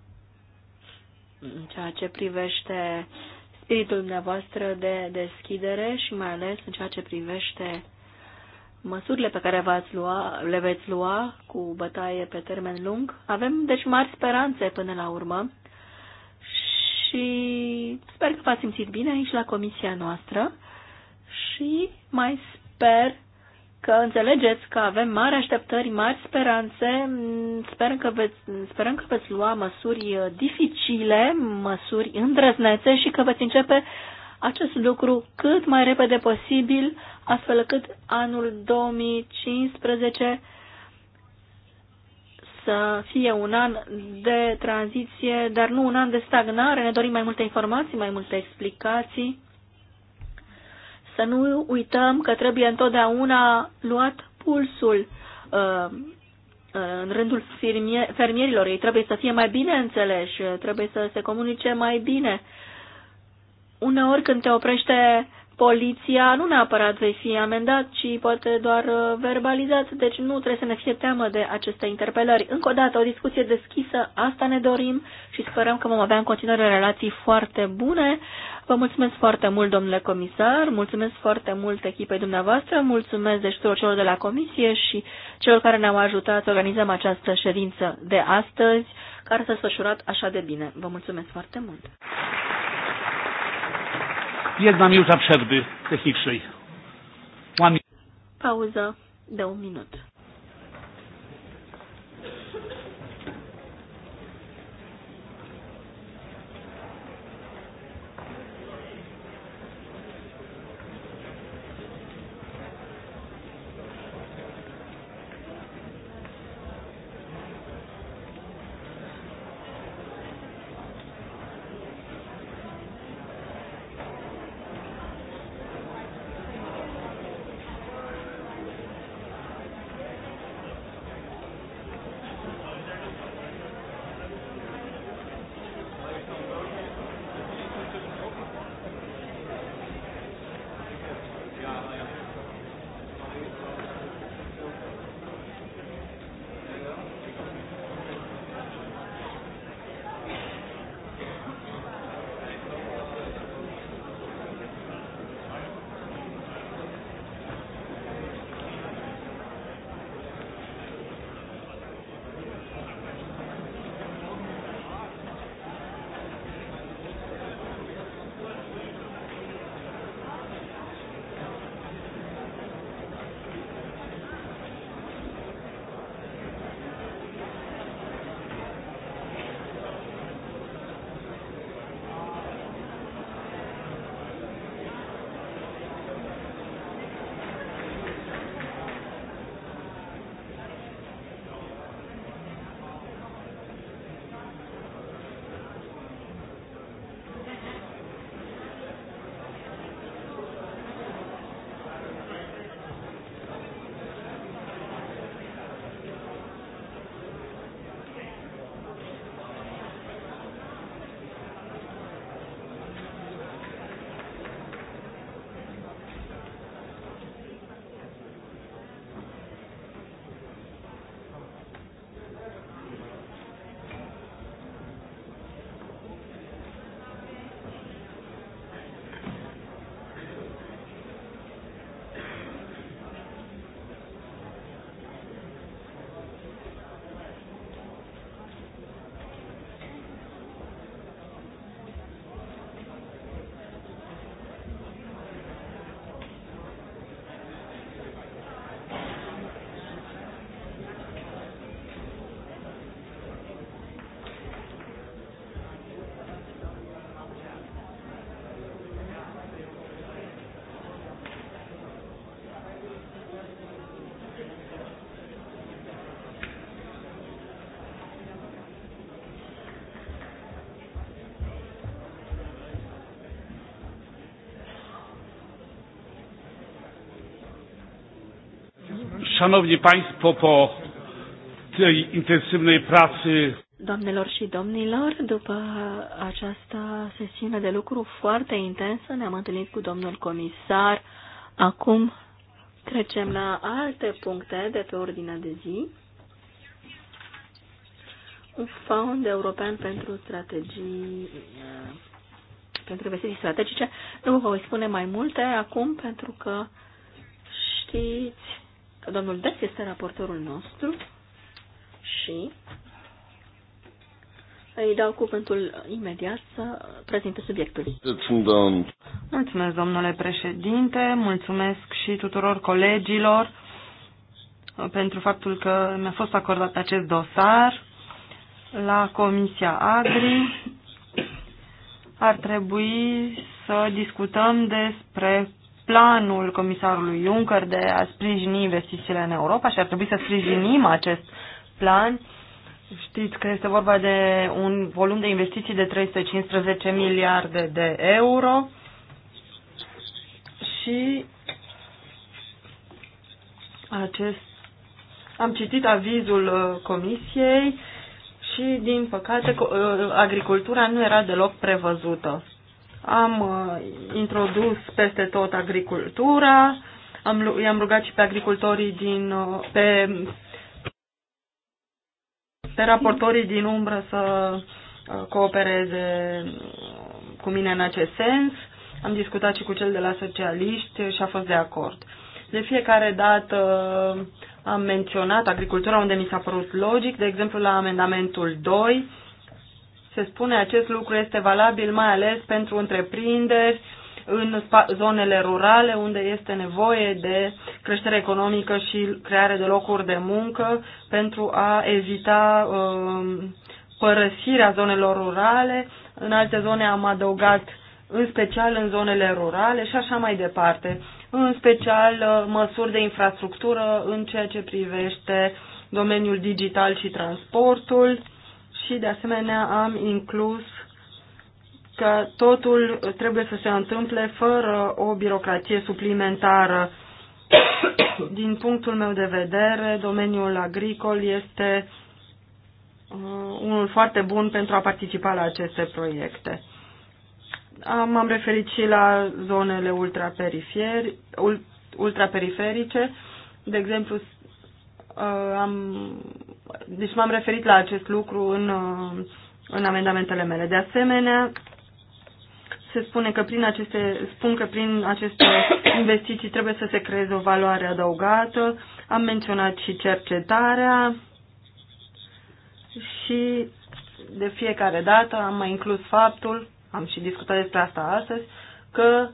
în ceea ce privește spiritul dumneavoastră de deschidere și mai ales în ceea ce privește măsurile pe care v-ați lua, le veți lua cu bătaie pe termen lung. Avem, deci, mari speranțe până la urmă și sper că v-ați simțit bine aici la comisia noastră și mai sper că înțelegeți că avem mari așteptări, mari speranțe. Sperăm că veți, sperăm că veți lua măsuri dificile, măsuri îndrăznețe și că veți începe acest lucru cât mai repede posibil, astfel cât anul 2015 să fie un an de tranziție, dar nu un an de stagnare. Ne dorim mai multe informații, mai multe explicații. Să nu uităm că trebuie întotdeauna luat pulsul uh, uh în rândul fermierilor. Ei trebuie să fie mai bine înțeleși, trebuie să se comunice mai bine uh, uneori când te oprește poliția, nu neapărat vei fi amendat, ci poate doar uh, verbalizat, deci nu trebuie să ne fie teamă de aceste interpelări. Încă o dată, o discuție deschisă, asta ne dorim și sperăm că vom avea în continuare relații foarte bune. Vă mulțumesc foarte mult, domnule comisar, mulțumesc foarte mult echipei dumneavoastră, mulțumesc deci tuturor celor de la comisie și celor care ne-au ajutat să organizăm această ședință de astăzi, care s-a sfășurat așa de bine. Vă mulțumesc foarte mult! Jedna minuta przerwy technicznej. Pauza de un minut. Szanowni Państwo, po tej intensywnej pracy. Domnilor și domnilor, după această sesiune de lucru foarte intensă, ne-am întâlnit cu domnul comisar. Acum trecem la alte puncte de pe ordinea de zi. Un fond european pentru strategii pentru investiții strategice. Nu vă voi spune mai multe acum pentru că știți Domnul Des este raportorul nostru și îi dau cuvântul imediat să prezinte subiectul. Mulțumesc, domnule președinte, mulțumesc și tuturor colegilor pentru faptul că mi-a fost acordat acest dosar la Comisia Agri. Ar trebui să discutăm despre planul comisarului Juncker de a sprijini investițiile în Europa și ar trebui să sprijinim acest plan. Știți că este vorba de un volum de investiții de 315 miliarde de euro și acest am citit avizul uh, comisiei și, din păcate, uh, agricultura nu era deloc prevăzută. Am uh, introdus peste tot agricultura, am, i-am rugat și pe agricultorii din, uh, pe, pe raportorii din umbră să uh, coopereze cu mine în acest sens. Am discutat și cu cel de la socialiști și a fost de acord. De fiecare dată am menționat agricultura unde mi s-a părut logic, de exemplu la amendamentul 2, se spune acest lucru este valabil mai ales pentru întreprinderi în zonele rurale unde este nevoie de creștere economică și creare de locuri de muncă pentru a evita um, părăsirea zonelor rurale. În alte zone am adăugat în special în zonele rurale și așa mai departe, în special uh, măsuri de infrastructură în ceea ce privește domeniul digital și transportul, și de asemenea am inclus că totul trebuie să se întâmple fără o birocratie suplimentară. Din punctul meu de vedere, domeniul agricol este uh, unul foarte bun pentru a participa la aceste proiecte. M-am referit și la zonele ultraperiferice. De exemplu, uh, am deci m-am referit la acest lucru în, uh, în amendamentele mele. De asemenea, se spune că prin aceste, spun că prin aceste investiții trebuie să se creeze o valoare adăugată. Am menționat și cercetarea și de fiecare dată am mai inclus faptul, am și discutat despre asta astăzi, că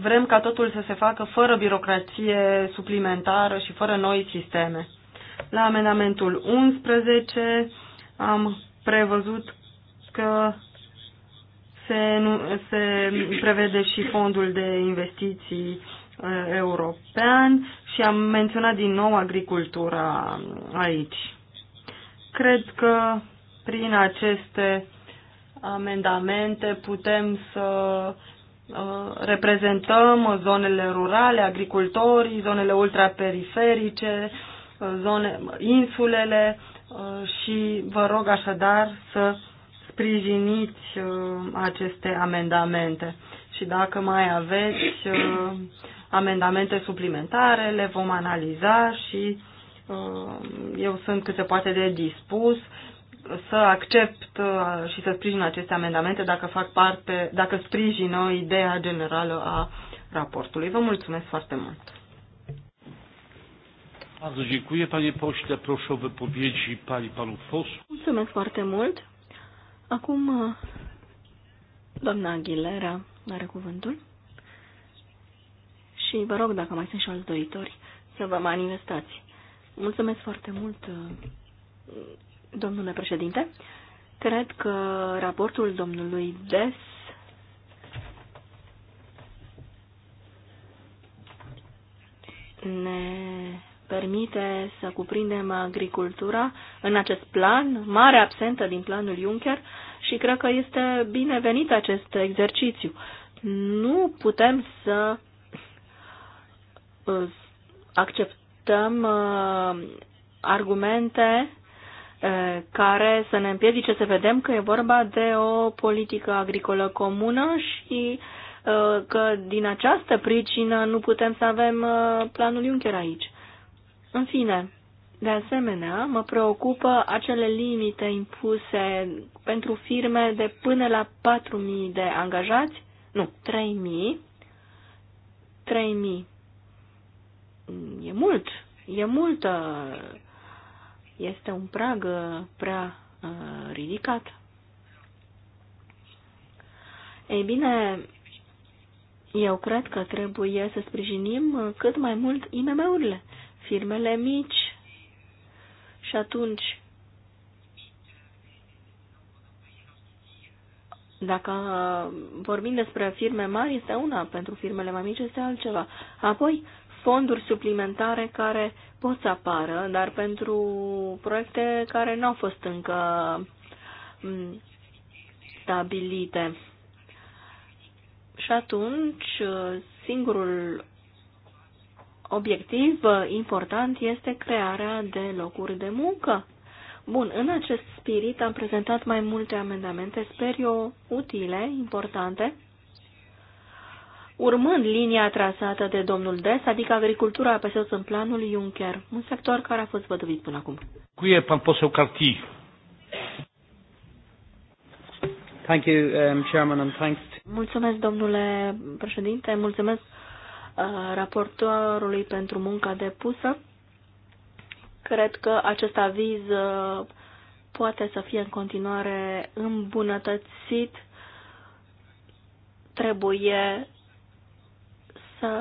vrem ca totul să se facă fără birocrație suplimentară și fără noi sisteme. La amendamentul 11 am prevăzut că se, nu, se prevede și fondul de investiții uh, european și am menționat din nou agricultura aici. Cred că prin aceste amendamente putem să Uh, reprezentăm zonele rurale, agricultorii, zonele ultraperiferice, uh, zone, insulele uh, și vă rog așadar să sprijiniți aceste amendamente. Și dacă mai aveți amendamente suplimentare, le vom analiza și eu sunt cât se poate de dispus să accept uh, și să sprijin aceste amendamente dacă fac parte, dacă sprijină ideea generală a raportului. Vă mulțumesc foarte mult. Mulțumesc foarte mult. Acum uh, doamna Aguilera are cuvântul. Și vă rog dacă mai sunt și alți doritori să vă manifestați. Mulțumesc foarte mult uh, Domnule președinte, cred că raportul domnului Des ne permite să cuprindem agricultura în acest plan, mare absentă din planul Juncker, și cred că este binevenit acest exercițiu. Nu putem să uh, acceptăm uh, argumente Eh, care să ne împiedice să vedem că e vorba de o politică agricolă comună și eh, că din această pricină nu putem să avem eh, planul Juncker aici. În fine, de asemenea, mă preocupă acele limite impuse pentru firme de până la 4.000 de angajați, nu, 3.000, 3.000. E mult, e multă este un prag uh, prea uh, ridicat. Ei bine, eu cred că trebuie să sprijinim uh, cât mai mult IMM-urile, firmele mici. Și atunci, dacă vorbim despre firme mari, este una, pentru firmele mai mici este altceva. Apoi, fonduri suplimentare care pot să apară, dar pentru proiecte care nu au fost încă mm, stabilite. Și atunci, singurul obiectiv important este crearea de locuri de muncă. Bun, în acest spirit am prezentat mai multe amendamente, sper eu, utile, importante, urmând linia trasată de domnul Des, adică agricultura a sus în planul Juncker, un sector care a fost văduvit până acum. e pan poseu carti. Thank you, um, Chairman, and thanks. Mulțumesc, domnule președinte, mulțumesc uh, raportorului pentru munca depusă. Cred că acest aviz uh, poate să fie în continuare îmbunătățit trebuie să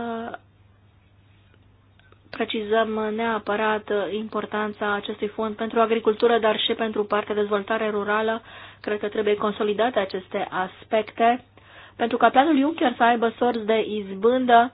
precizăm neapărat importanța acestui fond pentru agricultură, dar și pentru partea dezvoltare rurală. Cred că trebuie consolidate aceste aspecte pentru ca planul Juncker să aibă sorți de izbândă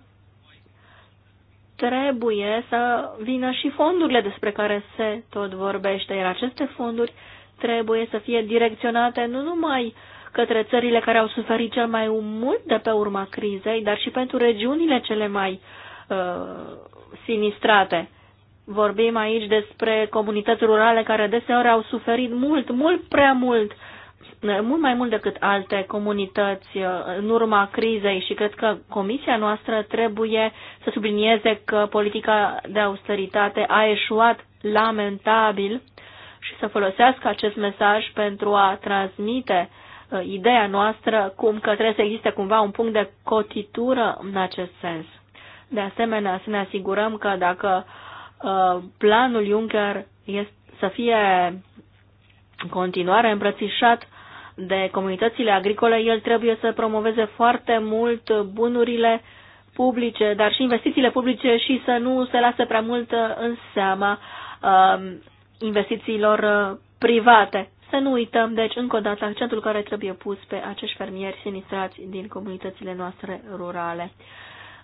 trebuie să vină și fondurile despre care se tot vorbește, iar aceste fonduri trebuie să fie direcționate nu numai uh, către țările care au suferit cel mai mult de pe urma crizei, dar și pentru regiunile cele mai uh, sinistrate. Vorbim aici despre comunități rurale care deseori au suferit mult, mult prea mult, mult mai mult decât alte comunități uh, în urma crizei și cred că comisia noastră trebuie să sublinieze că politica de austeritate a eșuat lamentabil și să folosească acest mesaj pentru a transmite uh, Uh, ideea noastră cum că trebuie să existe cumva un punct de cotitură în acest sens. De asemenea, să ne asigurăm că dacă uh, planul Juncker este să fie în continuare îmbrățișat de comunitățile agricole, el trebuie să promoveze foarte mult bunurile publice, dar și investițiile publice și să nu se lasă prea mult în seama uh, investițiilor uh, private. Să nu uităm, deci, încă o dată, accentul care trebuie pus pe acești fermieri sinistrați din comunitățile noastre rurale.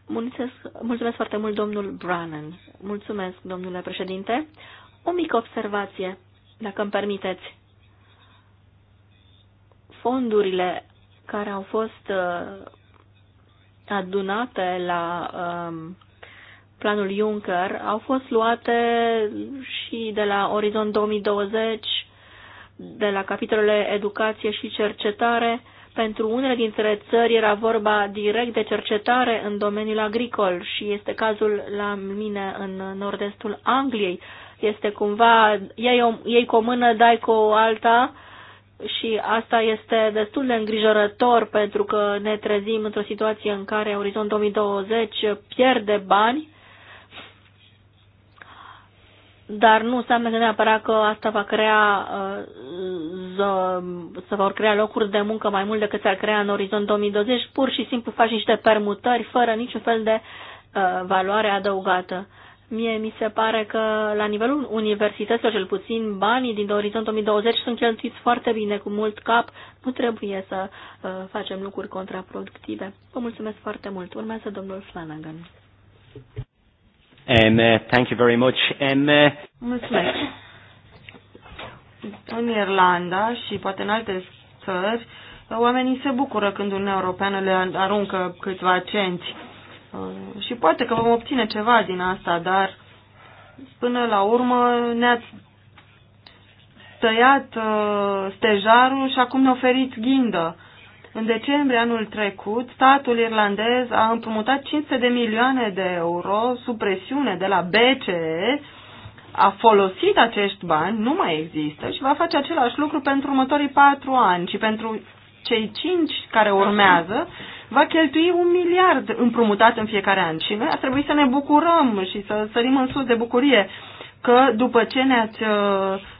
Mulțumesc, mulțumesc foarte mult, domnul Brannan. Mulțumesc, domnule președinte. O mică observație, dacă îmi permiteți. Fondurile care au fost uh, adunate la uh, planul Juncker au fost luate și de la Orizont 2020 de la capitolele educație și cercetare. Pentru unele dintre țări era vorba direct de cercetare în domeniul agricol și este cazul la mine în nord-estul Angliei. Este cumva, iei o, iei cu o mână, dai cu o alta și asta este destul de îngrijorător pentru că ne trezim într-o situație în care Orizont 2020 pierde bani dar nu înseamnă că neapărat că asta va crea, uh, să vor crea locuri de muncă mai mult decât s-ar crea în orizont 2020, pur și simplu faci niște permutări fără niciun fel de uh, valoare adăugată. Mie mi se pare că la nivelul universităților, cel puțin, banii din Orizont 2020 sunt cheltuiți foarte bine, cu mult cap. Nu trebuie să uh, facem lucruri contraproductive. Vă mulțumesc foarte mult. Urmează domnul Flanagan. Um, uh, thank you very much. Um, uh... Mulțumesc. În Irlanda și poate în alte țări, oamenii se bucură când un european le aruncă câțiva cenți. Uh, și poate că vom obține ceva din asta, dar până la urmă ne-ați tăiat uh, stejarul și acum ne oferiți ghindă. În decembrie anul trecut, statul irlandez a împrumutat 500 de milioane de euro sub presiune de la BCE, a folosit acești bani, nu mai există și va face același lucru pentru următorii patru ani și pentru cei cinci care urmează va cheltui un miliard împrumutat în fiecare an. Și noi ar trebui să ne bucurăm și să sărim în sus de bucurie că după ce ne-ați uh,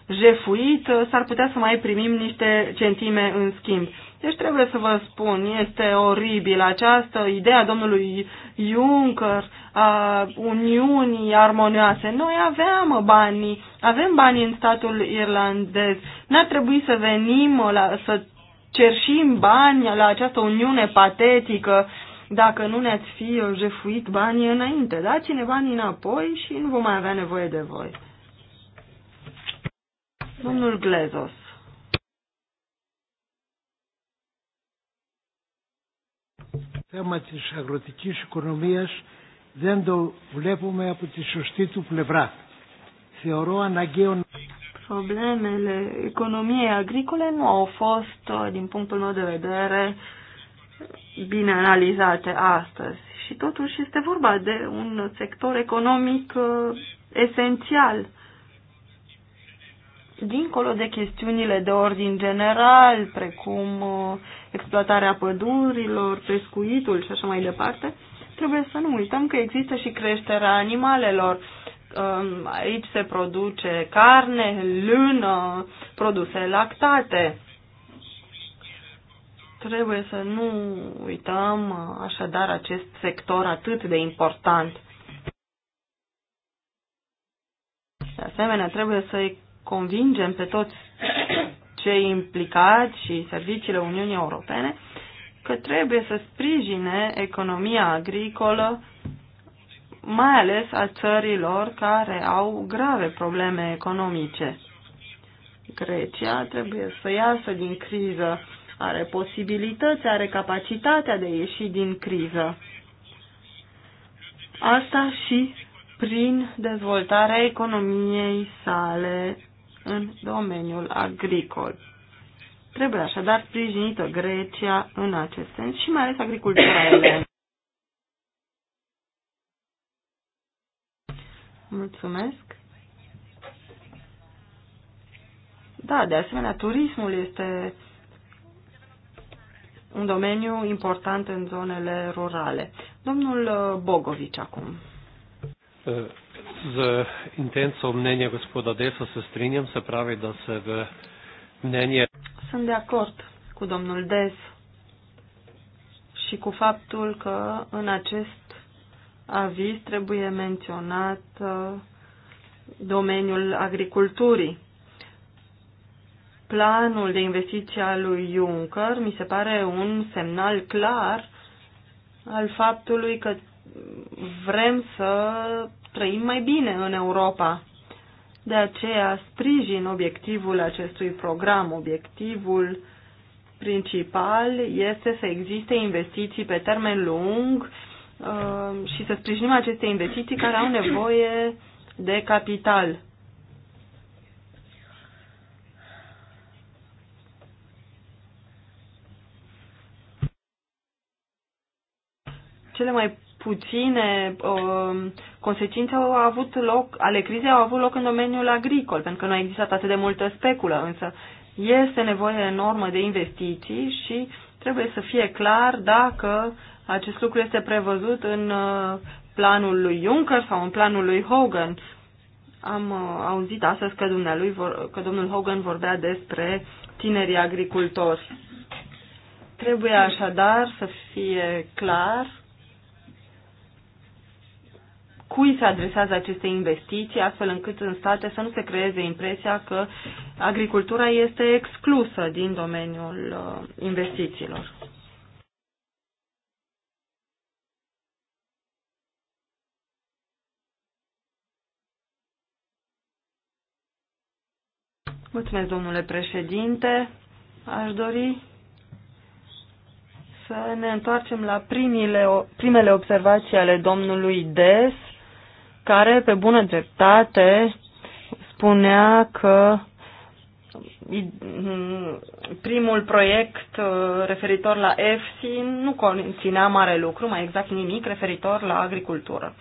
jefuit, uh, s-ar putea să mai primim niște centime în schimb. Deci trebuie să vă spun, este oribil această idee a domnului Juncker, a Uniunii armonioase. Noi aveam banii, avem banii în statul irlandez. N-ar trebui să venim la, să cerșim bani la această Uniune patetică dacă nu ne-ați fi jefuit banii înainte. Dați-ne banii înapoi și nu vom mai avea nevoie de voi. Domnul Glezos. θέμα της αγροτικής οικονομίας δεν το βλέπουμε από τη σωστή του πλευρά. Θεωρώ αναγκαίο Problemele economiei agricole nu au fost, uh, din punctul meu de vedere, bine analizate astăzi. Și totuși este vorba de un sector economic uh, esențial dincolo de chestiunile de ordin general, precum uh, exploatarea pădurilor, pescuitul și așa mai departe, trebuie să nu uităm că există și creșterea animalelor. Um, aici se produce carne, lână, produse lactate. Trebuie să nu uităm uh, așadar acest sector atât de important. De asemenea, trebuie să convingem pe toți cei implicați și serviciile Uniunii Europene că trebuie să sprijine economia agricolă, mai ales a țărilor care au grave probleme economice. Grecia trebuie să iasă din criză, are posibilități, are capacitatea de a ieși din criză. Asta și prin dezvoltarea economiei sale în domeniul agricol. Trebuie așadar sprijinită Grecia în acest sens și mai ales agricultura elenă. Mulțumesc. Da, de asemenea, turismul este un domeniu important în zonele rurale. Domnul uh, Bogovici acum. Uh, z intenco mnenja gospoda Desa se strinjam, se pravi, da se v mnenje... Sunt de acord cu domnul Des și cu faptul că în acest aviz trebuie menționat uh, domeniul agriculturii. Planul de investiție al lui Juncker mi se pare un semnal clar al faptului că vrem să trăim mai bine în Europa. De aceea sprijin obiectivul acestui program. Obiectivul principal este să existe investiții pe termen lung uh, și să sprijinim aceste investiții care au nevoie de capital. Cele mai puține uh, consecințe au avut loc, ale crizei au avut loc în domeniul agricol, pentru că nu a existat atât de multă speculă, însă este nevoie enormă de investiții și trebuie să fie clar dacă acest lucru este prevăzut în uh, planul lui Juncker sau în planul lui Hogan. Am uh, auzit astăzi că, dumnealui vor, că domnul Hogan vorbea despre tinerii agricultori. Trebuie așadar să fie clar cui se adresează aceste investiții, astfel încât în state să nu se creeze impresia că agricultura este exclusă din domeniul uh, investițiilor. Mulțumesc, domnule președinte. Aș dori să ne întoarcem la primile, primele observații ale domnului Des care, pe bună dreptate, spunea că mm, primul proiect uh, referitor la EFSI nu conținea mare lucru, mai exact nimic referitor la agricultură.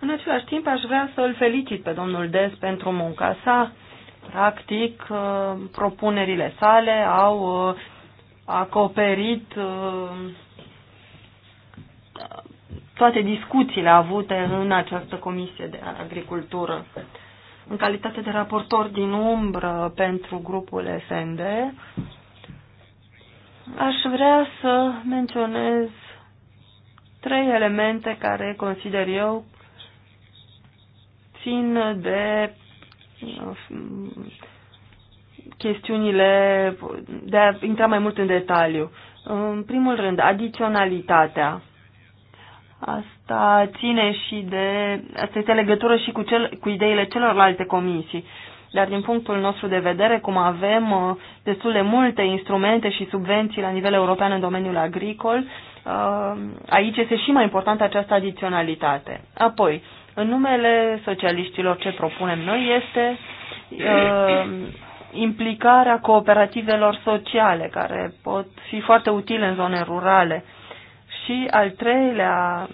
În același timp, aș vrea să îl felicit pe domnul Des pentru munca sa. Practic, uh, propunerile sale au uh, acoperit toate discuțiile avute în această comisie de agricultură. În calitate de raportor din umbră pentru grupul SND, aș vrea să menționez trei elemente care consider eu țin de uh, chestiunile, de a intra mai mult în detaliu. În primul rând, adiționalitatea. Asta ține și de, asta este legătură și cu, cel, cu ideile celorlalte comisii. Dar din punctul nostru de vedere, cum avem uh, destul de multe instrumente și subvenții la nivel european în domeniul agricol, uh, aici este și mai importantă această adiționalitate. Apoi, în numele socialiștilor, ce propunem noi este uh, implicarea cooperativelor sociale, care pot fi foarte utile în zone rurale și al treilea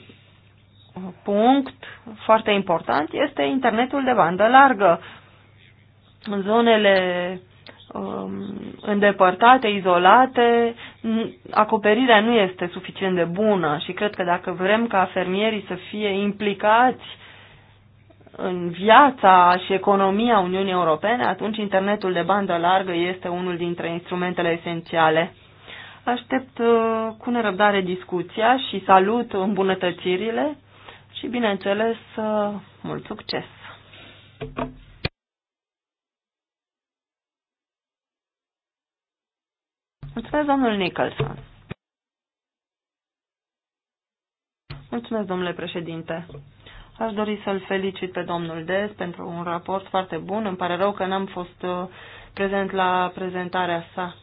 punct foarte important este internetul de bandă largă. În zonele um, îndepărtate, izolate, acoperirea nu este suficient de bună și cred că dacă vrem ca fermierii să fie implicați în viața și economia Uniunii Europene, atunci internetul de bandă largă este unul dintre instrumentele esențiale. Aștept uh, cu nerăbdare discuția și salut îmbunătățirile și, bineînțeles, uh, mult succes! Mulțumesc, domnul Nicholson. Mulțumesc, domnule președinte. Aș dori să-l felicit pe domnul Des pentru un raport foarte bun. Îmi pare rău că n-am fost uh, prezent la prezentarea sa.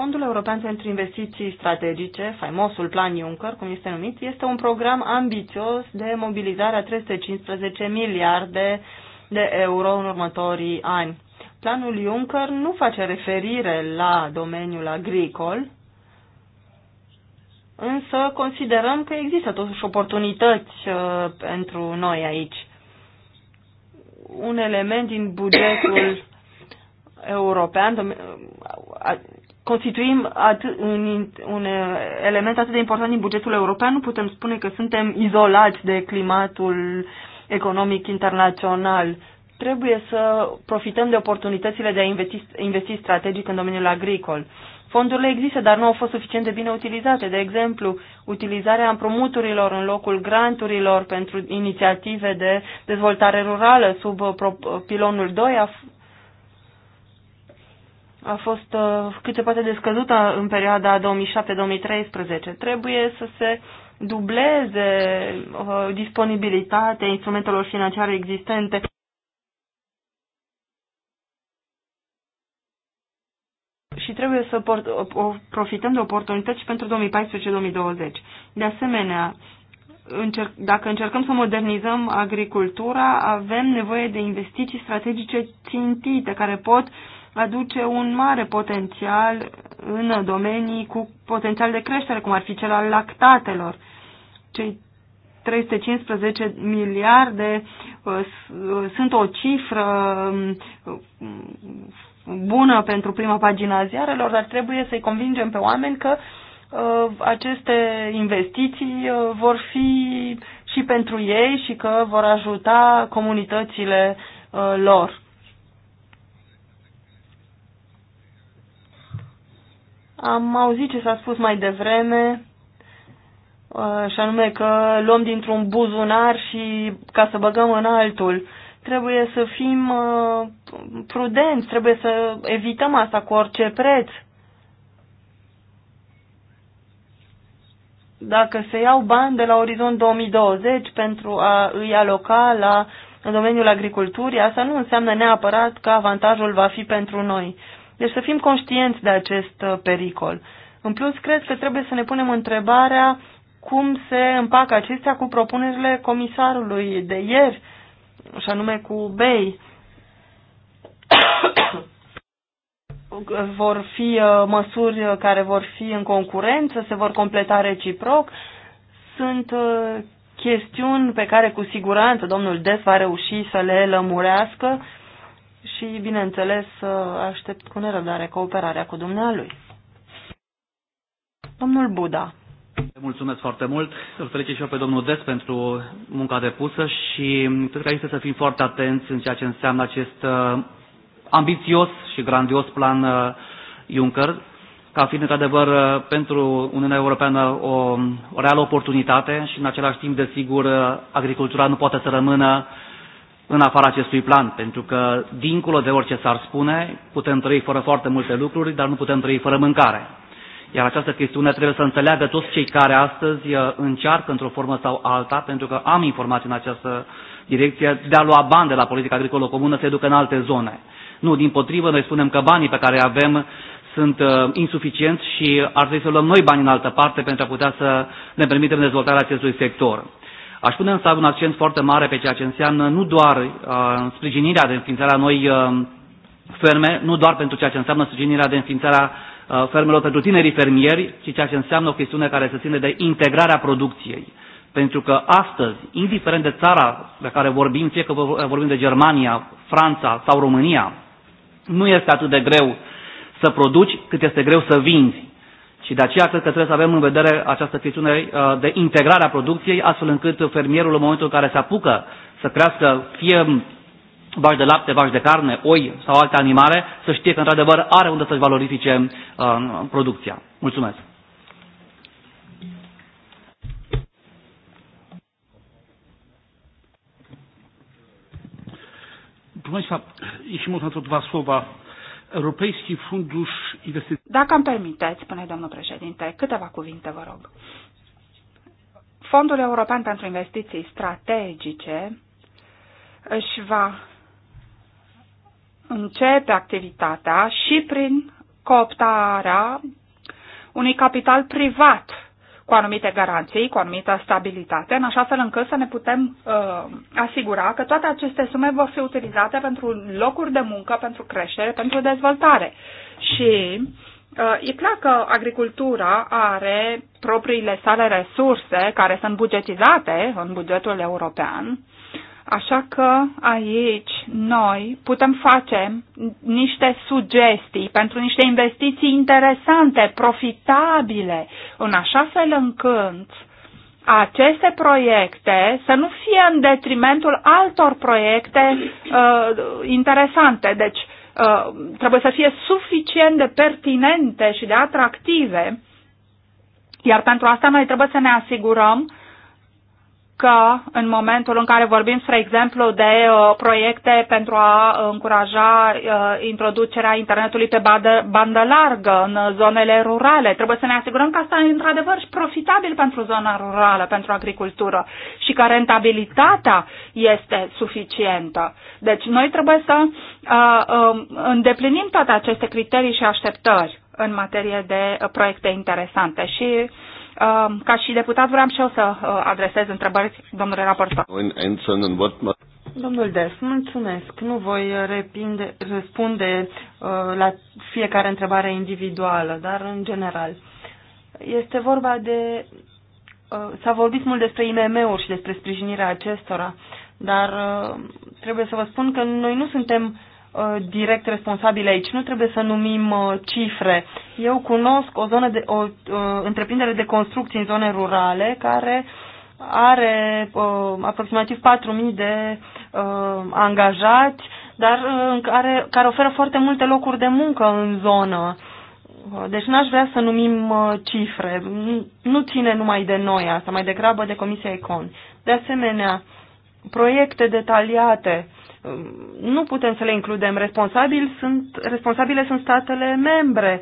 Fondul European pentru Investiții Strategice, faimosul Plan Juncker, cum este numit, este un program ambițios de mobilizare a 315 miliarde de euro în următorii ani. Planul Juncker nu face referire la domeniul agricol, însă considerăm că există totuși oportunități uh, pentru noi aici. Un element din bugetul european, uh, constituim atât, un, un uh, element atât de important din bugetul european, nu putem spune că suntem izolați de climatul economic internațional. Trebuie să profităm de oportunitățile de a investi, investi strategic în domeniul agricol. Fondurile există, dar nu au fost suficient de bine utilizate. De exemplu, utilizarea împrumuturilor în locul granturilor pentru inițiative de dezvoltare rurală sub uh, uh, pilonul 2 a a fost uh, cât se poate de scăzută în perioada 2007-2013. Trebuie să se dubleze uh, disponibilitatea instrumentelor financiare existente. și trebuie să port, o, profităm de oportunități pentru 2014-2020. De asemenea, încerc, dacă încercăm să modernizăm agricultura, avem nevoie de investiții strategice țintite care pot uh, aduce un mare potențial în domenii cu potențial de creștere, cum ar fi cel al lactatelor. Cei 315 miliarde uh, uh, sunt o cifră um, bună pentru prima pagina a ziarelor, dar trebuie să-i convingem pe oameni că uh, aceste investiții vor fi și pentru ei și că vor ajuta comunitățile lor. Am auzit ce s-a spus mai devreme, uh, și anume că luăm dintr-un buzunar și ca să băgăm în altul. Trebuie să fim uh, prudenți, trebuie să evităm asta cu orice preț. Dacă se iau bani de la Orizont 2020 pentru a îi aloca la, în domeniul agriculturii, asta nu înseamnă neapărat că avantajul va fi pentru noi deci să fim conștienți de acest uh, pericol. În plus, cred că trebuie să ne punem întrebarea cum se împacă acestea cu propunerile comisarului de ieri, și anume cu BEI. vor fi uh, măsuri care vor fi în concurență, se vor completa reciproc. Sunt uh, chestiuni pe care cu siguranță domnul Des va reuși să le lămurească și, bineînțeles, aștept cu nerăbdare cooperarea cu dumnealui. Domnul Buda. Mulțumesc foarte mult. Îl felicit și eu pe domnul Des pentru munca depusă și cred că aici să fim foarte atenți în ceea ce înseamnă acest uh, ambițios și grandios plan uh, Juncker, ca fiind într-adevăr uh, pentru Uniunea Europeană o, o reală oportunitate și în același timp, desigur, agricultura nu poate să rămână uh, în afara acestui plan, pentru că, dincolo de orice s-ar spune, putem trăi fără foarte multe lucruri, dar nu putem trăi fără mâncare. Iar această chestiune trebuie să înțeleagă toți cei care astăzi uh, încearcă într-o formă sau alta, pentru că am informații în această direcție, de a lua bani de la politica agricolă comună să se ducă în alte zone. Nu, din potrivă, noi spunem că banii pe care îi avem sunt uh, insuficienți și ar trebui să luăm noi bani în altă parte pentru a putea să ne permitem dezvoltarea acestui sector. Aș pune însă un accent foarte mare pe ceea ce înseamnă nu doar uh, sprijinirea de înființarea noi uh, ferme, nu doar pentru ceea ce înseamnă sprijinirea de înființarea uh, fermelor pentru tinerii fermieri, ci ceea ce înseamnă o chestiune care se ține de integrarea producției. Pentru că astăzi, indiferent de țara de care vorbim, fie că vorbim de Germania, Franța sau România, nu este atât de greu să produci cât este greu să vinzi. Și de aceea cred că trebuie să avem în vedere această chestiune uh, de integrare a producției, astfel încât fermierul în momentul în care se apucă să crească fie vaci de lapte, vaci de carne, oi sau alte animale, să știe că într-adevăr are unde să-și valorifice uh, producția. Mulțumesc! Proszę Państwa, jeśli można, to dwa słowa Europejski Fundus Inwestycyjny. Dacă îmi permiteți, spune domnul președinte, câteva cuvinte, vă rog. Fondul European pentru Investiții Strategice își va începe activitatea și prin cooptarea unui capital privat cu anumite garanții, cu anumită stabilitate, în așa fel încât să ne putem uh, asigura că toate aceste sume vor fi utilizate pentru locuri de muncă, pentru creștere, pentru dezvoltare. Și uh, e clar că agricultura are propriile sale resurse care sunt bugetizate în bugetul european Așa că aici noi putem face niște sugestii pentru niște investiții interesante, profitabile, în așa fel încât aceste proiecte să nu fie în detrimentul altor proiecte uh, interesante. Deci uh, trebuie să fie suficient de pertinente și de atractive, iar pentru asta noi trebuie să ne asigurăm că în momentul în care vorbim, spre exemplu, de uh, proiecte pentru a uh, încuraja uh, introducerea internetului pe bandă, bandă largă în zonele rurale, trebuie să ne asigurăm că asta e într-adevăr și profitabil pentru zona rurală, pentru agricultură și că rentabilitatea este suficientă. Deci noi trebuie să uh, uh, îndeplinim toate aceste criterii și așteptări în materie de uh, proiecte interesante și uh, Um, ca și deputat vreau și eu să uh, adresez întrebări, domnule raportor. Domnul Des, mulțumesc. Nu voi repinde, răspunde uh, la fiecare întrebare individuală, dar în general. Este vorba de... Uh, s-a vorbit mult despre IMM-uri și despre sprijinirea acestora, dar uh, trebuie să vă spun că noi nu suntem Uh, direct responsabile aici. Nu trebuie să numim uh, cifre. Eu cunosc o, zonă de, o uh, întreprindere de construcții în zone rurale care are aproximativ 4.000 de angajați, dar care, care oferă foarte multe locuri de muncă în zonă. Deci n-aș vrea să numim cifre. Nu ține numai de noi asta, mai degrabă de Comisia Econ. De asemenea, proiecte detaliate Um, nu putem să le includem. Responsabil sunt, responsabile sunt statele membre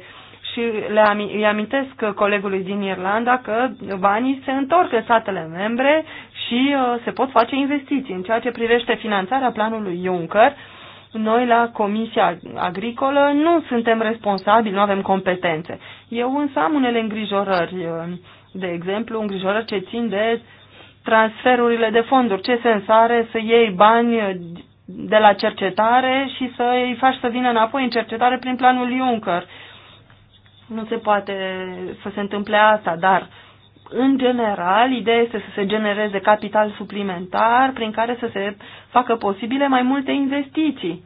și le am, îi amintesc colegului din Irlanda că banii se întorc în statele membre și uh, se pot face investiții. În ceea ce privește finanțarea planului Juncker, noi la Comisia Agricolă nu suntem responsabili, nu avem competențe. Eu însă am unele îngrijorări, uh, de exemplu, îngrijorări ce țin de transferurile de fonduri. Ce sens are să iei bani de la cercetare și să îi faci să vină înapoi în cercetare prin planul Juncker. Nu se poate să se întâmple asta, dar în general, ideea este să se genereze capital suplimentar prin care să se facă posibile mai multe investiții.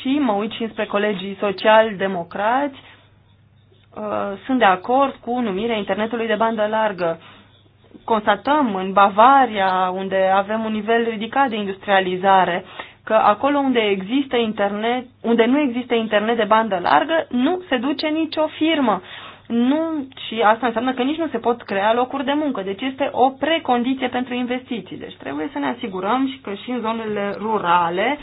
Și mă uit și spre colegii social-democrați, uh, sunt de acord cu numirea internetului de bandă largă constatăm în Bavaria, unde avem un nivel ridicat de industrializare, că acolo unde există internet, unde nu există internet de bandă largă, nu se duce nicio firmă. Nu, și asta înseamnă că nici nu se pot crea locuri de muncă. Deci este o precondiție pentru investiții. Deci trebuie să ne asigurăm și că și în zonele rurale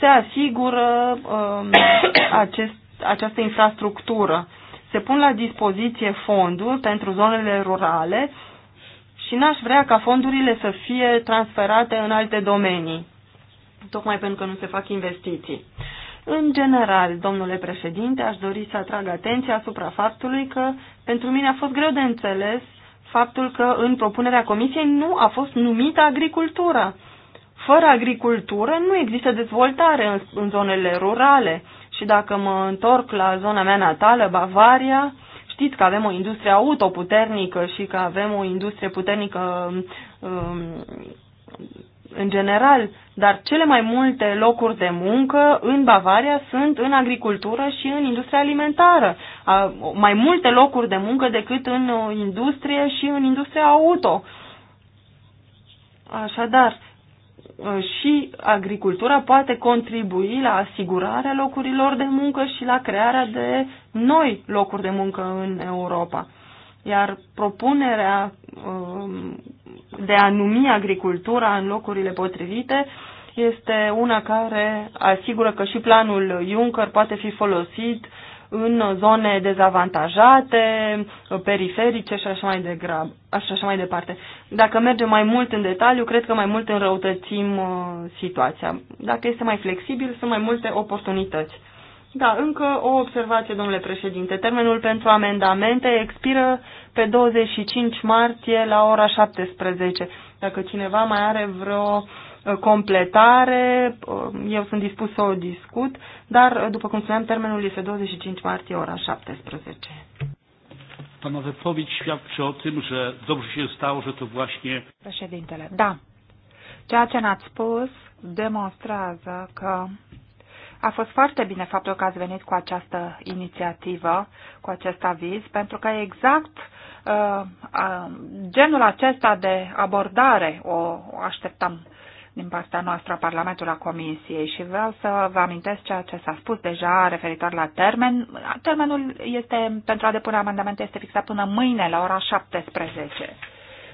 se asigură um, acest, această infrastructură. Se pun la dispoziție fonduri pentru zonele rurale și n-aș vrea ca fondurile să fie transferate în alte domenii, tocmai pentru că nu se fac investiții. În general, domnule președinte, aș dori să atrag atenția asupra faptului că pentru mine a fost greu de înțeles faptul că în propunerea comisiei nu a fost numită agricultura. Fără agricultură nu există dezvoltare în, în zonele rurale și dacă mă întorc la zona mea natală, Bavaria, știți că avem o industrie auto puternică și că avem o industrie puternică um, în general, dar cele mai multe locuri de muncă în Bavaria sunt în agricultură și în industria alimentară. Mai multe locuri de muncă decât în uh, industrie și în industria auto. Așadar, Uh, și agricultura poate contribui la asigurarea locurilor de muncă și la crearea de noi locuri de muncă în Europa. Iar propunerea um, de a numi agricultura în locurile potrivite este una care asigură că și planul Juncker poate fi folosit în zone dezavantajate, periferice și așa mai, degrab, așa, așa mai departe. Dacă mergem mai mult în detaliu, cred că mai mult înrăutățim uh, situația. Dacă este mai flexibil, sunt mai multe oportunități. Da, încă o observație, domnule președinte. Termenul pentru amendamente expiră pe 25 martie la ora 17. Dacă cineva mai are vreo completare, eu sunt dispus să o discut, dar, după cum spuneam, termenul este 25 martie, ora 17. Pana wypowiedź świadczy o tym, że dobrze się stało, że to właśnie... Președintele, da. Ceea ce n-ați spus demonstrează că a fost foarte bine faptul că ați venit cu această inițiativă, cu acest aviz, pentru că exact uh, uh, genul acesta de abordare o, o așteptam din partea noastră a Parlamentului a Comisiei și vreau să vă amintesc ceea ce s-a spus deja referitor la termen. Termenul este pentru a depune amendamente este fixat până mâine la ora 17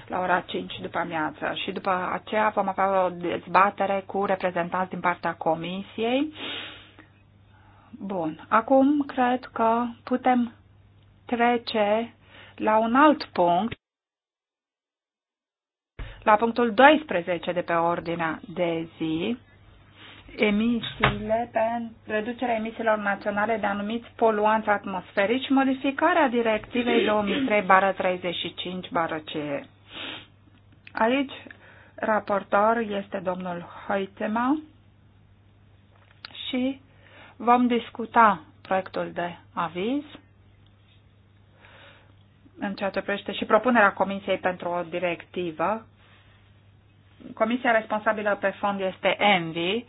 la ora 5 după amiază și după aceea vom avea o dezbatere cu reprezentanți din partea comisiei. Bun, acum cred că putem trece la un alt punct la punctul 12 de pe ordinea de zi, emisiile pentru reducerea emisiilor naționale de anumiți poluanți atmosferici, modificarea directivei 2003-35-CE. Aici, raportor este domnul Hoitema și vom discuta proiectul de aviz în ceea ce privește și propunerea Comisiei pentru o directivă comisia responsabilă pe fond este ENVI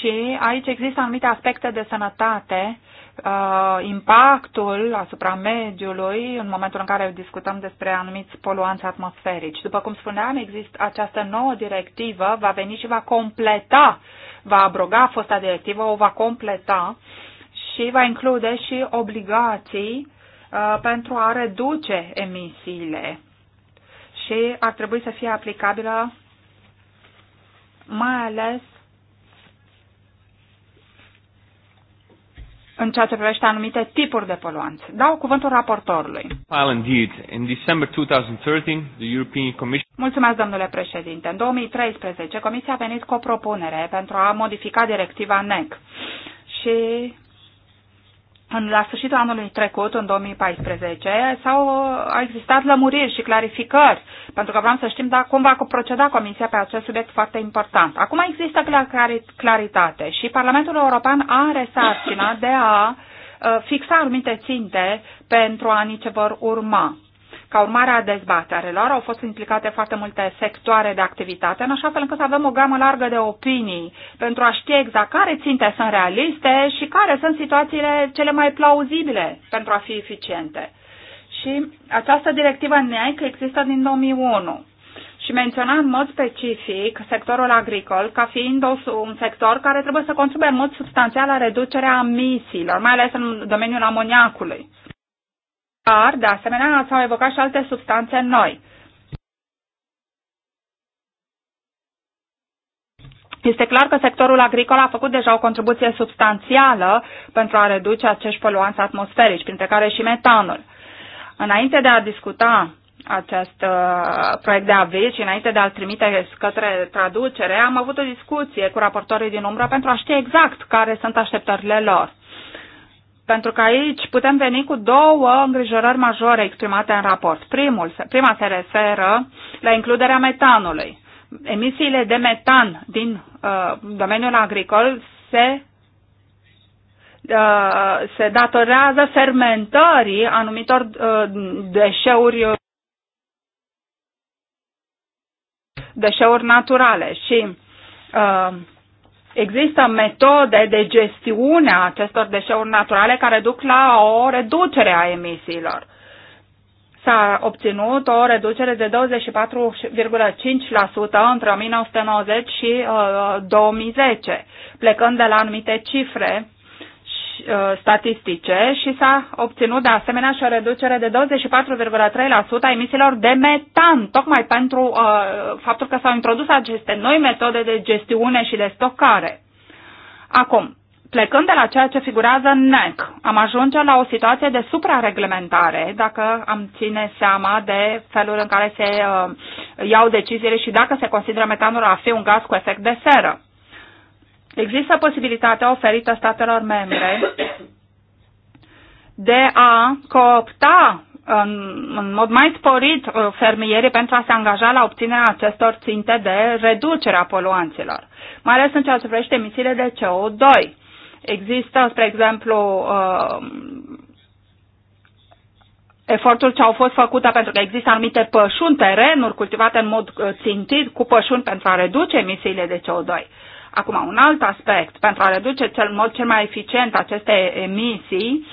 și aici există anumite aspecte de sănătate, uh, impactul asupra mediului în momentul în care discutăm despre anumiți poluanți atmosferici. După cum spuneam, există această nouă directivă, va veni și va completa, va abroga fosta directivă, o va completa și va include și obligații uh, pentru a reduce emisiile și ar trebui să fie aplicabilă mai ales în ceea ce privește anumite tipuri de poluanți. Dau cuvântul raportorului. Mulțumesc, domnule președinte. În 2013, Comisia a venit cu o propunere pentru a modifica directiva NEC și în, la sfârșitul anului trecut, în 2014, s-au au existat lămuriri și clarificări, pentru că vreau să știm da, cum va proceda Comisia pe acest subiect foarte important. Acum există claritate și Parlamentul European are sarcina de a uh, fixa anumite ținte pentru anii ce vor urma. Ca urmare a dezbaterilor au fost implicate foarte multe sectoare de activitate, în așa fel încât să avem o gamă largă de opinii pentru a ști exact care ținte sunt realiste și care sunt situațiile cele mai plauzibile pentru a fi eficiente. Și această directivă NEC există din 2001 și menționa în mod specific sectorul agricol ca fiind un sector care trebuie să contribuie în mod substanțial la reducerea emisiilor, mai ales în domeniul amoniacului. Dar, de asemenea, s-au evocat și alte substanțe noi. Este clar că sectorul agricol a făcut deja o contribuție substanțială pentru a reduce acești poluanți atmosferici, printre care și metanul. Înainte de a discuta acest uh, proiect de aviz și înainte de a-l trimite către traducere, am avut o discuție cu raportorii din umbră pentru a ști exact care sunt așteptările lor. Pentru că aici putem veni cu două îngrijorări majore exprimate în raport. Primul, prima se referă la includerea metanului. Emisiile de metan din uh, domeniul agricol se uh, se datorează fermentării anumitor uh, deșeuri deșeuri naturale și uh, Există metode de gestiune a acestor deșeuri naturale care duc la o reducere a emisiilor. S-a obținut o reducere de 24,5% între 1990 și uh, 2010, plecând de la anumite cifre Uh, statistice și s-a obținut de asemenea și o reducere de 24,3% a emisiilor de metan, tocmai pentru uh, faptul că s-au introdus aceste noi metode de gestiune și de stocare. Acum, plecând de la ceea ce figurează în NEC, am ajunge la o situație de suprareglementare, dacă am ține seama de felul în care se uh, iau deciziile și dacă se consideră metanul a fi un gaz cu efect de seră. Există posibilitatea oferită statelor membre de a coopta în, în mod mai sporit uh, fermierii pentru a se angaja la obținerea acestor ținte de reducere a poluanților, mai ales în ceea ce privește emisiile de CO2. Există, spre exemplu, uh, efortul ce au fost făcute pentru că există anumite pășuni, terenuri cultivate în mod uh, țintit cu pășuni pentru a reduce emisiile de CO2. Acum, un alt aspect pentru a reduce cel mod cel mai eficient aceste emisii,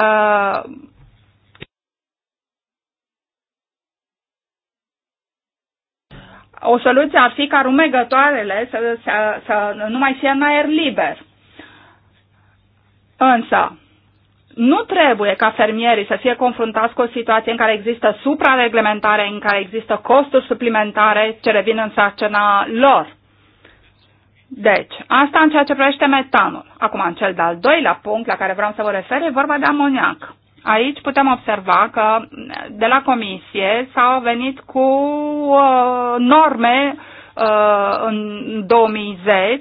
uh, o soluție ar fi ca rumegătoarele să, să, să nu mai fie în aer liber. Însă, nu trebuie ca fermierii să fie confruntați cu o situație în care există suprareglementare, în care există costuri suplimentare ce revin în sarcina lor. Deci, asta în ceea ce privește metanul. Acum, în cel de-al doilea punct la care vreau să vă refer e vorba de amoniac. Aici putem observa că de la comisie s-au venit cu uh, norme uh, în 2010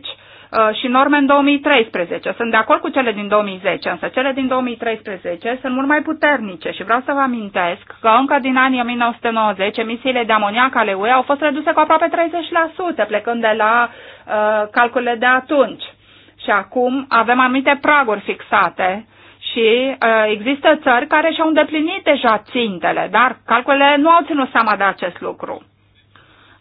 Uh, și norme în 2013. Sunt de acord cu cele din 2010, însă cele din 2013 sunt mult mai puternice și vreau să vă amintesc că încă din anii 1990 emisiile de amoniac ale UE au fost reduse cu aproape 30%, plecând de la uh, calculele de atunci. Și acum avem anumite praguri fixate și uh, există țări care și-au îndeplinit deja țintele, dar calculele nu au ținut seama de acest lucru.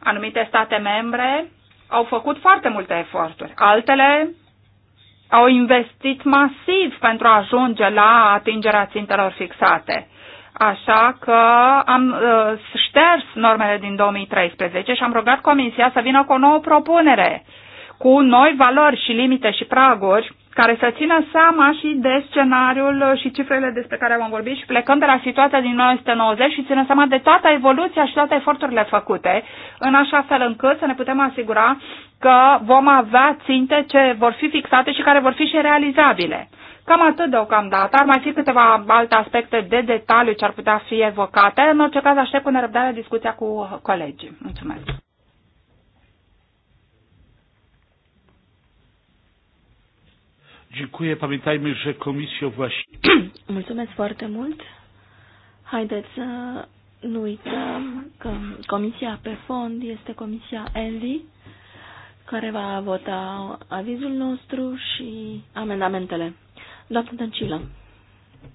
Anumite state membre au făcut foarte multe eforturi. Altele au investit masiv pentru a ajunge la atingerea țintelor fixate. Așa că am uh, șters normele din 2013 și am rugat Comisia să vină cu o nouă propunere, cu noi valori și limite și praguri care să țină seama și de scenariul și cifrele despre care am vorbit și plecând de la situația din 1990 și țină seama de toată evoluția și toate eforturile făcute, în așa fel încât să ne putem asigura că vom avea ținte ce vor fi fixate și care vor fi și realizabile. Cam atât deocamdată. Ar mai fi câteva alte aspecte de detaliu ce ar putea fi evocate. În orice caz, aștept cu nerăbdare discuția cu colegii. Mulțumesc! Dziękuję. Pamiętajmy, że komisja właśnie... Mulțumesc foarte mult. Haideți să nu uităm că comisia pe fond este comisia ENVI, care va vota avizul nostru și amendamentele. Doamna Dăncilă.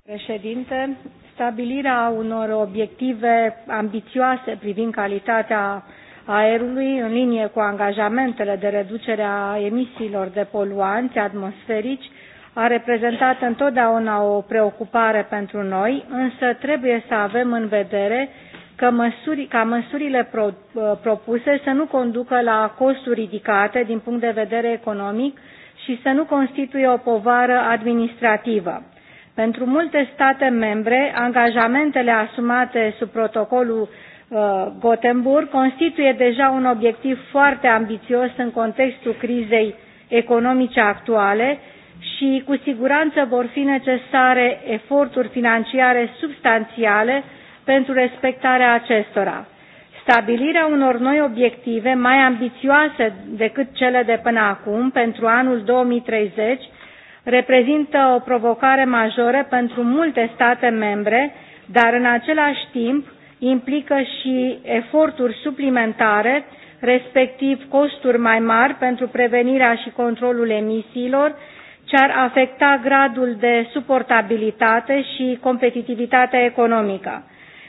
Președinte, stabilirea unor obiective ambițioase privind calitatea aerului în linie cu angajamentele de reducere a emisiilor de poluanți atmosferici a reprezentat întotdeauna o preocupare pentru noi, însă trebuie să avem în vedere că măsuri, ca măsurile pro, uh, propuse să nu conducă la costuri ridicate din punct de vedere economic și să nu constituie o povară administrativă. Pentru multe state membre, angajamentele asumate sub protocolul Uh, Gothenburg constituie deja un obiectiv foarte ambițios în contextul crizei economice actuale și cu siguranță vor fi necesare eforturi financiare substanțiale pentru respectarea acestora. Stabilirea unor noi obiective mai ambițioase decât cele de până acum pentru anul 2030 reprezintă o provocare majoră pentru multe state membre, dar în același timp implică și eforturi suplimentare, respectiv costuri mai mari pentru prevenirea și controlul emisiilor, ce ar afecta gradul de suportabilitate și competitivitatea economică.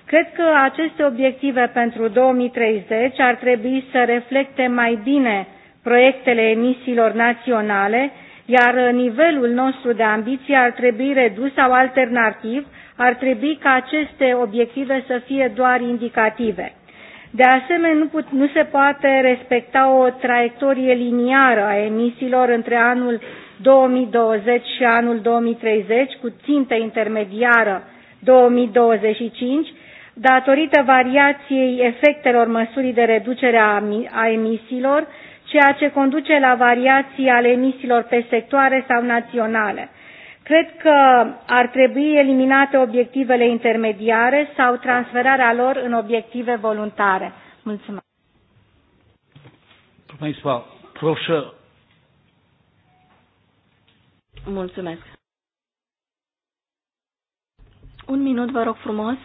Cred că aceste obiective pentru 2030 ar trebui să reflecte mai bine proiectele emisiilor naționale, iar nivelul nostru de ambiție ar trebui redus sau alternativ ar trebui ca aceste obiective să fie doar indicative. De asemenea, nu, put, nu se poate respecta o traiectorie liniară a emisiilor între anul 2020 și anul 2030, cu țintă intermediară 2025, datorită variației efectelor măsurii de reducere a emisiilor, ceea ce conduce la variații ale emisiilor pe sectoare sau naționale. Cred că ar trebui eliminate obiectivele intermediare sau transferarea lor în obiective voluntare. Mulțumesc. Mulțumesc. Un minut, vă rog frumos,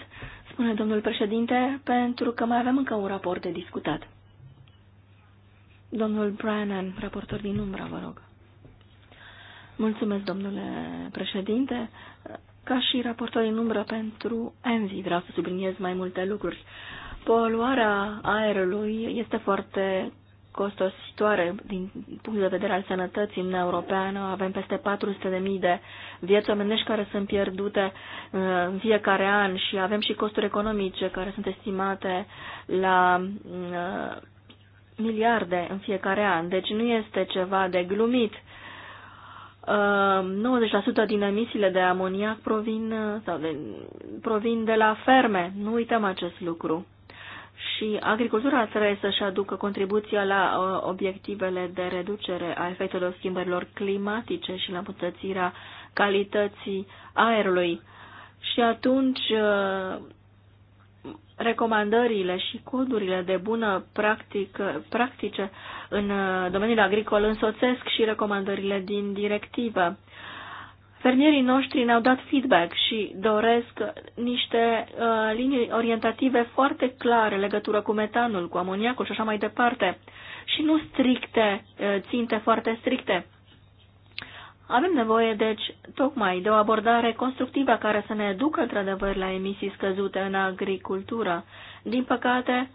spune domnul președinte, pentru că mai avem încă un raport de discutat. Domnul Brannan, raportor din umbră, vă rog. Mulțumesc, domnule președinte. Ca și raportor în umbră pentru ENVI, vreau să subliniez mai multe lucruri. Poluarea aerului este foarte costositoare din punct de vedere al sănătății în europeană. Avem peste 400.000 de vieți omenești care sunt pierdute uh, în fiecare an și avem și costuri economice care sunt estimate la uh, miliarde în fiecare an. Deci nu este ceva de glumit. 90% uh, din emisiile de amoniac provin, uh, sau de, provin de la ferme. Nu uităm acest lucru. Și agricultura trebuie să-și aducă contribuția la uh, obiectivele de reducere a efectelor schimbărilor climatice și la îmbunătățirea calității aerului. Și atunci recomandările și codurile de bună practică, practice în uh, domeniul agricol însoțesc și recomandările din directivă. Fermierii noștri ne-au dat feedback și doresc niște uh, linii orientative foarte clare legătură cu metanul, cu amoniacul și așa mai departe și nu stricte, uh, ținte foarte stricte. Avem nevoie, deci, tocmai de o abordare constructivă care să ne ducă, într-adevăr, la emisii scăzute în agricultură. Din păcate,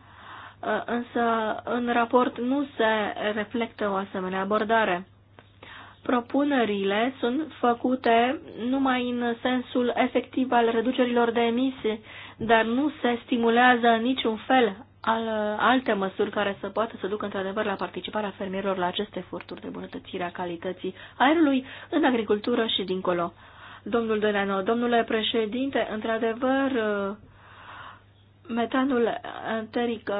ă, însă, în raport nu se reflectă o asemenea abordare. Propunerile sunt făcute numai în sensul efectiv al reducerilor de emisii, dar nu se stimulează în niciun fel al, alte măsuri care să poată să ducă într-adevăr la participarea fermierilor la aceste eforturi de bunătățire a calității aerului în agricultură și dincolo. Domnul Doleano, domnule președinte, într-adevăr, metanul enteric,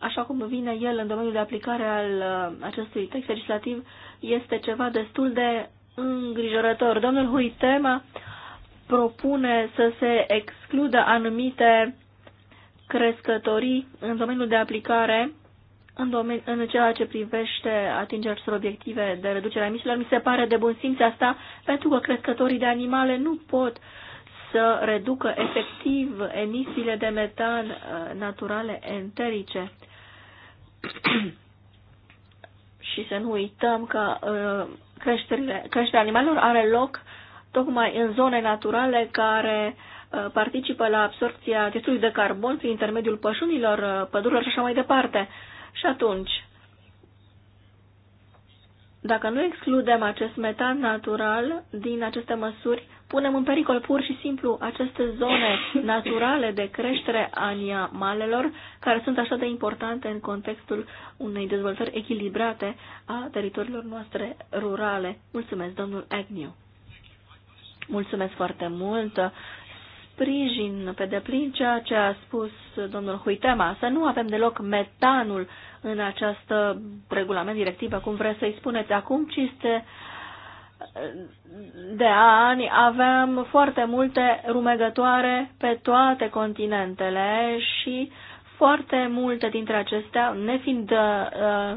așa cum vine el în domeniul de aplicare al acestui text legislativ, este ceva destul de îngrijorător. Domnul Huitema propune să se excludă anumite crescătorii în domeniul de aplicare, în, domen- în ceea ce privește atingerea obiective de reducere a emisiilor, mi se pare de bun simț asta, pentru că crescătorii de animale nu pot să reducă efectiv emisiile de metan uh, naturale enterice. și să nu uităm că uh, creșterea animalelor are loc tocmai în zone naturale care uh, Uh, participă la absorpția testului de carbon prin intermediul pășunilor, uh, pădurilor și așa mai departe. Și atunci, dacă nu excludem acest metan natural din aceste măsuri, punem în pericol pur și simplu aceste zone naturale de creștere a animalelor, care sunt așa de importante în contextul unei dezvoltări echilibrate a teritoriilor noastre rurale. Mulțumesc, domnul Agnew. Mulțumesc foarte mult sprijin pe deplin ceea ce a spus domnul Huitema, să nu avem deloc metanul în această regulament, directivă, cum vreți să-i spuneți acum, ci este de ani aveam foarte multe rumegătoare pe toate continentele și foarte multe dintre acestea, nefiind uh,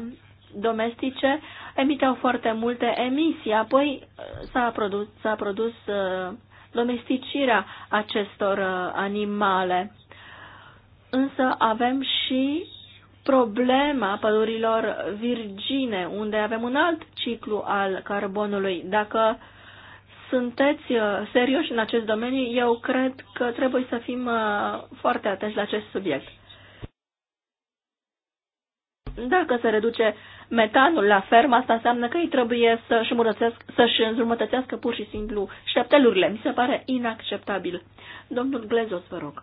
domestice, emiteau foarte multe emisii. Apoi uh, s-a produs, s-a produs uh, domesticirea acestor uh, animale. Însă avem și problema pădurilor virgine, unde avem un alt ciclu al carbonului. Dacă sunteți uh, serioși în acest domeniu, eu cred că trebuie să fim uh, foarte atenți la acest subiect. Dacă se reduce metanul la fermă, asta înseamnă că ei trebuie să-și să înjumătățească pur și simplu șeptelurile. Mi se pare inacceptabil. Domnul Glezos, vă rog.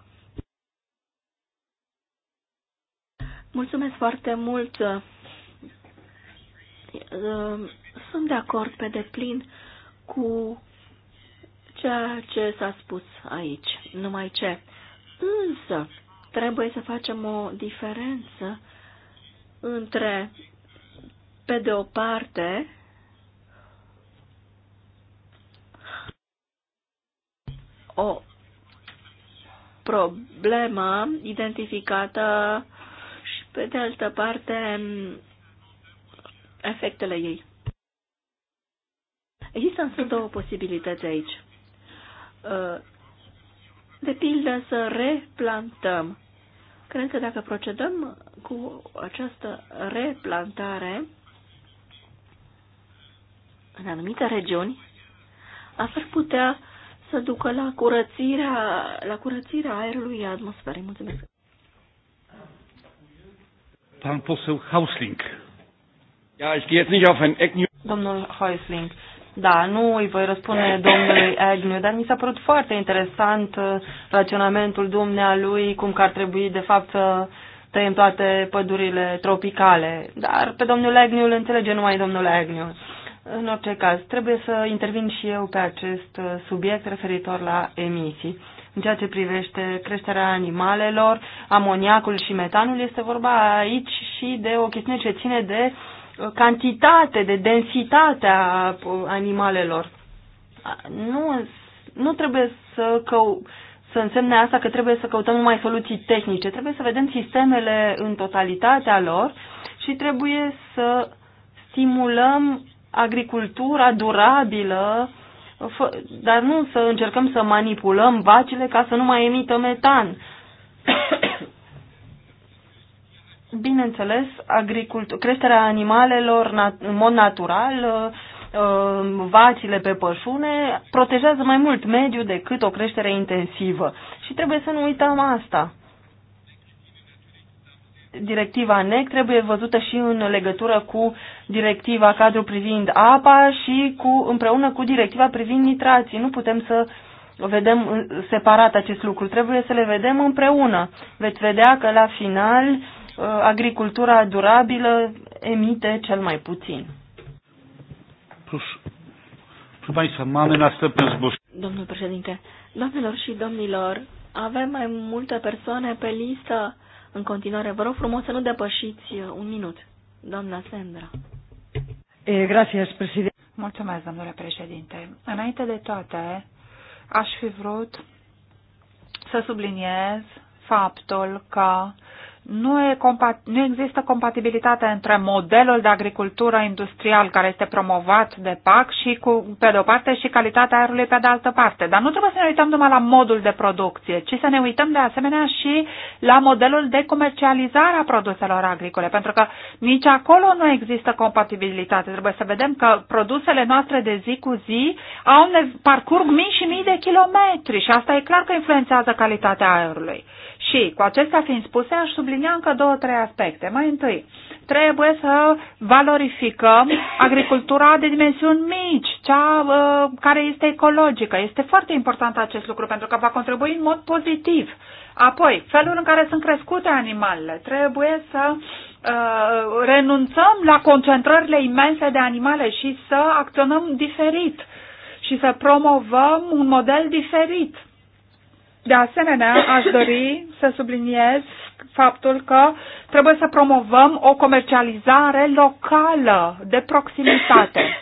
Mulțumesc foarte mult. Ehm, sunt de acord pe deplin cu ceea ce s-a spus aici, numai ce. Însă, trebuie să facem o diferență între, pe de o parte, o problemă identificată și, pe de altă parte, efectele ei. Există însă două posibilități aici. Uh, de pildă să replantăm Cred că dacă procedăm cu această replantare în anumite regiuni, asta ar putea să ducă la curățirea, la curățirea aerului atmosferei. Mulțumesc. Pan poseł Hausling. Ja, ich gehe jetzt nicht auf ein Eck. Domnul Häusling, da, nu îi voi răspunde domnului Agnew, dar mi s-a părut foarte interesant uh, raționamentul dumnealui, cum că ar trebui, de fapt, să tăiem toate pădurile tropicale. Dar pe domnul Agnew îl înțelege numai domnul Agnew. În orice caz, trebuie să intervin și eu pe acest uh, subiect referitor la emisii. În ceea ce privește creșterea animalelor, amoniacul și metanul, este vorba aici și de o chestiune ce ține de uh, cantitate, de densitatea animalelor. Nu, nu trebuie să, cău, să însemne asta că trebuie să căutăm numai soluții tehnice. Trebuie să vedem sistemele în totalitatea lor și trebuie să stimulăm agricultura durabilă, dar nu să încercăm să manipulăm vacile ca să nu mai emită metan bineînțeles, agricult- creșterea animalelor nat- în mod natural, uh, uh, vacile pe pășune, protejează mai mult mediul decât o creștere intensivă. Și trebuie să nu uităm asta. Directiva NEC trebuie văzută și în legătură cu directiva cadru privind apa și cu, împreună cu directiva privind nitrații. Nu putem să vedem uh, separat acest lucru, trebuie să le vedem împreună. Veți vedea că la final uh, Uh, agricultura durabilă emite cel mai puțin. Domnul președinte, doamnelor și domnilor, avem mai multe persoane pe listă. În continuare, vă rog frumos să nu depășiți uh, un minut. Doamna Sandra. E, gracias, președinte. Mulțumesc, domnule președinte. Înainte de toate, aș fi vrut să subliniez faptul că nu, e nu există compatibilitate între modelul de agricultură industrial care este promovat de PAC și cu, pe de o parte și calitatea aerului pe de altă parte. Dar nu trebuie să ne uităm numai la modul de producție, ci să ne uităm de asemenea și la modelul de comercializare a produselor agricole, pentru că nici acolo nu există compatibilitate. Trebuie să vedem că produsele noastre de zi cu zi au parcurg mii și mii de kilometri și asta e clar că influențează calitatea aerului. Și cu acestea fiind spuse, aș sublinia încă două, trei aspecte. Mai întâi, trebuie să valorificăm agricultura de dimensiuni mici, cea uh, care este ecologică. Este foarte important acest lucru pentru că va contribui în mod pozitiv. Apoi, felul în care sunt crescute animalele. Trebuie să uh, renunțăm la concentrările imense de animale și să acționăm diferit și să promovăm un model diferit de asemenea, aș dori să subliniez faptul că trebuie să promovăm o comercializare locală de proximitate.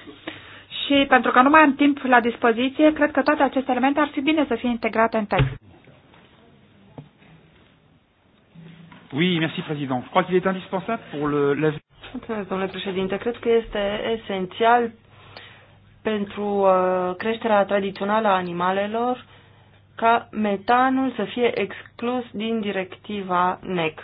Și pentru că nu mai am timp la dispoziție, cred că toate aceste elemente ar fi bine să fie integrate în text. Oui, merci président. Je crois qu'il est indispensable pour le domnule președinte. Cred că este esențial pentru uh, creșterea tradițională a animalelor ca metanul să fie exclus din directiva NEC.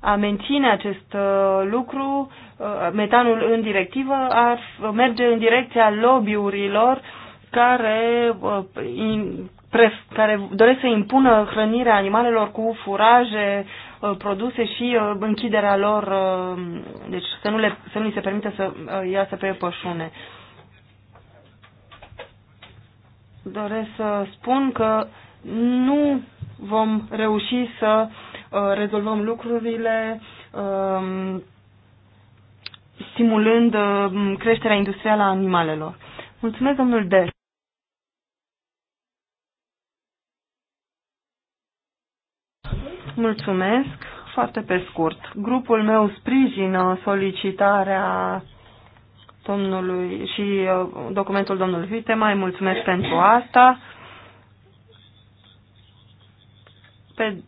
A menține acest uh, lucru, uh, metanul în directivă, ar merge în direcția lobby-urilor care, uh, care doresc să impună hrănirea animalelor cu furaje, produse și închiderea lor, deci să nu, le, să nu li se permită să iasă pe pășune doresc să spun că nu vom reuși să uh, rezolvăm lucrurile um, stimulând um, creșterea industrială a animalelor. Mulțumesc, domnul Des. Mulțumesc. Foarte pe scurt. Grupul meu sprijină solicitarea domnului și uh, documentul domnului Hüte. Mai mulțumesc pentru asta. Pe,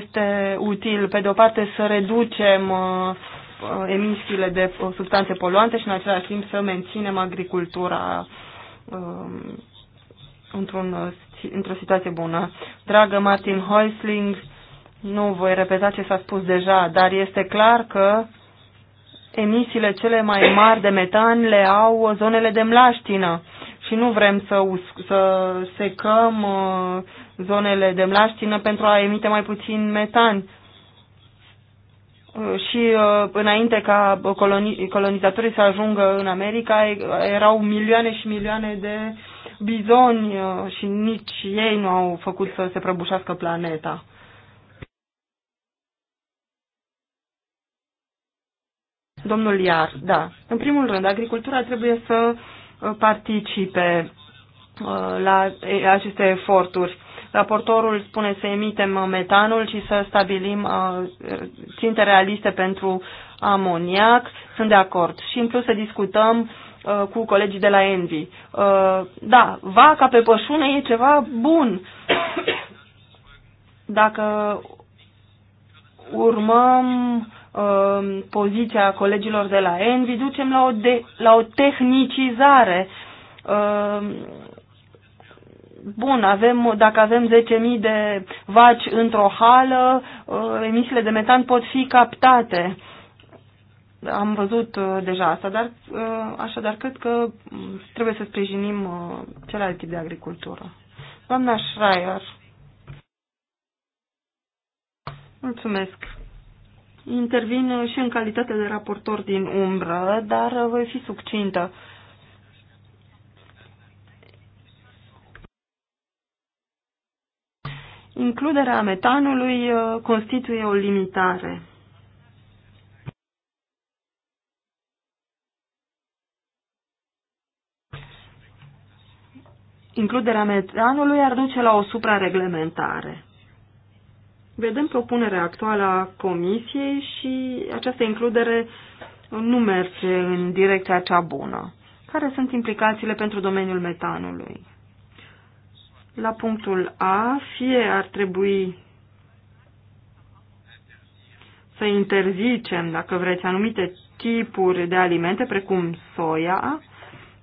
este util, pe de o parte, să reducem uh, uh, emisiile de substanțe poluante și, în același timp, să menținem agricultura um, într-un, într-o situație bună. Dragă Martin Heusling, nu voi repeta ce s-a spus deja, dar este clar că uh, emisiile cele mai mari de metan le au zonele de mlaștină și nu vrem să, să secăm uh, zonele de mlaștină pentru a emite mai puțin metan. Uh, și uh, înainte ca coloni colonizatorii să ajungă în America, erau milioane și milioane de bizoni uh, și nici ei nu au făcut să se prăbușească planeta. Domnul Iar, da. În primul rând, agricultura trebuie să uh, participe uh, la aceste eforturi. Raportorul spune să emitem uh, metanul și să stabilim ținte realiste pentru amoniac. Sunt de acord. Și în plus să discutăm cu colegii de la Envi. Da, vaca pe pășune e ceva bun. Dacă urmăm Um, poziția colegilor de la Envi, ducem la o, de, la o tehnicizare. Um, bun, avem, dacă avem 10.000 de vaci într-o hală, uh, emisiile de metan pot fi captate. Am văzut uh, deja asta, dar uh, așadar cred că trebuie să sprijinim celălalt tip de agricultură. Doamna Schreier. Mulțumesc. Intervin și în calitate de raportor din umbră, dar voi fi succintă. Includerea metanului uh, constituie o limitare. Includerea metanului ar duce la o suprareglementare. Vedem propunerea actuală a Comisiei și această includere nu merge în direcția cea bună. Care sunt implicațiile pentru domeniul metanului? La punctul A, fie ar trebui să interzicem, dacă vreți, anumite tipuri de alimente, precum soia,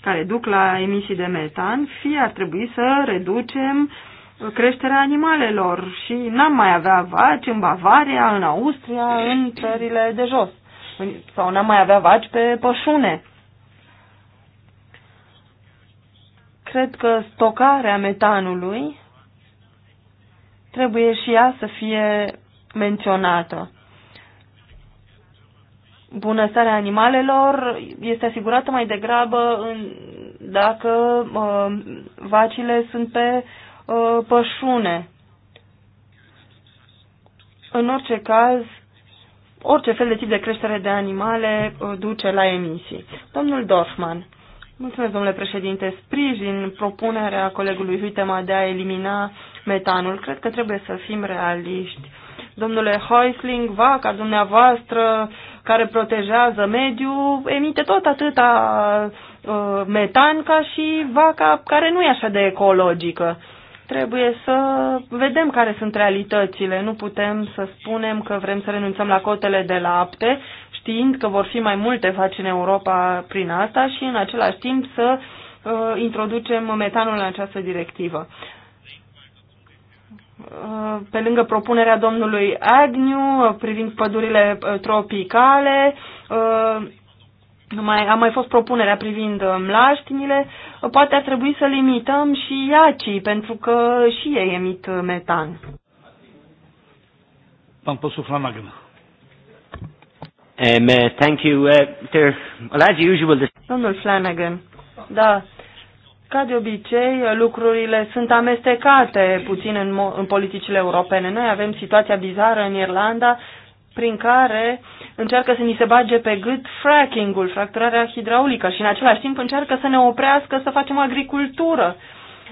care duc la emisii de metan, fie ar trebui să reducem creșterea animalelor și n-am mai avea vaci în Bavaria, în Austria, în țările de jos. Sau n-am mai avea vaci pe pășune. Cred că stocarea metanului trebuie și ea să fie menționată. Bunăstarea animalelor este asigurată mai degrabă în, dacă uh, vacile sunt pe Uh, pășune. În orice caz, orice fel de tip de creștere de animale uh, duce la emisii. Domnul Dorfman. Mulțumesc, domnule președinte. Sprijin propunerea colegului Huitema de a elimina metanul. Cred că trebuie să fim realiști. Domnule Heusling, vaca dumneavoastră care protejează mediul emite tot atâta uh, metan ca și vaca care nu e așa de ecologică. Uh, Trebuie să vedem care sunt realitățile. Nu putem să spunem că vrem să renunțăm la cotele de lapte, știind că vor fi mai multe faci în Europa prin asta și în același timp să uh, introducem metanul în această directivă uh, pe lângă propunerea domnului Agnew uh, privind pădurile uh, tropicale, mai, a mai fost propunerea privind mlaștinile, poate ar trebui să limităm și iacii, pentru că și ei emit metan. Pan poseł Flanagan. Um, uh, thank you. Uh, dear, well, as usual, this... Domnul Flanagan, da, ca de obicei, lucrurile sunt amestecate puțin în, în politicile europene. Noi avem situația bizară în Irlanda prin care încearcă să ni se bage pe gât fracking-ul, fracturarea hidraulică și în același timp încearcă să ne oprească să facem agricultură.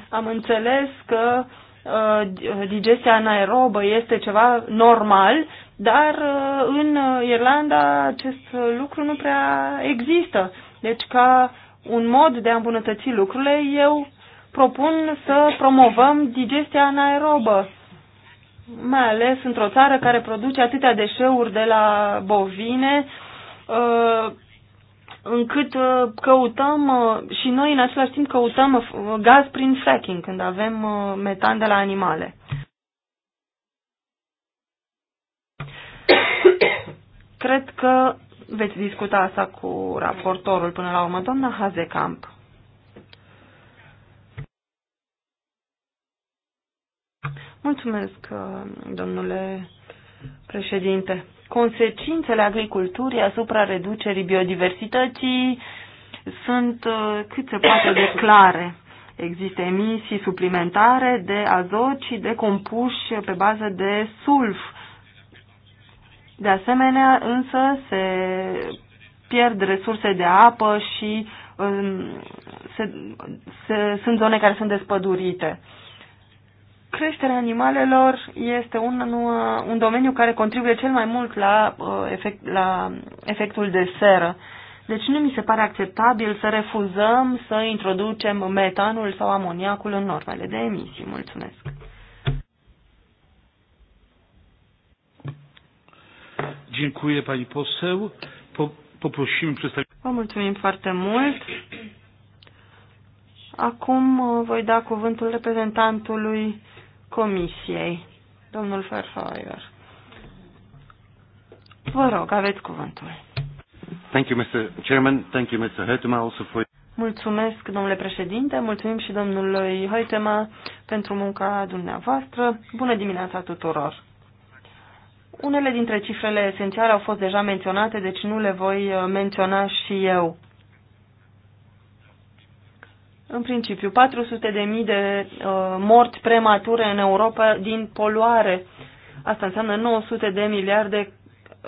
Am înțeles că uh, digestia anaerobă este ceva normal, dar uh, în Irlanda acest lucru nu prea există. Deci ca un mod de a îmbunătăți lucrurile, eu propun să promovăm digestia anaerobă mai ales într-o țară care produce atâtea deșeuri de la bovine, uh, încât uh, căutăm uh, și noi în același timp căutăm gaz prin fracking când avem metan de la animale. Cred că veți discuta asta cu raportorul până la urmă, doamna Hazekamp. Mulțumesc, domnule președinte. Consecințele agriculturii asupra reducerii biodiversității sunt uh, cât se poate de clare. Există emisii suplimentare de azot și de compuși pe bază de sulf. De asemenea, însă, se pierd resurse de apă și um, se, se, sunt zone care sunt despădurite creșterea animalelor este un, un domeniu care contribuie cel mai mult la, uh, efect, la efectul de seră. Deci nu mi se pare acceptabil să refuzăm să introducem metanul sau amoniacul în normele de emisii. Mulțumesc. Vă mulțumim foarte mult. Acum uh, voi da cuvântul reprezentantului Comisiei. Domnul Ferfaier. Vă rog, aveți cuvântul. Thank you, Mr. Chairman. Thank you, Mr. Hetema, also for... Mulțumesc, domnule președinte, mulțumim și domnului Hoitema pentru munca dumneavoastră. Bună dimineața tuturor! Unele dintre cifrele esențiale au fost deja menționate, deci nu le voi uh, menționa și eu în principiu 400 de mii de uh, morți premature în Europa din poluare. Asta înseamnă 900 de miliarde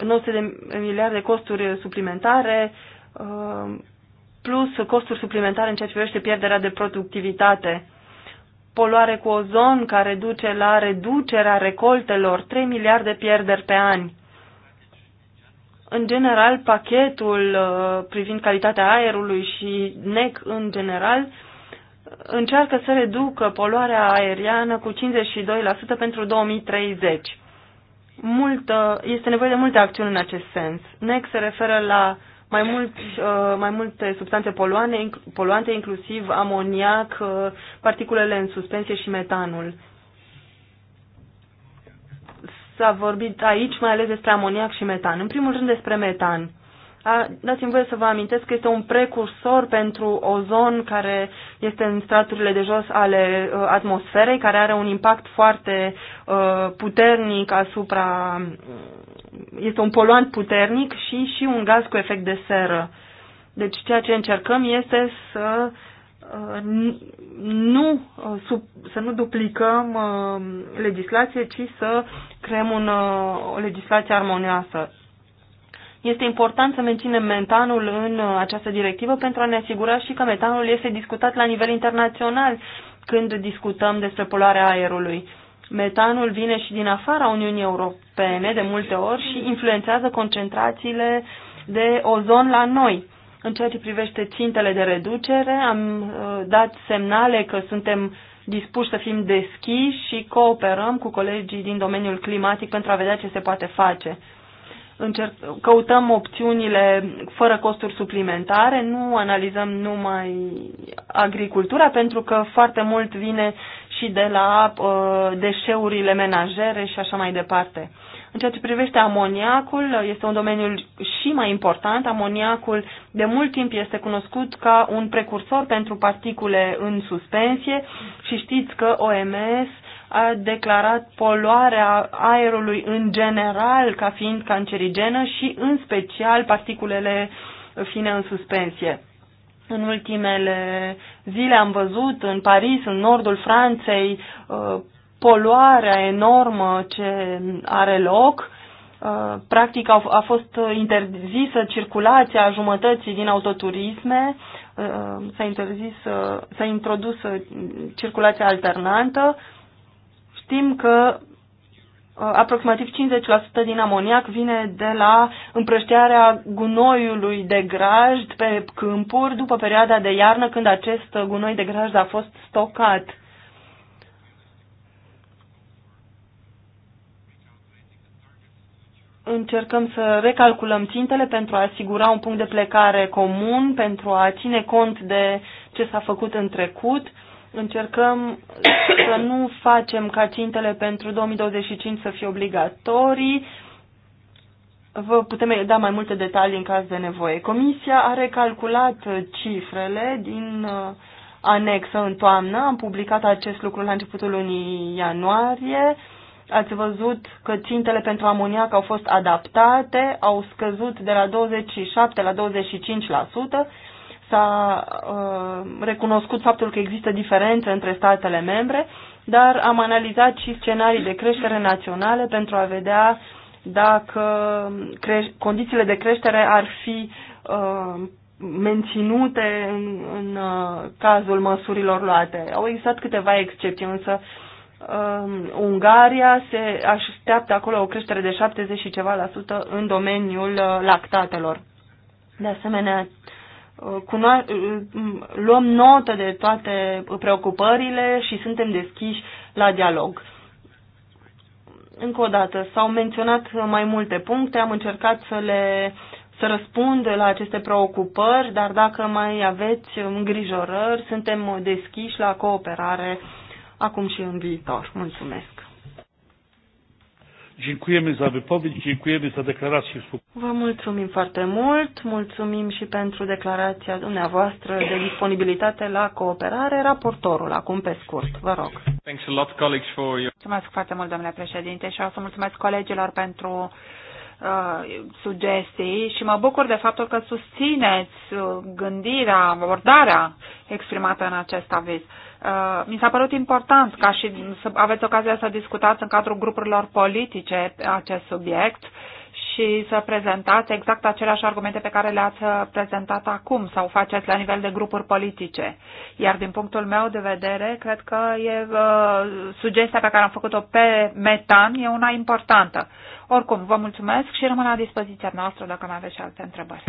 900 de miliarde costuri suplimentare, uh, plus costuri suplimentare în ceea ce privește pierderea de productivitate. Poluare cu ozon care duce la reducerea recoltelor, 3 miliarde pierderi pe ani În general, pachetul uh, privind calitatea aerului și NEC în general încearcă să reducă poluarea aeriană cu 52% pentru 2030. Multă, este nevoie de multe acțiuni în acest sens. NEC se referă la mai, mult, uh, mai multe substanțe poluane, poluante, inclusiv amoniac, uh, particulele în suspensie și metanul. S-a vorbit aici mai ales despre amoniac și metan. În primul rând despre metan. Dați-mi voie să vă amintesc că este un precursor pentru ozon care este în straturile de jos ale uh, atmosferei, care are un impact foarte uh, puternic asupra... Mm, este un poluant puternic și, și un gaz cu efect de seră. Deci ceea ce încercăm este să uh, nu, să nu duplicăm legislație, ci să creăm un, o legislație armonioasă. Este important să menținem metanul în uh, această directivă pentru a ne asigura și că metanul este discutat la nivel internațional când discutăm despre poluarea aerului. Metanul vine și din afara Uniunii Europene de multe ori și influențează concentrațiile de ozon la noi. În ceea ce privește țintele de reducere, am uh, dat semnale că suntem dispuși să fim deschiși și cooperăm cu colegii din domeniul climatic pentru a vedea ce se poate face încerc, căutăm opțiunile fără costuri suplimentare, nu analizăm numai agricultura, pentru că foarte mult vine și de la uh, deșeurile menajere și așa mai departe. În ceea ce privește amoniacul, este un domeniu și mai important. Amoniacul de mult timp este cunoscut ca un precursor pentru particule în suspensie și știți că OMS a declarat poluarea aerului în general ca fiind cancerigenă și în special particulele fine în suspensie. În ultimele zile am văzut în Paris, în nordul Franței, uh, poluarea enormă ce are loc. Uh, practic a fost interzisă circulația jumătății din autoturisme, uh, s-a, interzis, s-a introdus circulația alternantă Știm că uh, aproximativ 50% din amoniac vine de la împrăștiarea gunoiului de grajd pe câmpuri după perioada de iarnă când acest gunoi de grajd a fost stocat. Încercăm să recalculăm țintele pentru a asigura un punct de plecare comun, pentru a ține cont de ce s-a făcut în trecut Încercăm să nu facem ca țintele pentru 2025 să fie obligatorii. Vă putem da mai multe detalii în caz de nevoie. Comisia a recalculat cifrele din uh, anexă în toamnă. Am publicat acest lucru la începutul lunii ianuarie. Ați văzut că țintele pentru amoniac au fost adaptate, au scăzut de la 27 la 25%, s-a uh, recunoscut faptul că există diferențe între statele membre, dar am analizat și scenarii de creștere naționale pentru a vedea dacă condițiile de creștere ar fi uh, menținute în, în uh, cazul măsurilor luate. Au existat câteva excepții, însă Ungaria se așteaptă acolo o creștere de 70 și ceva la sută în domeniul lactatelor. De asemenea, Uh, uh, luăm notă de toate preocupările și suntem deschiși la dialog. Încă o dată, s-au menționat mai multe puncte, am încercat să le să răspund la aceste preocupări, dar dacă mai aveți îngrijorări, suntem deschiși la cooperare acum și în viitor. Mulțumesc! Dziękujemy za wypowiedź, dziękujemy za deklarację Vă mulțumim foarte mult, mulțumim și pentru declarația dumneavoastră de disponibilitate la cooperare. Raportorul, acum pe scurt, vă rog. Thanks a lot, colleagues, for your... Mulțumesc foarte mult, domnule președinte, și o să mulțumesc colegilor pentru uh, sugestii și mă bucur de faptul că susțineți uh, gândirea, abordarea exprimată în acest aviz. Uh, mi s-a părut important ca și să aveți ocazia să discutați în cadrul grupurilor politice acest subiect și să prezentați exact aceleași argumente pe care le-ați prezentat acum sau faceți la nivel de grupuri politice. Iar din punctul meu de vedere, cred că e, uh, sugestia pe care am făcut-o pe metan e una importantă. Oricum, vă mulțumesc și rămân la dispoziția noastră dacă mai aveți și alte întrebări.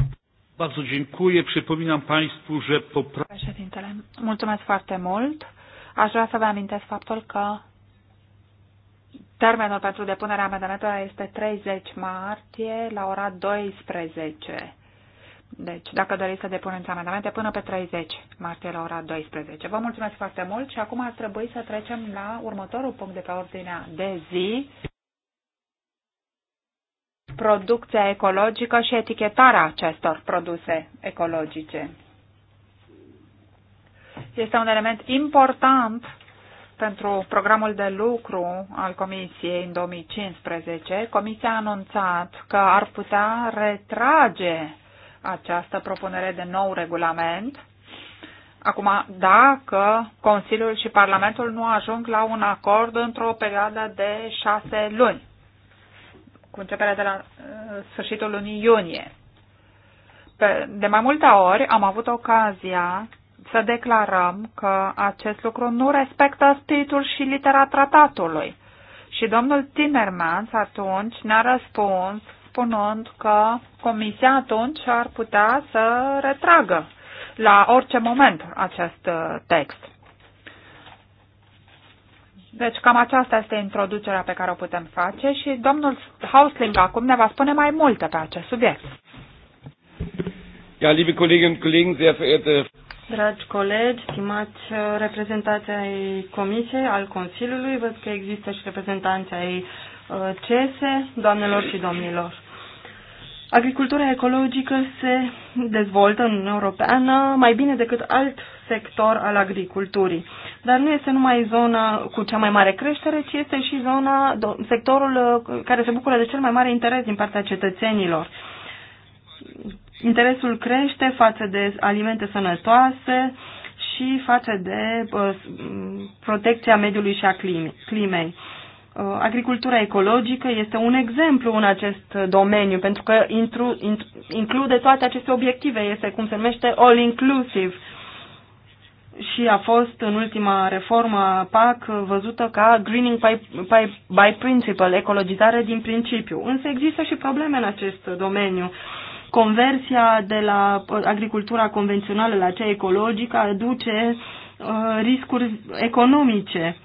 Bardzo dziękuję. Przypominam Państwu, że poprawka... foarte mult. Aș vrea să vă amintesc faptul că termenul pentru depunerea amendamentelor este 30 martie la ora 12. Deci, dacă doriți să depuneți amendamente, până pe 30 martie la ora 12. Vă mulțumesc foarte mult și acum ar trebui să trecem la următorul punct de pe ordinea de zi producția ecologică și etichetarea acestor produse ecologice. Este un element important pentru programul de lucru al Comisiei în 2015. Comisia a anunțat că ar putea retrage această propunere de nou regulament. Acum, dacă Consiliul și Parlamentul nu ajung la un acord într-o perioadă de șase luni cu începerea de la uh, sfârșitul lunii iunie. De mai multe ori am avut ocazia să declarăm că acest lucru nu respectă spiritul și litera tratatului. Și domnul Timmermans atunci ne-a răspuns spunând că comisia atunci ar putea să retragă la orice moment acest uh, text. Deci cam aceasta este introducerea pe care o putem face și domnul Hausling acum ne va spune mai multe pe acest subiect. Ja, liebe Kolleginnen und Kollegen, sehr verehrte Dragi colegi, stimați reprezentanți ai Comisiei, al Consiliului, văd că există și reprezentanți ai uh, CESE, doamnelor și domnilor. Agricultura ecologică se dezvoltă în Uniunea Europeană mai bine decât alt sector al agriculturii. Dar nu este numai zona cu cea mai mare creștere, ci este și zona, sectorul uh, care se bucură de cel mai mare interes din partea cetățenilor. Interesul crește față de alimente sănătoase și față de uh, protecția mediului și a climei. Uh, agricultura ecologică este un exemplu în acest domeniu, pentru că intru, intru, include toate aceste obiective. Este, cum se numește, all-inclusive și a fost în ultima reformă PAC văzută ca greening by, by, by principle, ecologizare din principiu. Însă există și probleme în acest domeniu. Conversia de la agricultura convențională la cea ecologică aduce uh, riscuri economice.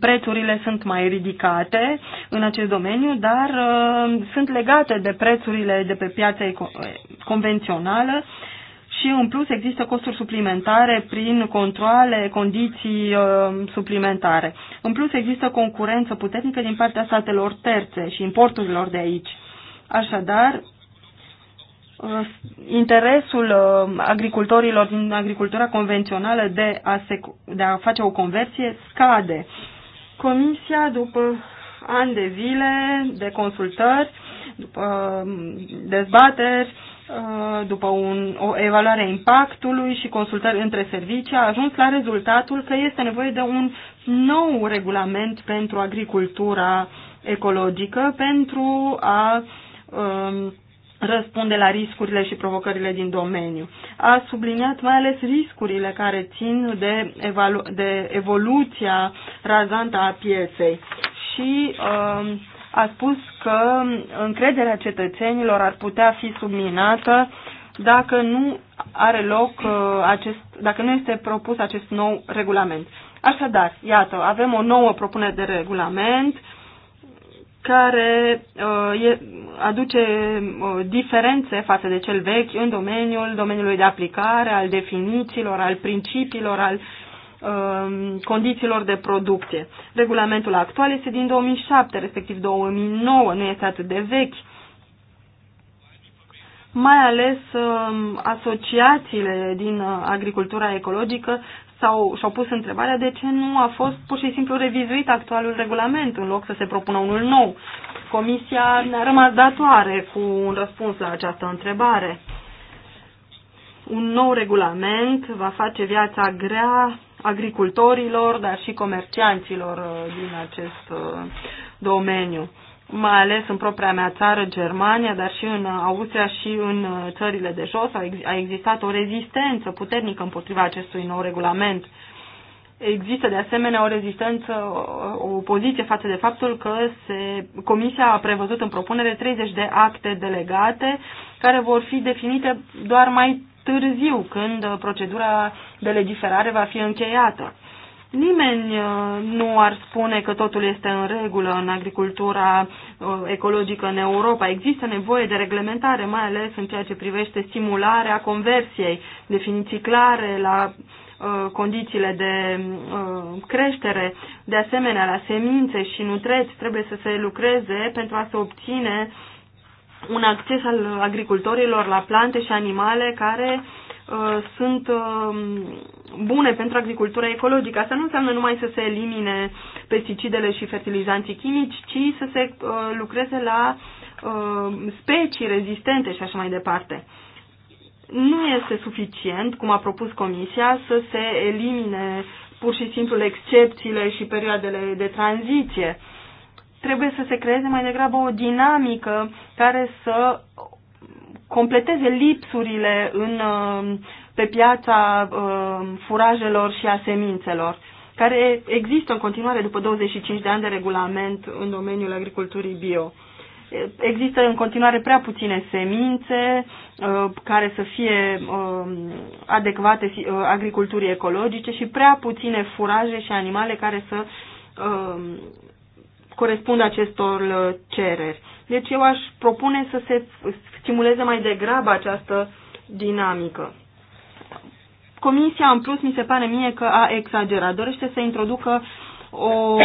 Prețurile sunt mai ridicate în acest domeniu, dar uh, sunt legate de prețurile de pe piața convențională și în plus există costuri suplimentare prin controle, condiții uh, suplimentare. În plus există concurență puternică din partea statelor terțe și importurilor de aici. Așadar, uh, interesul uh, agricultorilor din agricultura convențională de a, se, de a face o conversie scade. Comisia, după ani de zile, de consultări, după uh, dezbateri, Uh, după un, o evaluare a impactului și consultări între servicii, a ajuns la rezultatul că este nevoie de un nou regulament pentru agricultura ecologică pentru a um, răspunde la riscurile și provocările din domeniu. A subliniat mai ales riscurile care țin de, evolu- de evoluția razantă a pieței și um, a spus că încrederea cetățenilor ar putea fi subminată dacă nu are loc uh, acest, dacă nu este propus acest nou regulament. Așadar, iată, avem o nouă propunere de regulament care uh, aduce uh, diferențe față de cel vechi în domeniul domeniului de aplicare, al definițiilor, al principiilor, al Um, condițiilor de producție. Regulamentul actual este din 2007, respectiv 2009, nu este atât de vechi. Mai ales um, asociațiile din uh, agricultura ecologică sau și-au pus întrebarea de ce nu a fost pur și simplu revizuit actualul regulament în loc să se propună unul nou. Comisia ne-a rămas datoare cu un răspuns la această întrebare un nou regulament va face viața grea agricultorilor, dar și comercianților uh, din acest uh, domeniu, mai ales în propria mea țară, Germania, dar și în Austria și în uh, țările de jos a existat o rezistență puternică împotriva acestui nou regulament. Există de asemenea o rezistență, o opoziție față de faptul că se, Comisia a prevăzut în propunere 30 de acte delegate care vor fi definite doar mai târziu, când uh, procedura de legiferare va fi încheiată. Nimeni uh, nu ar spune că totul este în regulă în agricultura uh, ecologică în Europa. Există nevoie de reglementare, mai ales în ceea ce privește stimularea conversiei, definiții clare la condițiile de creștere. De asemenea, la semințe și nutreți trebuie să se lucreze pentru a se obține un acces al agricultorilor la plante și animale care uh, sunt uh, bune pentru agricultura ecologică. Asta nu înseamnă numai să se elimine pesticidele și fertilizanții chimici, ci să se uh, lucreze la uh, specii rezistente și așa mai departe. Nu este suficient, cum a propus Comisia, să se elimine pur și simplu excepțiile și perioadele de tranziție. Uh, trebuie să se creeze mai degrabă o dinamică care să completeze lipsurile în, uh, pe piața uh, furajelor și a semințelor, care există în continuare după 25 de ani de regulament în domeniul agriculturii bio. Există în continuare prea puține semințe uh, care să fie adecvate agriculturii ecologice și prea puține furaje și animale care să corespund acestor uh, cereri. Deci eu aș propune să se stimuleze mai degrabă această dinamică. Comisia, în plus, mi se pare mie că a exagerat. Dorește să introducă o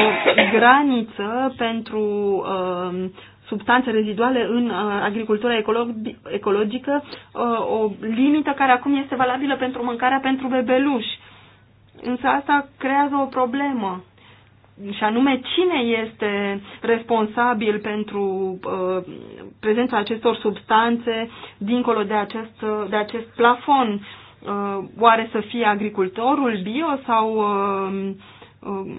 graniță pentru uh, substanțe reziduale în uh, agricultura ecolog ecologică, uh, o limită care acum este valabilă pentru mâncarea pentru bebeluși. Însă asta creează o problemă și anume cine este responsabil pentru uh, prezența acestor substanțe dincolo de acest, de acest plafon. Uh, oare să fie agricultorul bio sau uh, uh,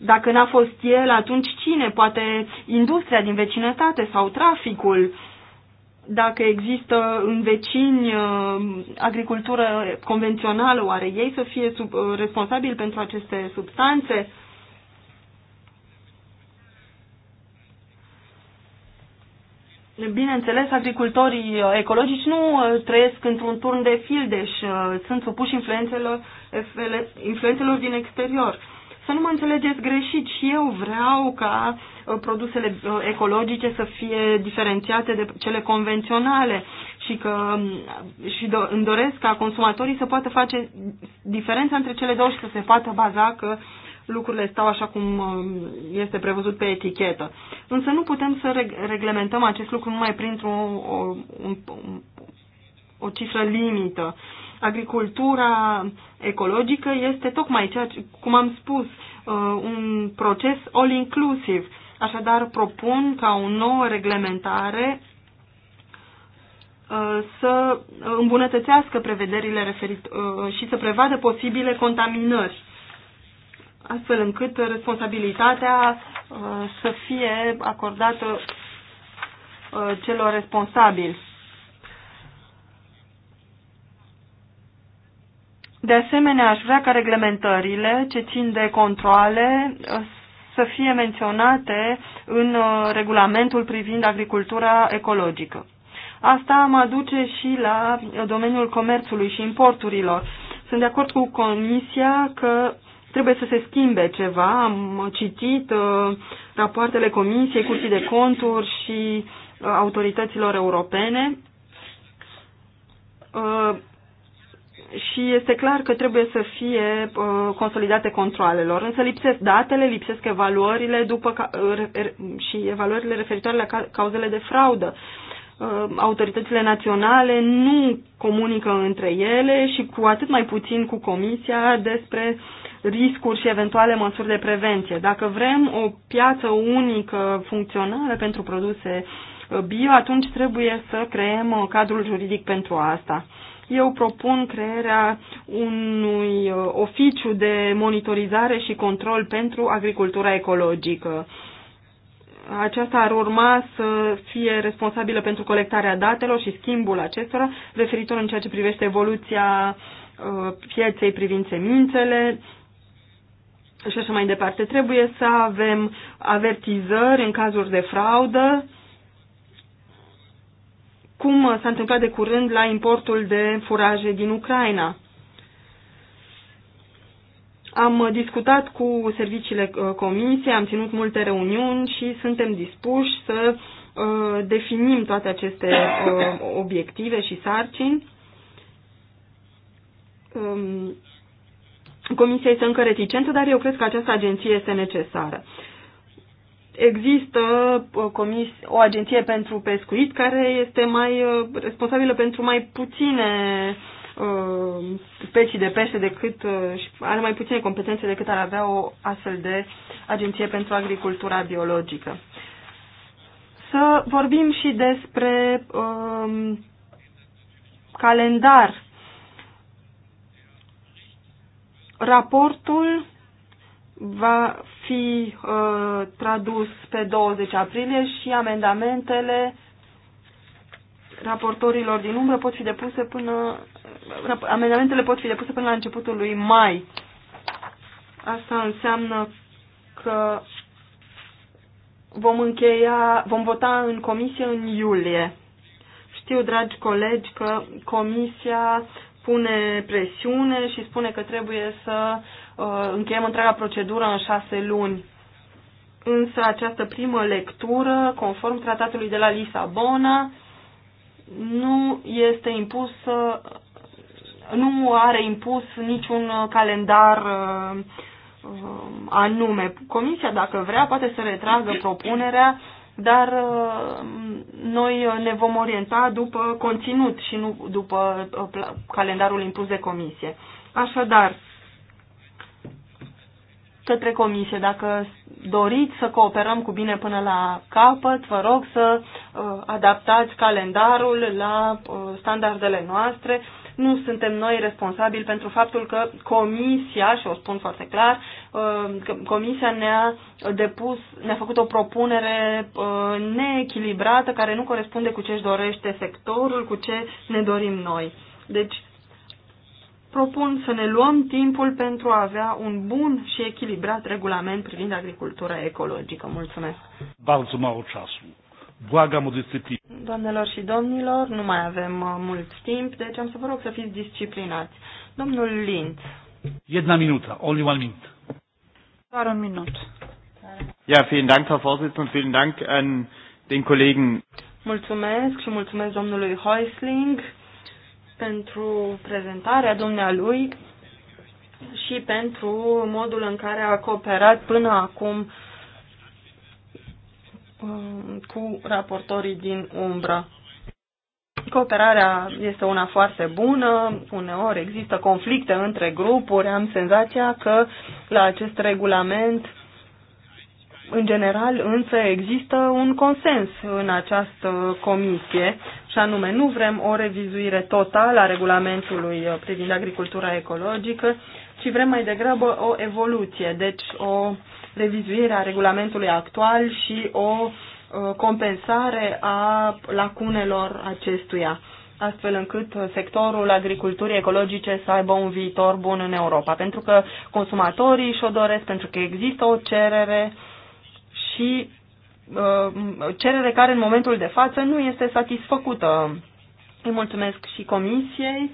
dacă n-a fost el, atunci cine? Poate industria din vecinătate sau traficul. Dacă există în vecini uh, agricultură convențională, oare ei să fie sub, uh, responsabili pentru aceste substanțe? Bineînțeles, agricultorii uh, ecologici nu uh, trăiesc într-un turn de fildeș, uh, sunt supuși influențelor, influențelor din exterior. Să nu mă înțelegeți greșit și eu vreau ca produsele ecologice să fie diferențiate de cele convenționale și că um, și do, îmi doresc ca consumatorii să poată face diferența între cele două și să se poată baza că uh, lucrurile stau așa cum um, este prevăzut pe etichetă. Însă nu putem să reglementăm acest lucru numai printr-o o, o cifră limită. Agricultura ecologică este tocmai ceea ce, cum am spus, uh, un proces all-inclusiv. Așadar, propun ca o nouă reglementare uh, să îmbunătățească prevederile referit, uh, și să prevadă posibile contaminări astfel încât responsabilitatea uh, să fie acordată uh, celor responsabili. De asemenea, aș vrea ca reglementările ce țin de controle uh, să fie menționate în regulamentul privind agricultura ecologică. Asta mă aduce și la domeniul comerțului și importurilor. Sunt de acord cu Comisia că trebuie să se schimbe ceva. Am citit uh, rapoartele Comisiei, Curții de Conturi și uh, autorităților europene uh, și este clar că trebuie să fie uh, consolidate controalelor. Însă lipsesc datele, lipsesc evaluările după ca, uh, și evaluările referitoare la ca, cauzele de fraudă. Uh, autoritățile naționale nu comunică între ele și cu atât mai puțin cu Comisia despre riscuri și eventuale măsuri de prevenție. Dacă vrem o piață unică funcțională pentru produse uh, bio, atunci trebuie să creăm uh, cadrul juridic pentru asta. Eu propun crearea unui uh, oficiu de monitorizare și control pentru agricultura ecologică. Aceasta ar urma să fie responsabilă pentru colectarea datelor și schimbul acestora referitor în ceea ce privește evoluția pieței privind semințele, și așa mai departe. Trebuie să avem avertizări în cazuri de fraudă, cum s-a întâmplat de curând la importul de furaje din Ucraina. Am discutat cu serviciile uh, comisiei, am ținut multe reuniuni și suntem dispuși să uh, definim toate aceste uh, obiective și sarcini um, Comisia este încă reticentă, dar eu cred că această agenție este necesară. Există uh, comis, o agenție pentru pescuit care este mai uh, responsabilă pentru mai puține uh, specii de pește decât și are mai puține competențe decât ar avea o astfel de agenție pentru agricultura biologică. Să vorbim și despre um, calendar Raportul va fi uh, tradus pe 20 aprilie și amendamentele raportorilor din umbră pot fi depuse până amendamentele pot fi depuse până la începutul lui mai. Asta înseamnă că vom încheia, vom vota în comisie în iulie. Știu, dragi colegi, că comisia pune presiune și spune că trebuie să uh, încheiem întreaga procedură în șase luni. Însă această primă lectură, conform tratatului de la Lisabona, nu este impusă, nu are impus niciun calendar uh, uh anume. Comisia, dacă vrea, poate să retragă propunerea dar uh, noi ne vom orienta după conținut și nu după uh, calendarul impus de comisie. Așadar, către comisie, dacă doriți să cooperăm cu bine până la capăt, vă rog să uh, adaptați calendarul la standardele noastre nu suntem noi responsabili pentru faptul că comisia, și o spun foarte clar, uh, că comisia ne-a depus, ne-a făcut o propunere uh, neechilibrată care nu corespunde cu ce își dorește sectorul, cu ce ne dorim noi. Deci, propun să ne luăm timpul pentru a avea un bun și echilibrat regulament privind agricultura ecologică. Mulțumesc! Bardzo mało czasu. Błagam o Doamnelor și domnilor, nu mai avem uh, mult timp, deci am să vă rog să fiți disciplinați. Domnul Lind. Jedna minuta, only one minute. Doar un minut. Ja, vielen Dank, Frau Vorsitzende, und vielen Dank an den Kollegen. Mulțumesc și mulțumesc domnului Heusling pentru prezentarea dumnealui și pentru modul în care a cooperat până acum Mm, cu raportorii din umbră. Cooperarea este una foarte bună, uneori există conflicte între grupuri, am senzația că la acest regulament, în general, însă există un consens în această comisie și anume nu vrem o revizuire totală a regulamentului privind agricultura ecologică, ci vrem mai degrabă o evoluție, deci o revizuire a regulamentului actual și o uh, compensare a lacunelor acestuia, astfel încât sectorul agriculturii ecologice să aibă un viitor bun în Europa, pentru că consumatorii și-o doresc, pentru că există o cerere și uh, cerere care în momentul de față nu este satisfăcută. Îi mulțumesc și comisiei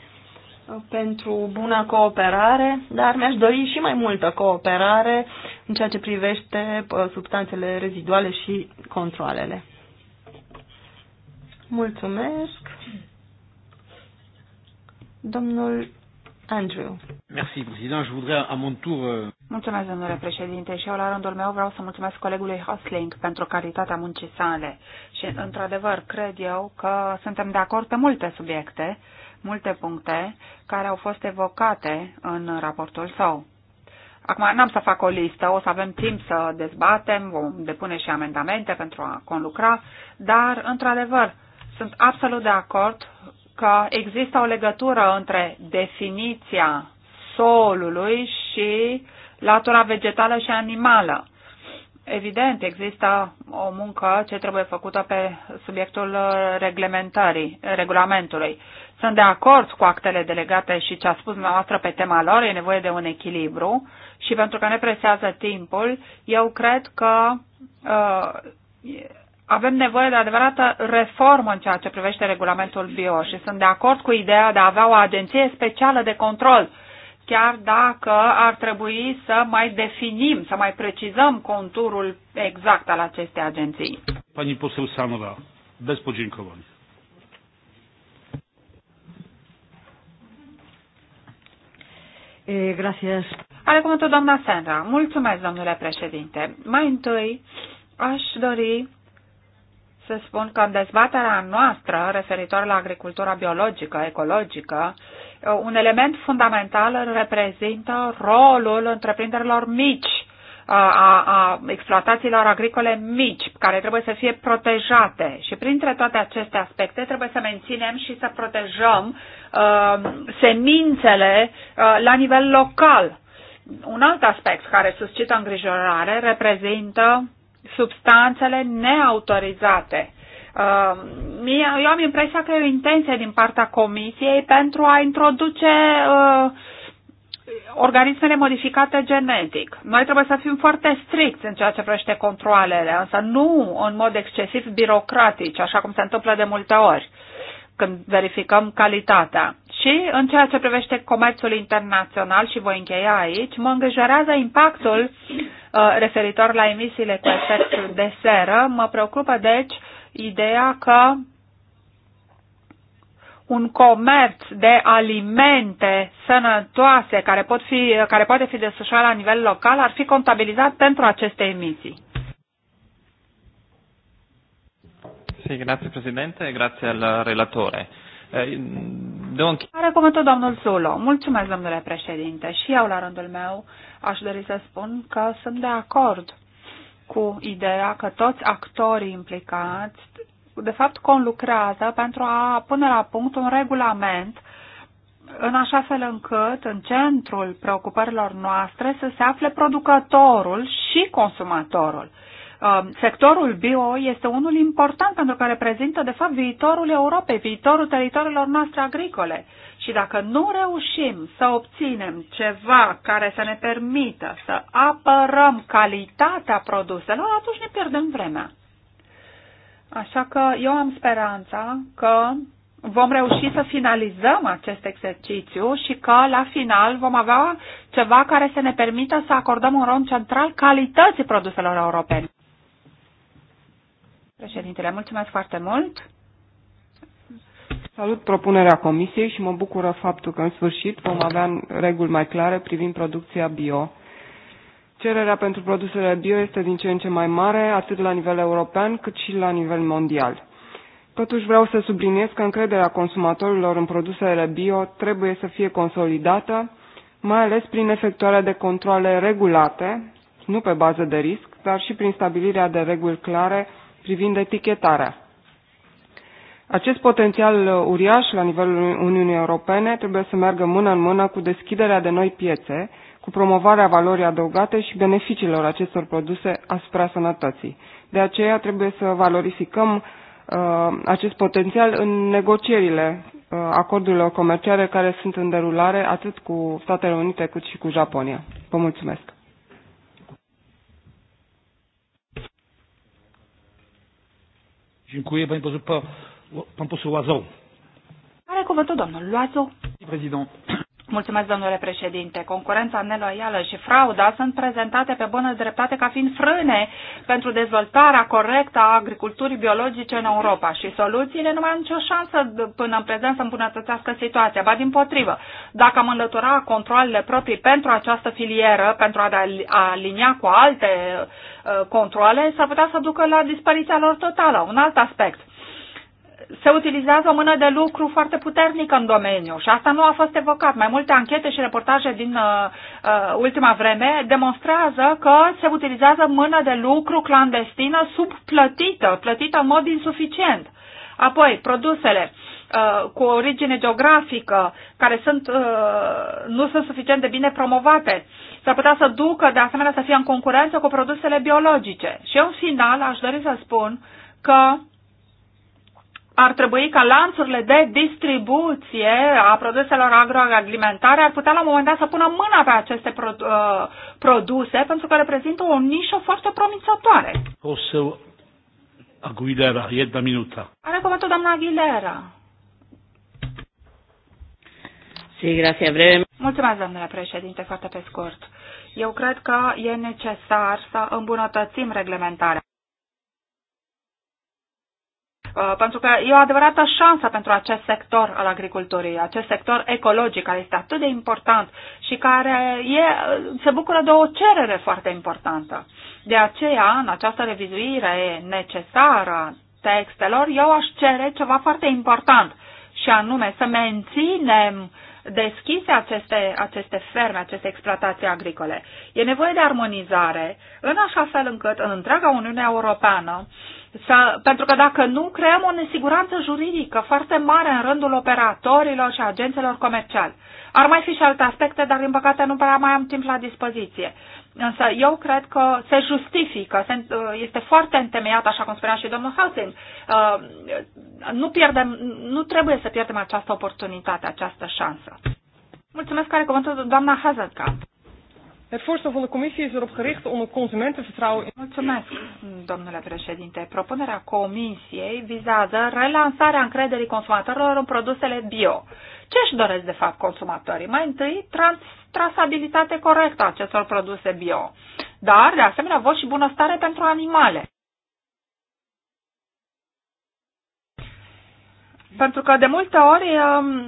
pentru buna cooperare, dar mi-aș dori și mai multă cooperare în ceea ce privește substanțele reziduale și controlele. Mulțumesc. Domnul Andrew. Merci, président. Je voudrais à mon tour... Euh, mulțumesc, domnule președinte, și eu la rândul meu vreau să mulțumesc colegului Hosling pentru calitatea muncii sale. Și, într-adevăr, cred eu că suntem de acord pe multe subiecte multe puncte care au fost evocate în raportul său. Acum n-am să fac o listă, o să avem timp să dezbatem, vom depune și amendamente pentru a conlucra, dar, într-adevăr, sunt absolut de acord că există o legătură între definiția solului și latura vegetală și animală. Evident, există o muncă ce trebuie făcută pe subiectul reglementării, regulamentului. Sunt de acord cu actele delegate și ce a spus dumneavoastră pe tema lor, e nevoie de un echilibru și pentru că ne presează timpul, eu cred că uh, avem nevoie de adevărată reformă în ceea ce privește regulamentul bio și sunt de acord cu ideea de a avea o agenție specială de control, chiar dacă ar trebui să mai definim, să mai precizăm conturul exact al acestei agenții. Pani poseł Sanova, bez podziękowań. E, gracias. Are cuvântul doamna Sandra. Mulțumesc, domnule președinte. Mai întâi, aș dori să spun că în dezbaterea noastră referitor la agricultura biologică, ecologică, un element fundamental reprezintă rolul întreprinderilor mici a, a exploatațiilor agricole mici, care trebuie să fie protejate. Și printre toate aceste aspecte trebuie să menținem și să protejăm uh, semințele uh, la nivel local. Un alt aspect care suscită îngrijorare reprezintă substanțele neautorizate. Uh, eu am impresia că e o intenție din partea Comisiei pentru a introduce uh, organismele modificate genetic. Noi trebuie să fim foarte stricți în ceea ce privește controlele, însă nu în mod excesiv birocratic, așa cum se întâmplă de multe ori când verificăm calitatea. Și în ceea ce privește comerțul internațional, și voi încheia aici, mă îngrijorează impactul uh, referitor la emisiile cu efect de seră. Mă preocupă, deci, ideea că un comerț de alimente sănătoase care, pot fi, care poate fi desfășurat la nivel local ar fi contabilizat pentru aceste emisii. Sì, grazie Presidente e grazie al relatore. Eh, Are cuvântul domnul Zulo. Mulțumesc, domnule președinte. Și eu, la rândul meu, aș dori să spun că sunt de acord cu ideea că toți actorii implicați de fapt, conlucrează pentru a pune la punct un regulament în așa fel încât în centrul preocupărilor noastre să se afle producătorul și consumatorul. Um, sectorul bio este unul important pentru că reprezintă, de fapt, viitorul Europei, viitorul teritoriilor noastre agricole. Și dacă nu reușim să obținem ceva care să ne permită să apărăm calitatea produselor, atunci ne pierdem vremea. Așa că eu am speranța că vom reuși să finalizăm acest exercițiu și că la final vom avea ceva care să ne permită să acordăm un rol central calității produselor europene. Președintele, mulțumesc foarte mult. Salut propunerea Comisiei și mă bucură faptul că în sfârșit vom avea reguli mai clare privind producția bio Cererea pentru produsele bio este din ce în ce mai mare, atât la nivel european cât și la nivel mondial. Totuși vreau să subliniez că încrederea consumatorilor în produsele bio trebuie să fie consolidată, mai ales prin efectuarea de controle regulate, nu pe bază de risc, dar și prin stabilirea de reguli clare privind etichetarea. Acest potențial uriaș la nivelul Uniunii Europene trebuie să meargă mână în mână cu deschiderea de noi piețe, cu promovarea valorii adăugate și beneficiilor acestor produse asupra sănătății. De aceea trebuie să valorificăm uh, acest potențial în negocierile uh, acordurilor comerciale care sunt în derulare atât cu Statele Unite cât și cu Japonia. Vă mulțumesc! Dziękuję. Pani poseł, pan poseł Łazoł. Ale cuvântul domnul Loazu. Prezydent. Mulțumesc, domnule președinte. Concurența neloială și frauda sunt prezentate pe bună dreptate ca fiind frâne pentru dezvoltarea corectă a agriculturii biologice în Europa și soluțiile nu mai au nicio șansă până în prezent să îmbunătățească situația. Ba din potrivă, dacă am înlătura controlele proprii pentru această filieră, pentru a alinia cu alte uh, controle, s-ar putea să ducă la dispariția lor totală. Un alt aspect se utilizează o mână de lucru foarte puternică în domeniu și asta nu a fost evocat. Mai multe anchete și reportaje din uh, uh, ultima vreme demonstrează că se utilizează mână de lucru clandestină subplătită, plătită în mod insuficient. Apoi, produsele uh, cu origine geografică, care sunt, uh, nu sunt suficient de bine promovate, s-ar putea să ducă, de asemenea, să fie în concurență cu produsele biologice. Și în final, aș dori să spun că ar trebui ca lanțurile de distribuție a produselor agroalimentare ar putea la un moment dat să pună mâna pe aceste pro, uh, produse pentru că reprezintă o nișă foarte promițătoare. O să... Aguilera, jedna minuta. Are cuvântul doamna Aguilera. Sí, gracias, breve. Mulțumesc, domnule președinte, foarte pe scurt. Eu cred că e necesar să îmbunătățim reglementarea. Uh, pentru că e o adevărată șansă pentru acest sector al agriculturii, acest sector ecologic care este atât de important și care e, se bucură de o cerere foarte importantă. De aceea, în această revizuire necesară textelor, eu aș cere ceva foarte important și anume să menținem uh, deschise aceste, aceste ferme, aceste exploatații agricole. E nevoie de armonizare în așa fel încât în întreaga Uniune Europeană să, pentru că dacă nu, creăm o nesiguranță juridică foarte mare în rândul operatorilor și agenților comerciali. Ar mai fi și alte aspecte, dar din păcate nu prea mai am timp la dispoziție. Însă eu cred că se justifică, se, uh, este foarte întemeiat, așa cum spunea și domnul Hausen. Uh, nu, pierdem, nu trebuie să pierdem această oportunitate, această șansă. Mulțumesc, care cuvântul doamna Hazelka. Het voorstel van de commissie is erop gericht om het consumentenvertrouwen. Mulțumesc, domnule președinte. Propunerea comisiei vizează relansarea încrederii consumatorilor în produsele bio. Ce își doresc, de fapt, consumatorii? Mai întâi, trans trasabilitate corectă a acestor produse bio, dar, de asemenea, văd și bunăstare pentru animale. Pentru că, de multe ori, um,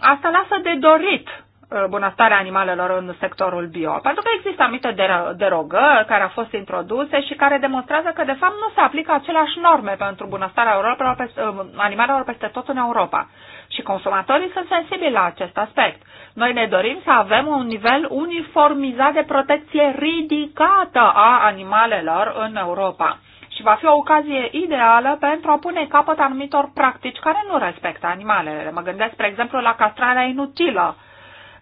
asta lasă de dorit uh, bunăstarea animalelor în sectorul bio. Pentru că există anumite derogări care au fost introduse și care demonstrează că, de fapt, nu se aplică aceleași norme pentru bunăstarea uh, animalelor peste tot în Europa și consumatorii sunt sensibili la acest aspect. Noi ne dorim să avem un nivel uniformizat de protecție ridicată a animalelor în Europa și va fi o ocazie ideală pentru a pune capăt anumitor practici care nu respectă animalele. Mă gândesc, spre exemplu, la castrarea inutilă.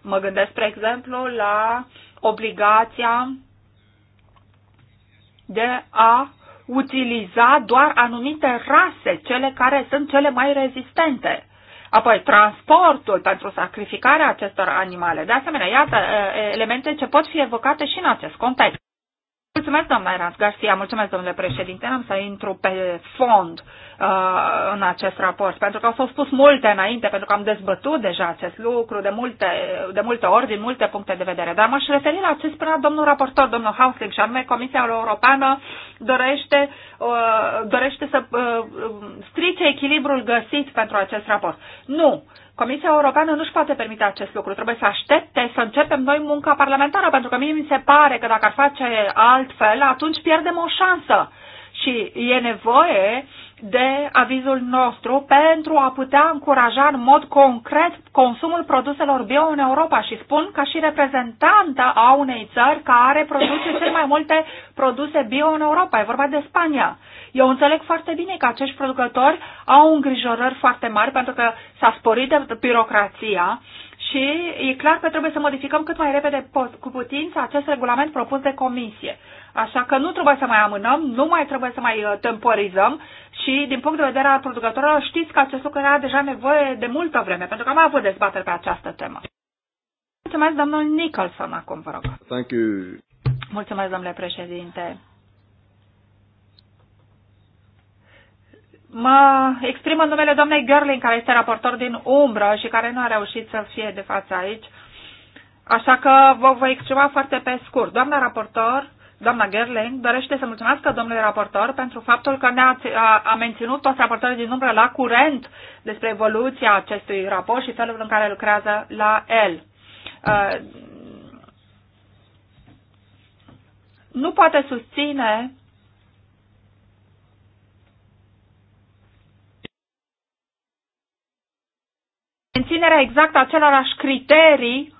Mă gândesc, spre exemplu, la obligația de a utiliza doar anumite rase, cele care sunt cele mai rezistente. Apoi, transportul pentru sacrificarea acestor animale. De asemenea, iată elemente ce pot fi evocate și în acest context. Mulțumesc, doamna Eranz Garcia, mulțumesc, domnule președinte. Am să intru pe fond uh, în acest raport, pentru că au fost spus multe înainte, pentru că am dezbătut deja acest lucru de multe, de multe ori, din multe puncte de vedere. Dar m-aș referi la ce spunea domnul raportor, domnul Hausling, și anume Comisia Europeană dorește, uh, dorește să uh, strice echilibrul găsit pentru acest raport. Nu, Comisia Europeană nu-și poate permite acest lucru. Trebuie să aștepte să începem noi munca parlamentară, pentru că mie mi se pare că dacă ar face altfel, atunci pierdem o șansă. Și e nevoie de avizul nostru pentru a putea încuraja în mod concret consumul produselor bio în Europa și spun ca și reprezentanta a unei țări care produce cel mai multe produse bio în Europa. E vorba de Spania. Eu înțeleg foarte bine că acești producători au îngrijorări foarte mari pentru că s-a sporit de birocrația și e clar că trebuie să modificăm cât mai repede cu putință acest regulament propus de comisie. Așa că nu trebuie să mai amânăm, nu mai trebuie să mai uh, temporizăm și din punct de vedere al producătorilor știți că acest lucru era deja nevoie de multă vreme, pentru că am avut dezbateri pe această temă. Mulțumesc, domnul Nicholson, acum vă rog. Thank you. Mulțumesc, domnule președinte. Mă exprim în numele doamnei Gerling, care este raportor din umbră și care nu a reușit să fie de față aici. Așa că vă voi exprima foarte pe scurt. Doamna raportor, doamna Gerling, dorește să mulțumesc domnului raportor pentru faptul că ne-a a, a menținut toți raportorii din umbră la curent despre evoluția acestui raport și felul în care lucrează la el. Uh, nu poate susține menținerea exact acelorași criterii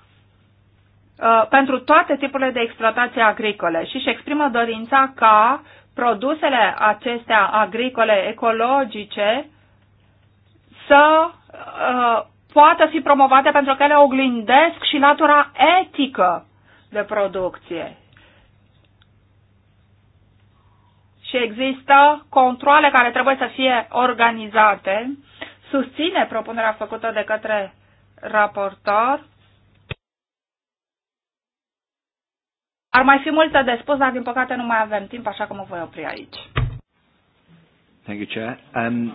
uh, pentru toate tipurile de exploatație agricole și își exprimă dorința ca produsele acestea agricole ecologice să uh, poată fi promovate pentru că ele oglindesc și latura etică de producție. Și există controle care trebuie să fie organizate susține propunerea făcută de către raportor. Ar mai fi multe de spus, dar din păcate nu mai avem timp, așa că mă voi opri aici. Thank you, Chair. Um,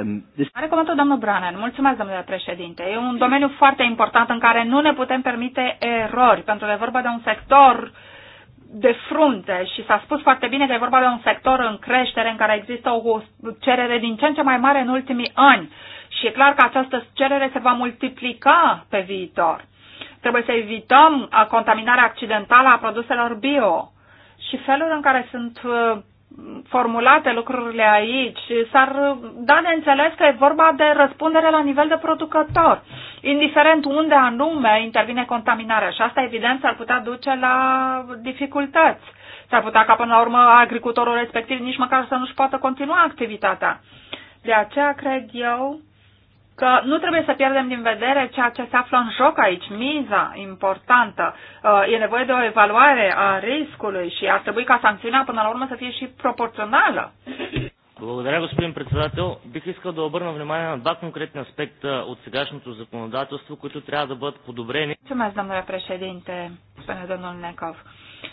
um, this... Are cuvântul domnul Branen. Mulțumesc, domnule președinte. E un domeniu foarte important în care nu ne putem permite erori, pentru că e vorba de un sector uh, de frunte și s-a spus foarte bine că e vorba de un sector în creștere în care există o cerere din ce în ce mai mare în ultimii ani și e clar că această cerere se va multiplica pe viitor. Trebuie să evităm contaminarea accidentală a produselor bio și felul în care sunt uh, formulate lucrurile aici, s-ar da de înțeles că e vorba de răspundere la nivel de producător, indiferent unde anume intervine contaminarea. Și asta, evident, s-ar putea duce la dificultăți. S-ar putea ca, până la urmă, agricultorul respectiv nici măcar să nu-și poată continua activitatea. De aceea, cred eu, că nu trebuie să pierdem din vedere ceea ce se află în joc aici, miza importantă. Uh, e nevoie de o evaluare a riscului și ar trebui ca sancțiunea până la urmă să fie și proporțională. Благодаря, господин председател. Бих искал да обърна внимание на два конкретни аспекта от сегашното законодателство, които трябва да бъдат подобрени. Mulțumesc, domnule președinte, господин domnul Неков.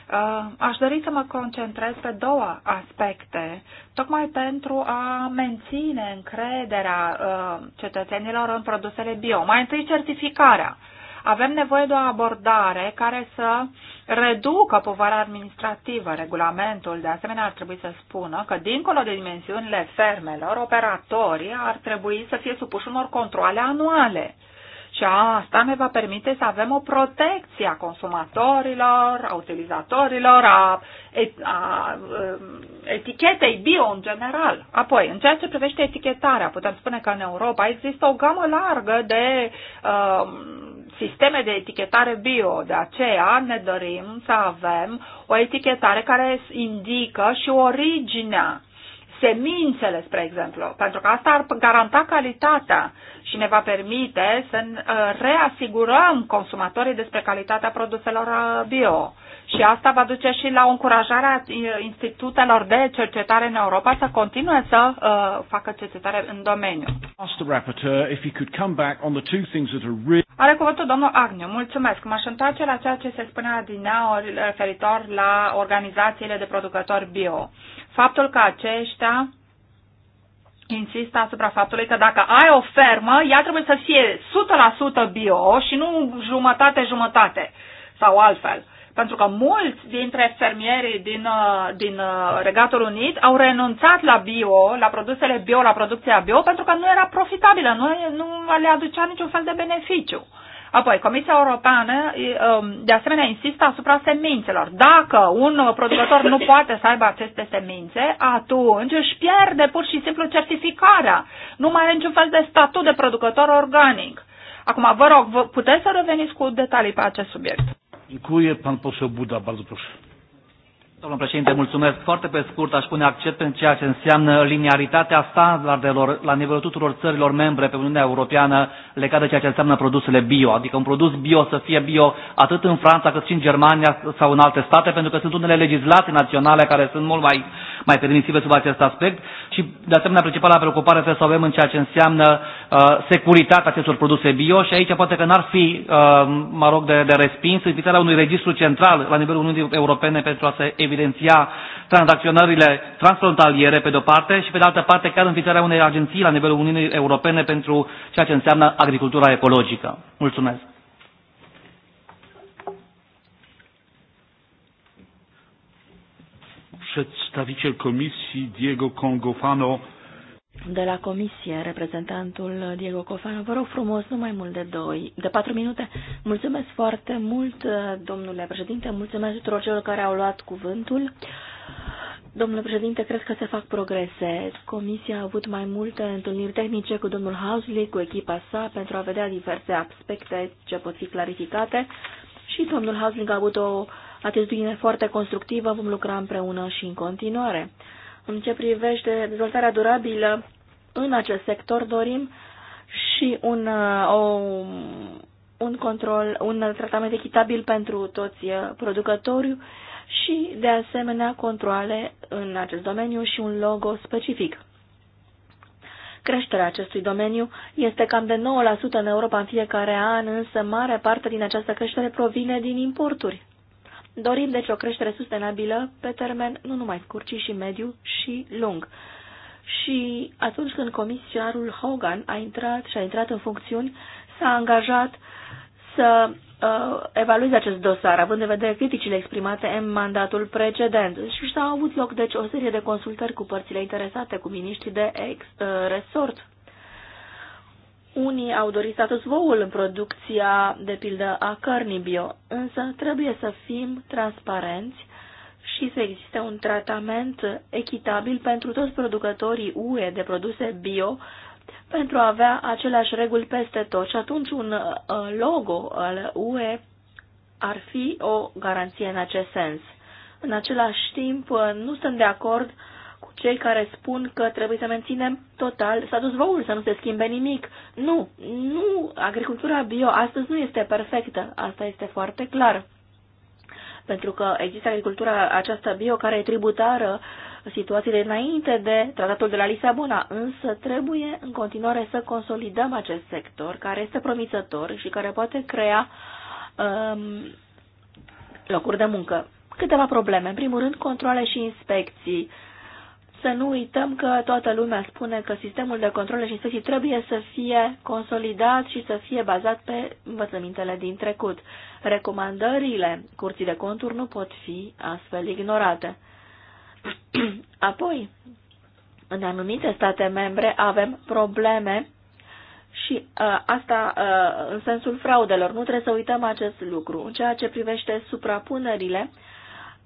Uh, aș dori să mă concentrez pe două aspecte, tocmai pentru a menține încrederea uh, cetățenilor în produsele bio. Mai întâi certificarea. Avem nevoie de o abordare care să reducă povara administrativă. Regulamentul, de asemenea, ar trebui să spună că, dincolo de dimensiunile fermelor, operatorii ar trebui să fie supuși unor controle anuale și asta ne va permite să avem o protecție a consumatorilor, a utilizatorilor, a, et, a um, etichetei bio în general. Apoi, în ceea ce privește etichetarea, putem spune că în Europa există o gamă largă de um, sisteme de etichetare bio. De aceea ne dorim să avem o etichetare care indică și originea semințele, spre exemplu, pentru că asta ar garanta calitatea și ne va permite să uh, reasigurăm consumatorii despre calitatea produselor uh, bio. Și asta va duce și la încurajarea uh, institutelor de cercetare în Europa să continue să uh, facă cercetare în domeniu. Are cuvântul domnul Agniu. Mulțumesc. M-aș întoarce la ceea ce se spunea din nou referitor la organizațiile de producători bio. Faptul că aceștia insistă asupra faptului că dacă ai o fermă, ea trebuie să fie 100% bio și nu jumătate-jumătate sau altfel. Uh, pentru că mulți dintre fermierii din, uh, din uh, Regatul Unit au renunțat la bio, la produsele bio, la producția bio, pentru că nu era profitabilă, nu, nu le aducea niciun fel de beneficiu. Apoi, Comisia Europeană, um, de asemenea, insistă asupra semințelor. Dacă un producător nu poate să aibă aceste semințe, atunci își pierde pur și simplu certificarea. Nu mai are niciun fel de statut de producător organic. Acum, vă rog, puteți să reveniți cu detalii pe acest subiect. Dziękuję. Pan poseł Buda, bardzo proszę. Domnul președinte, mulțumesc. Foarte pe scurt aș pune accent în ceea ce înseamnă linearitatea standardelor la nivelul tuturor țărilor membre pe Uniunea Europeană legată de ceea ce înseamnă produsele bio. Adică un produs bio să fie bio atât în Franța cât și în Germania sau în alte state, pentru că sunt unele legislații naționale care sunt mult mai, mai permisive sub acest aspect și de asemenea principala preocupare trebuie să avem în ceea ce înseamnă uh, securitatea acestor produse bio și aici poate că n-ar fi, uh, mă rog, de, de respins invitarea unui registru central la nivelul Uniunii Europene pentru a se evidenția tranzacționările transfrontaliere pe de-o parte și pe de altă parte chiar înființarea unei agenții la nivelul Uniunii Europene pentru ceea ce înseamnă agricultura ecologică. Mulțumesc! Przedstawiciel Komisji Diego Kongofano de la comisie, reprezentantul Diego Cofano. Vă rog frumos, nu mai mult de, doi, de patru minute. Mulțumesc foarte mult, domnule președinte, mulțumesc tuturor celor care au luat cuvântul. Domnule președinte, cred că se fac progrese. Comisia a avut mai multe întâlniri tehnice cu domnul Hausley, cu echipa sa, pentru a vedea diverse aspecte ce pot fi clarificate și domnul Hausley a avut o atitudine foarte constructivă, vom lucra împreună și în continuare în ce privește dezvoltarea durabilă în acest sector, dorim și un, uh, o, un control, un tratament echitabil pentru toți uh, producătorii și, de asemenea, controle în acest domeniu și un logo specific. Creșterea acestui domeniu este cam de 9% în Europa în fiecare an, însă mare parte din această creștere provine din importuri. Dorim deci o creștere sustenabilă pe termen nu numai scurt, ci și mediu și lung. Și atunci când comisarul Hogan a intrat și a intrat în funcțiuni, s-a angajat să uh, evalueze acest dosar, având în vedere criticile exprimate în mandatul precedent. Și s-au avut loc, deci, o serie de consultări cu părțile interesate, cu miniștrii de ex, uh, resort unii au dorit status voul în producția, de pildă, a cărnii bio, însă trebuie să fim transparenți și să existe un tratament echitabil pentru toți producătorii UE de produse bio pentru a avea aceleași reguli peste tot. Și atunci un uh, logo al UE ar fi o garanție în acest sens. În același timp, uh, nu sunt de acord uh, cu cei care spun că trebuie să menținem total status quo să nu se schimbe nimic. Nu, nu, agricultura bio astăzi nu este perfectă, asta este foarte clar. Pentru că există agricultura aceasta bio care e tributară situației de înainte de tratatul de la Lisabona, însă trebuie în continuare să consolidăm acest sector care este promițător și care poate crea um, locuri de muncă câteva probleme. În primul rând, controle și inspecții. Să nu uităm că toată lumea spune că sistemul de control și inspecții trebuie să fie consolidat și să fie bazat pe învățămintele din trecut. Recomandările curții de conturi nu pot fi astfel ignorate. Apoi, în anumite state membre avem probleme și uh, asta uh, în sensul fraudelor. Nu trebuie să uităm acest lucru. În ceea ce privește suprapunerile,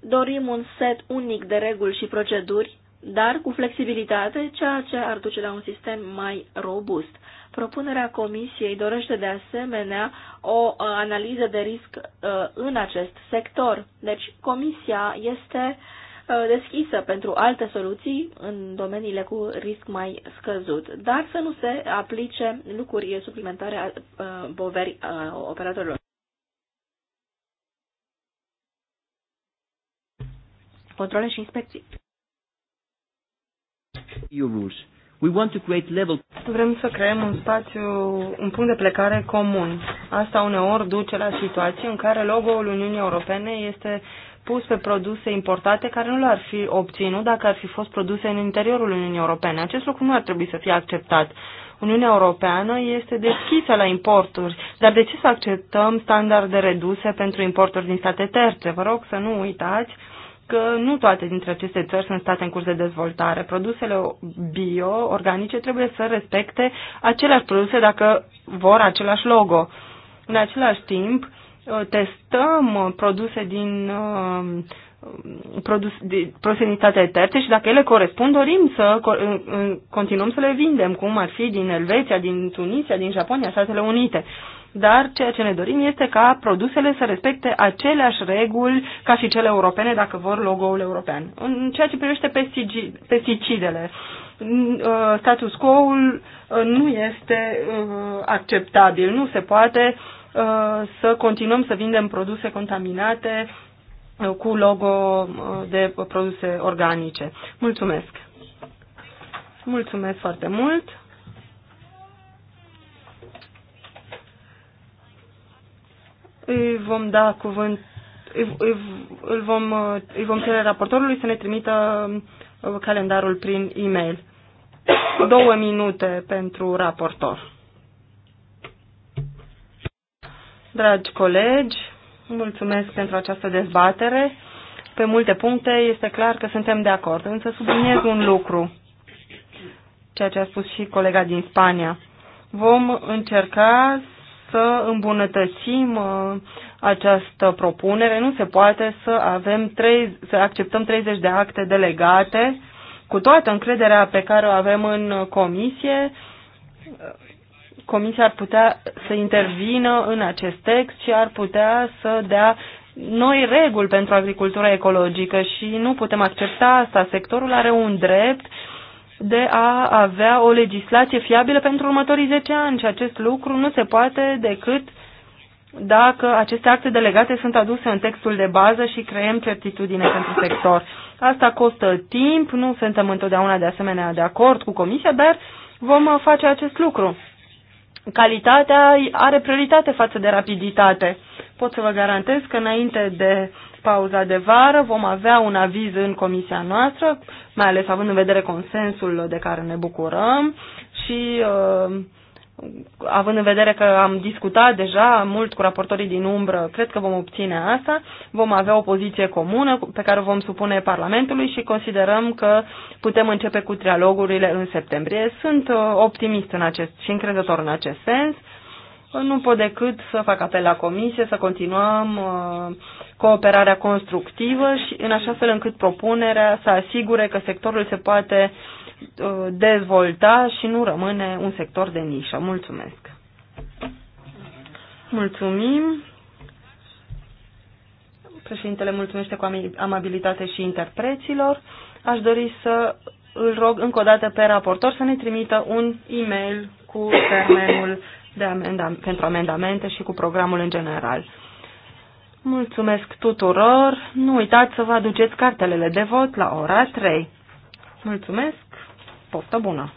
dorim un set unic de reguli și proceduri dar cu flexibilitate, ceea ce ar duce la un sistem mai robust. Propunerea Comisiei dorește de asemenea o uh, analiză de risc uh, în acest sector. Deci Comisia este uh, deschisă pentru alte soluții în domeniile cu risc mai scăzut, dar să nu se aplice lucruri suplimentare a poveri operatorilor. Controle și inspecții. Euros. We want to create level. Vrem să creăm un spațiu, un punct de plecare comun. Asta uneori duce la situații în care logo-ul Uniunii Europene este pus pe produse importate care nu l-ar fi obținut dacă ar fi fost produse în interiorul Uniunii Europene. Acest lucru nu ar trebui să fie acceptat. Uniunea Europeană este deschisă la importuri, dar de ce să acceptăm standarde reduse pentru importuri din state terțe? Vă rog să nu uitați că nu toate dintre aceste țări sunt state în curs de dezvoltare. Produsele bio, organice, trebuie să respecte aceleași produse dacă vor același logo. În același timp, uh, testăm produse din uh, produs, produse din state terțe și dacă ele corespund, dorim să continuăm să le vindem, cum ar fi din Elveția, din Tunisia, din Japonia, Statele Unite dar ceea ce ne dorim este ca produsele să respecte aceleași reguli ca și cele europene dacă vor logo-ul european. În ceea ce privește pesticidele, uh, status quo-ul uh, nu este uh, acceptabil, nu se poate să continuăm să vindem produse contaminate cu logo de produse organice. Mulțumesc! Mulțumesc foarte mult! Îi vom da cuvânt, îi, îi, îl vom, îi vom cere raportorului să ne trimită uh, calendarul prin e-mail. Două minute pentru raportor. Dragi colegi, mulțumesc pentru această dezbatere. Pe multe puncte este clar că suntem de acord, însă subliniez un lucru, ceea ce a spus și colega din Spania. Vom încerca să îmbunătățim uh, această propunere. Nu se poate să, avem trei, să acceptăm 30 de acte delegate cu toată încrederea pe care o avem în comisie. Comisia ar putea să intervină în acest text și ar putea să dea noi reguli pentru agricultura ecologică și nu putem accepta asta. Sectorul are un drept de a avea o legislație fiabilă pentru următorii 10 ani și acest lucru nu se poate decât dacă aceste acte delegate sunt aduse în textul de bază și creăm certitudine pentru sector. Asta costă timp, nu suntem întotdeauna de asemenea de acord cu Comisia, dar vom face acest lucru. Calitatea are prioritate față de rapiditate. Pot să vă garantez că înainte de pauza de vară, vom avea un aviz în comisia noastră, mai ales având în vedere consensul de care ne bucurăm și uh, având în vedere că am discutat deja mult cu raportorii din umbră, cred că vom obține asta, vom avea o poziție comună pe care o vom supune Parlamentului și considerăm că putem începe cu trialogurile în septembrie. Sunt uh, optimist în acest și încrezător în acest sens nu pot decât să fac apel la comisie, să continuăm uh, cooperarea constructivă și în așa fel încât propunerea să asigure că sectorul se poate uh, dezvolta și nu rămâne un sector de nișă. Mulțumesc! Mulțumim! Președintele mulțumește cu amabilitate și interpreților. Aș dori să îl rog încă o dată pe raportor să ne trimită un e-mail cu termenul de amenda, pentru amendamente și cu programul în general. Mulțumesc tuturor. Nu uitați să vă aduceți cartelele de vot la ora 3. Mulțumesc. Poftă bună!